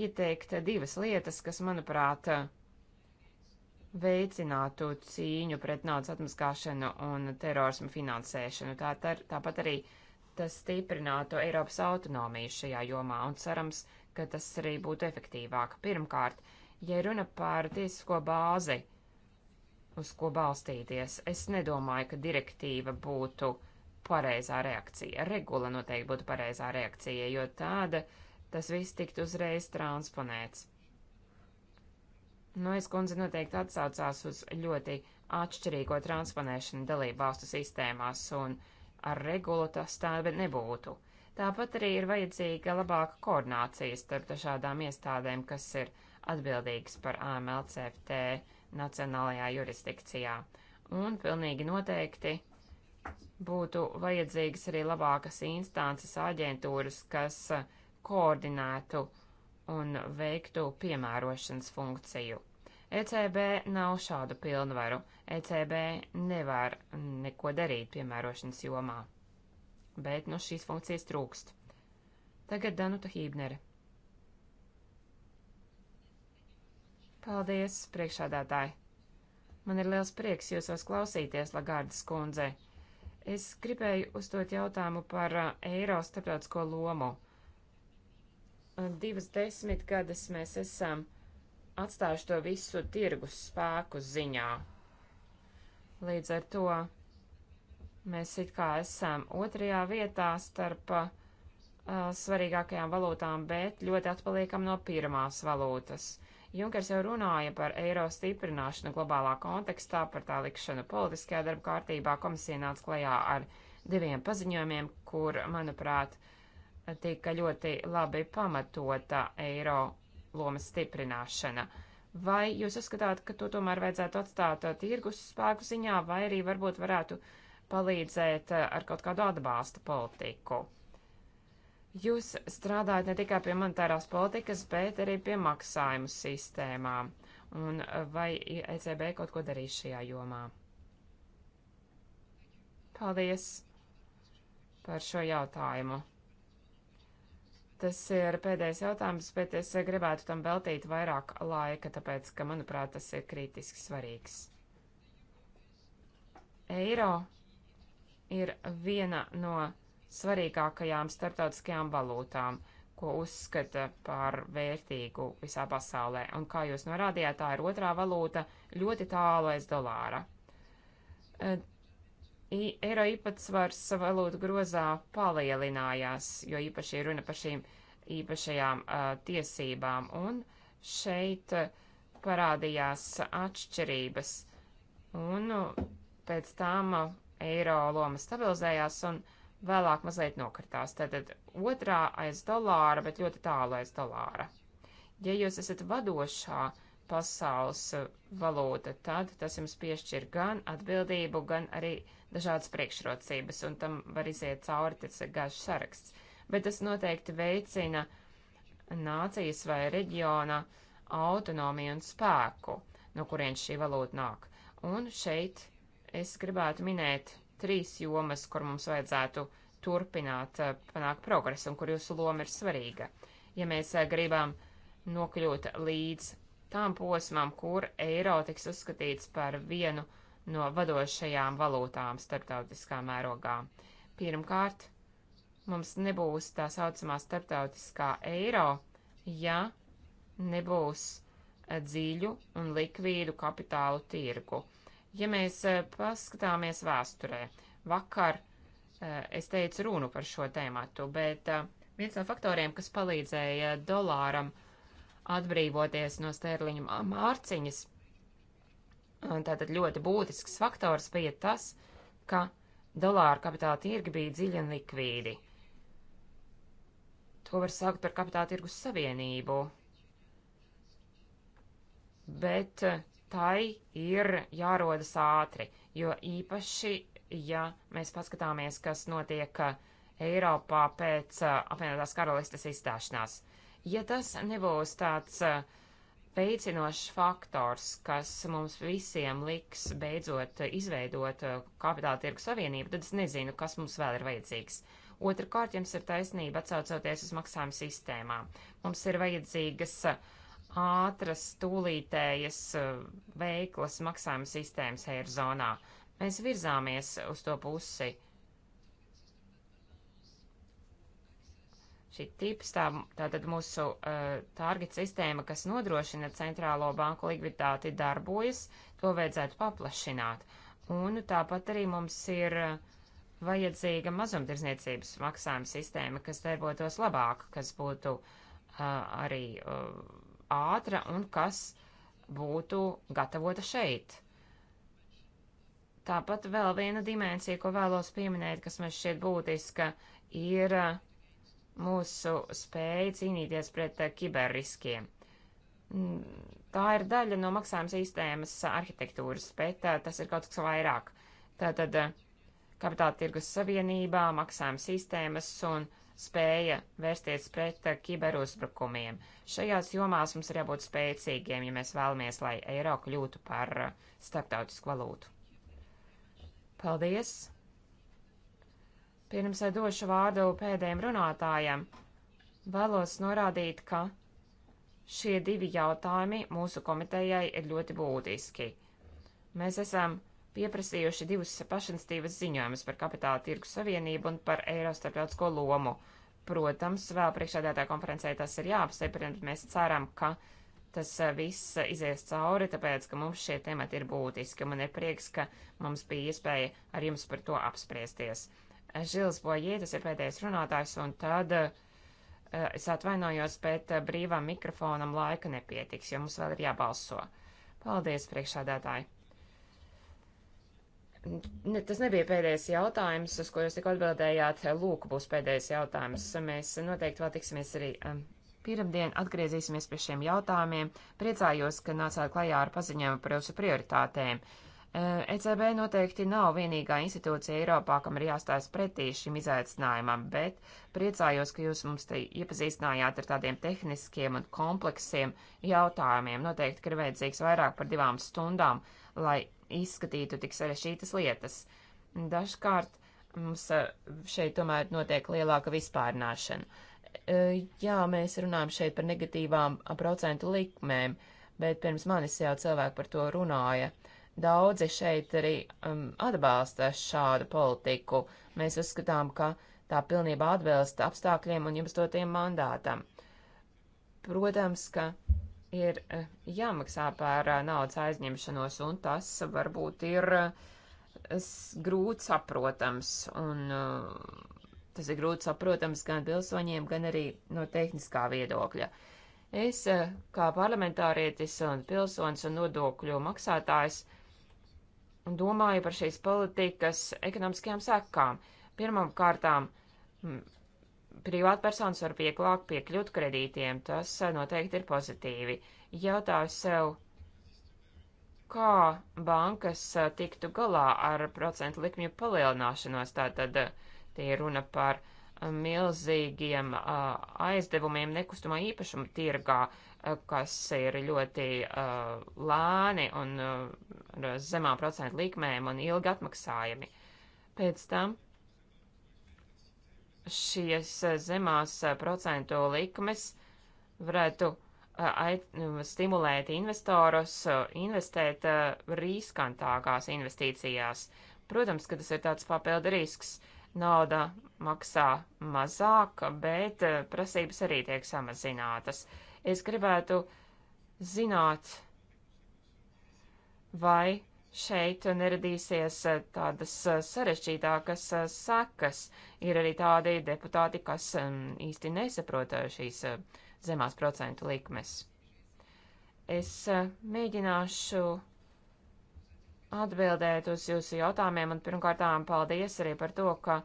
ieteikt divas lietas, kas, manuprāt, uh, veicinātu cīņu pret naudas atmaskāšanu un terorismu finansēšanu. Tā, tā, tāpat arī tas stiprinātu Eiropas autonomiju šajā jomā un cerams, ka tas arī būtu efektīvāk. Pirmkārt, Ja runa par tiesisko bāzi, uz ko balstīties, es nedomāju, ka direktīva būtu pareizā reakcija. Regula noteikti būtu pareizā reakcija, jo tāda tas viss tiktu uzreiz transponēts. Nojas nu, kundze noteikti atsaucās uz ļoti atšķirīgo transponēšanu dalību valstu sistēmās, un ar regulu tas tā nebūtu. Tāpat arī ir vajadzīga labāka koordinācija starp dažādām iestādēm, kas ir atbildīgs par AMLCFT nacionālajā jurisdikcijā, un pilnīgi noteikti būtu vajadzīgas arī labākas instances aģentūras, kas koordinētu un veiktu piemērošanas funkciju. ECB nav šādu pilnvaru. ECB nevar neko darīt piemērošanas jomā. Bet, nu, šīs funkcijas trūkst. Tagad Danuta Hībnere. Paldies, priekšādātāji! Man ir liels prieks jūsos klausīties, Lagārdas kundze. Es gribēju uzdot jautājumu par uh, eiro starptautisko lomu. Uh, divas desmitgades mēs esam atstājuši to visu tirgus spēku ziņā. Līdz ar to mēs it kā esam otrajā vietā starp uh, svarīgākajām valūtām, bet ļoti atpaliekam no pirmās valūtas. Junkers jau runāja par eiro stiprināšanu globālā kontekstā, par tā likšanu politiskajā darba kārtībā. Komisija nāca klajā ar diviem paziņojumiem, kur, manuprāt, tika ļoti labi pamatota eiro lomas stiprināšana. Vai jūs uzskatāt, ka to tomēr vajadzētu atstāt tirgus spēku ziņā, vai arī varbūt varētu palīdzēt ar kaut kādu atbalsta politiku? Jūs strādājat ne tikai pie monetārās politikas, bet arī pie maksājumu sistēmām. Un vai ECB kaut ko darīs šajā jomā? Paldies par šo jautājumu. Tas ir pēdējais jautājums, bet es gribētu tam veltīt vairāk laika, tāpēc, ka, manuprāt, tas ir kritiski svarīgs. Eiro ir viena no svarīgākajām starptautiskajām valūtām, ko uzskata par vērtīgu visā pasaulē. Un, kā jūs norādījāt, tā ir otrā valūta ļoti tālu aiz dolāra. E, eiro īpatsvars valūtu grozā palielinājās, jo īpaši ir runa par šīm īpašajām uh, tiesībām, un šeit e, parādījās atšķirības. Un pēc tam eiro loma stabilizējās, un uh, vēlāk mazliet nokritās. Tātad otrā aiz dolāra, bet ļoti tālu aiz dolāra. Ja jūs esat vadošā pasaules eh, valūta, tad tas jums piešķir gan atbildību, gan arī dažādas priekšrocības, un tam var iziet cauri tas garš saraksts. Bet tas noteikti veicina nācijas vai reģiona autonomiju un spēku, no kurien šī valūta nāk. Un šeit es gribētu minēt trīs jomas, kur mums vajadzētu turpināt eh, panākt progresu un kur jūsu loma ir svarīga. Ja mēs eh, gribam nokļūt līdz tām posmām, kur eiro tiks uzskatīts par vienu no vadošajām valūtām starptautiskā mērogā. Pirmkārt, mums nebūs tā saucamā starptautiskā eiro, ja nebūs eh, dziļu un likvīdu kapitālu tirgu. Ja mēs eh, paskatāmies vēsturē, vakar eh, es teicu runu par šo tēmatu, bet eh, viens no faktoriem, kas palīdzēja dolāram atbrīvoties no sterliņa mārciņas, tātad ļoti būtisks faktors bija tas, ka dolāra kapitāla tirgi bija dziļi un likvīdi. To var saukt par kapitāla tirgus savienību. Bet tai ir jārodas ātri, jo īpaši, ja mēs paskatāmies, kas notiek Eiropā pēc uh, apvienotās karalistes izstāšanās. Ja tas nebūs tāds uh, veicinošs faktors, kas mums visiem liks beidzot izveidot uh, kapitāla tirgu savienību, tad es nezinu, kas mums vēl ir vajadzīgs. Otrakārt, jums ir taisnība atsaucoties uz maksājumu sistēmām. Mums ir vajadzīgas uh, ātras, tūlītējas, eh, veiklas maksājuma sistēmas eirozonā. Mēs virzāmies uz to pusi. Šī tips, tā, tātad mūsu uh, target sistēma, kas nodrošina centrālo banku likviditāti, darbojas, to vajadzētu paplašināt. Un tāpat arī mums ir uh, vajadzīga mazumtirdzniecības maksājuma sistēma, kas darbotos labāk, kas būtu uh, arī uh, ātra un kas būtu gatavota šeit. Tāpat vēl viena dimensija, ko vēlos pieminēt, kas man šķiet būtiska, ir uh, mūsu spēja cīnīties pret uh, kiberriskiem. Mm, tā ir daļa no maksājuma sistēmas arhitektūras, bet uh, tas ir kaut kas vairāk. Tātad kapitāla tirgus savienībā, maksājuma sistēmas un uh, spēja vērsties pret kiberuzbrukumiem. Šajās jomās mums ir jābūt spēcīgiem, ja mēs vēlamies, lai eiro kļūtu par starptautisku valūtu. Paldies! Pirms došu vārdu pēdējiem runātājiem, vēlos norādīt, ka šie divi jautājumi mūsu komitejai ir ļoti būtiski. Mēs esam pieprasījuši divus pašinstības ziņojumus par kapitāla tirgu savienību un par eiro starptautisko lomu. Protams, vēl priekšādātā konferencē tas ir jāapstiprina, bet mēs ceram, ka tas eh, viss izies cauri, tāpēc, ka mums šie temati ir būtiski. Man ir prieks, ka mums bija iespēja ar jums par to apspriesties. Žils Bojie, tas ir pēdējais runātājs, un tad eh, es atvainojos, bet eh, brīvām mikrofonam laika nepietiks, jo mums vēl ir jābalso. Paldies, priekšādātāji! Ne, tas nebija pēdējais jautājums, uz ko jūs tikko atbildējāt. Lūk, būs pēdējais jautājums. Mēs noteikti vēl tiksimies arī um, pirmdien, atgriezīsimies pie šiem jautājumiem. Priecājos, ka nācāt klajā ar paziņojumu par jūsu prioritātēm. Uh, ECB noteikti nav vienīgā institūcija Eiropā, kam ir jāstājas pretī šim izaicinājumam, bet priecājos, ka jūs mums te iepazīstinājāt ar tādiem tehniskiem un kompleksiem jautājumiem. Noteikti, ka ir vajadzīgs vairāk par divām stundām, lai izskatītu tik sarešķītas lietas. Dažkārt mums eh, šeit tomēr notiek lielāka vispārnāšana. Eh, jā, mēs runājam šeit par negatīvām procentu likmēm, bet pirms manis jau cilvēki par to runāja. Daudzi šeit arī um, atbalsta šādu politiku. Mēs uzskatām, ka tā pilnībā atbilst apstākļiem un jums dotiem mandātam. Protams, ka ir eh, jāmaksā par eh, naudas aizņemšanos, un tas varbūt ir eh, grūti saprotams. Un, tas ir grūti saprotams gan pilsoņiem, gan arī no tehniskā viedokļa. Es, kā parlamentārietis un pilsonis un nodokļu maksātājs, domāju par šīs politikas ekonomiskajām sekām. Pirmām kārtām privātpersonas var vieglāk piekļūt kredītiem. Tas eh, noteikti ir pozitīvi. Jautāju sev, kā bankas eh, tiktu galā ar procentu likmju palielināšanos, tātad eh, tie runa par milzīgiem aizdevumiem nekustamā īpašuma tirgā, kas ir ļoti lēni un zemām procentu likmēm un ilgi atmaksājami. Pēc tam šies eh, zemās eh, procentu likmes varētu eh, mm, stimulēt investorus investēt riskantākās investīcijās. Protams, ka tas ir tāds papildu risks. Nauda maksā mazāk, bet prasības arī tiek samazinātas. Es gribētu zināt, vai šeit neradīsies eh, tādas eh, sarežģītākas eh, sekas. Ir arī tādi deputāti, kas mm, īsti nesaprot šīs zemās procentu likmes. Es mēģināšu atbildēt uz jūsu jautājumiem, un pirmkārtām paldies arī par to, ka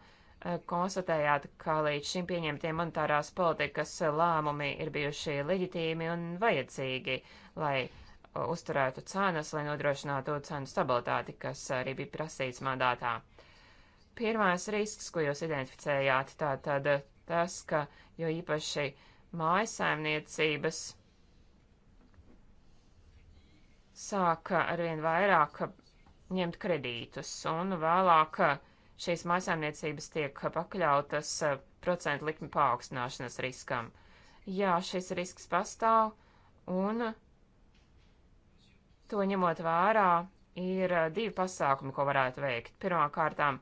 konstatējāt, ka līdz šim pieņemtie monetārās politikas lēmumi ir bijuši leģitīmi un vajadzīgi, lai uh, uzturētu cenas, lai nodrošinātu cenu stabilitāti, kas arī bija prasīts mandātā. Pirmais risks, ko jūs identificējāt, tātad tas, ka jo īpaši mājasaimniecības sāka arvien vairāk ņemt kredītus, un vēlāk šīs mājasaimniecības tiek pakļautas procentu likmi paaugstināšanas riskam. Jā, šis risks pastāv, un To ņemot vērā, ir eh, divi pasākumi, ko varētu veikt. Pirmkārtām,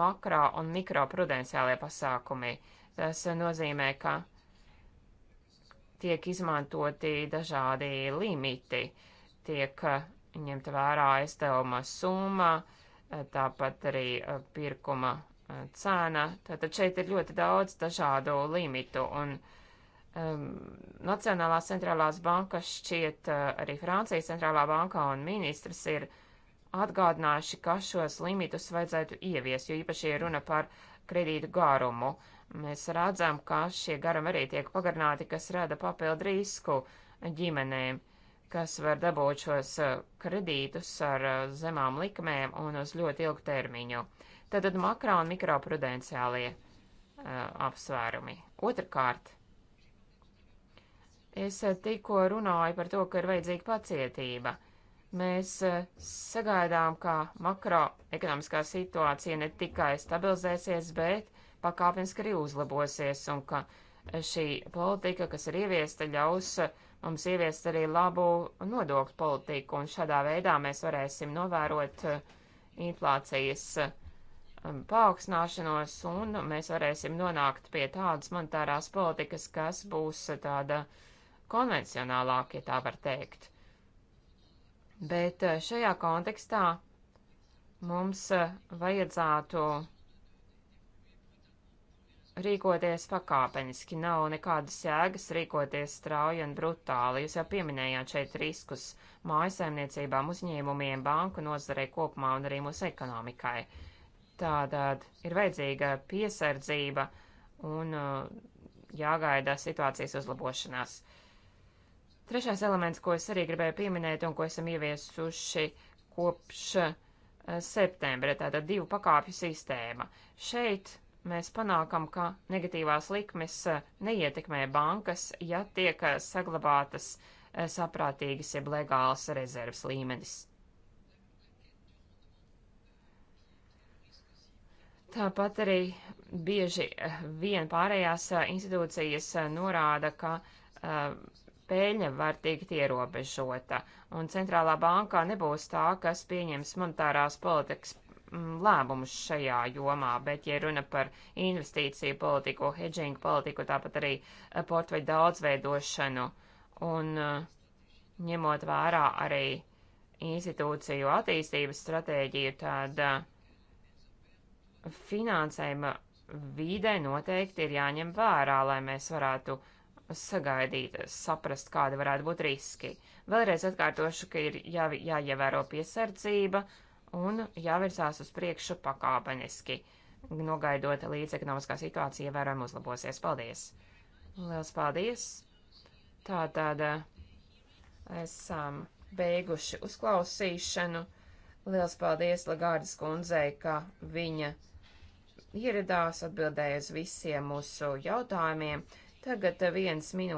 makro un mikro prudenciālie pasākumi. Tas nozīmē, ka tiek izmantoti dažādi limiti, tiek eh, ņemta vērā aizdevuma summa, eh, tāpat arī pirkuma cena. Tātad šeit ir ļoti daudz dažādu limitu, un um, Nacionālās centrālās bankas šķiet uh, arī Francijas centrālā banka un ministrs ir atgādinājuši, ka šos limitus vajadzētu ievies, jo īpaši ir runa par kredītu gārumu. Mēs redzam, ka šie garumi arī tiek pagarināti, kas rada papildu risku ģimenēm, kas var dabūt šos eh, kredītus ar eh, zemām likmēm un uz ļoti ilgu termiņu. Tātad makro un mikroprudenciālie uh, apsvērumi. Otrakārt, Es eh, tikko runāju par to, ka ir vajadzīga pacietība. Mēs eh, sagaidām, ka makroekonomiskā situācija ne tikai stabilizēsies, bet pakāpeniski arī uzlabosies un ka eh, šī politika, kas ir ieviesta, ļaus mums ieviest arī labu nodokļu politiku, un šādā veidā mēs varēsim novērot inflācijas paaugstināšanos, un mēs varēsim nonākt pie tādas monetārās politikas, kas būs tāda uh, konvencionālāk, ja tā var teikt. Bet eh, šajā kontekstā mums eh, vajadzētu rīkoties pakāpeniski, nav nekādas jēgas rīkoties strauji un brutāli. Jūs jau pieminējāt šeit riskus mājasaimniecībām, uzņēmumiem, banku nozarei kopumā un arī mūsu ekonomikai. Tātad ir vajadzīga piesardzība un eh, jāgaida situācijas uzlabošanās. Trešais elements, ko es arī gribēju pieminēt un ko esam ieviesuši kopš eh, septembra, tātad divu pakāpju sistēma. Šeit mēs panākam, ka negatīvās likmes eh, neietekmē bankas, ja tiek eh, saglabātas saprātīgas jeb legālas rezerves līmenis. Tāpat arī bieži vien pārējās institūcijas norāda, ka Pēļņa var tikt ierobežota, un centrālā bankā nebūs tā, kas pieņems monetārās politikas mm, lēmumus šajā jomā, bet, ja runa par investīciju politiku, hedžingu politiku, tāpat arī eh, portfeļu daudzveidošanu un eh, ņemot vērā arī institūciju attīstības stratēģiju, tad eh, finansējuma vide noteikti ir jāņem vērā, lai mēs varētu uh, sagaidīt, saprast, kādi varētu būt riski. Vēlreiz atkārtošu, ka ir jā, jāievēro piesardzība un jāvirsās uz priekšu pakāpeniski, nogaidot līdz ekonomiskā situācija ievērojami uzlabosies. Paldies! Liels paldies! Tātad eh, esam beiguši uzklausīšanu. Liels paldies Lagārdas kundzei, ka viņa ieradās, atbildēja uz visiem mūsu jautājumiem. Tagad eh, viens minūtes.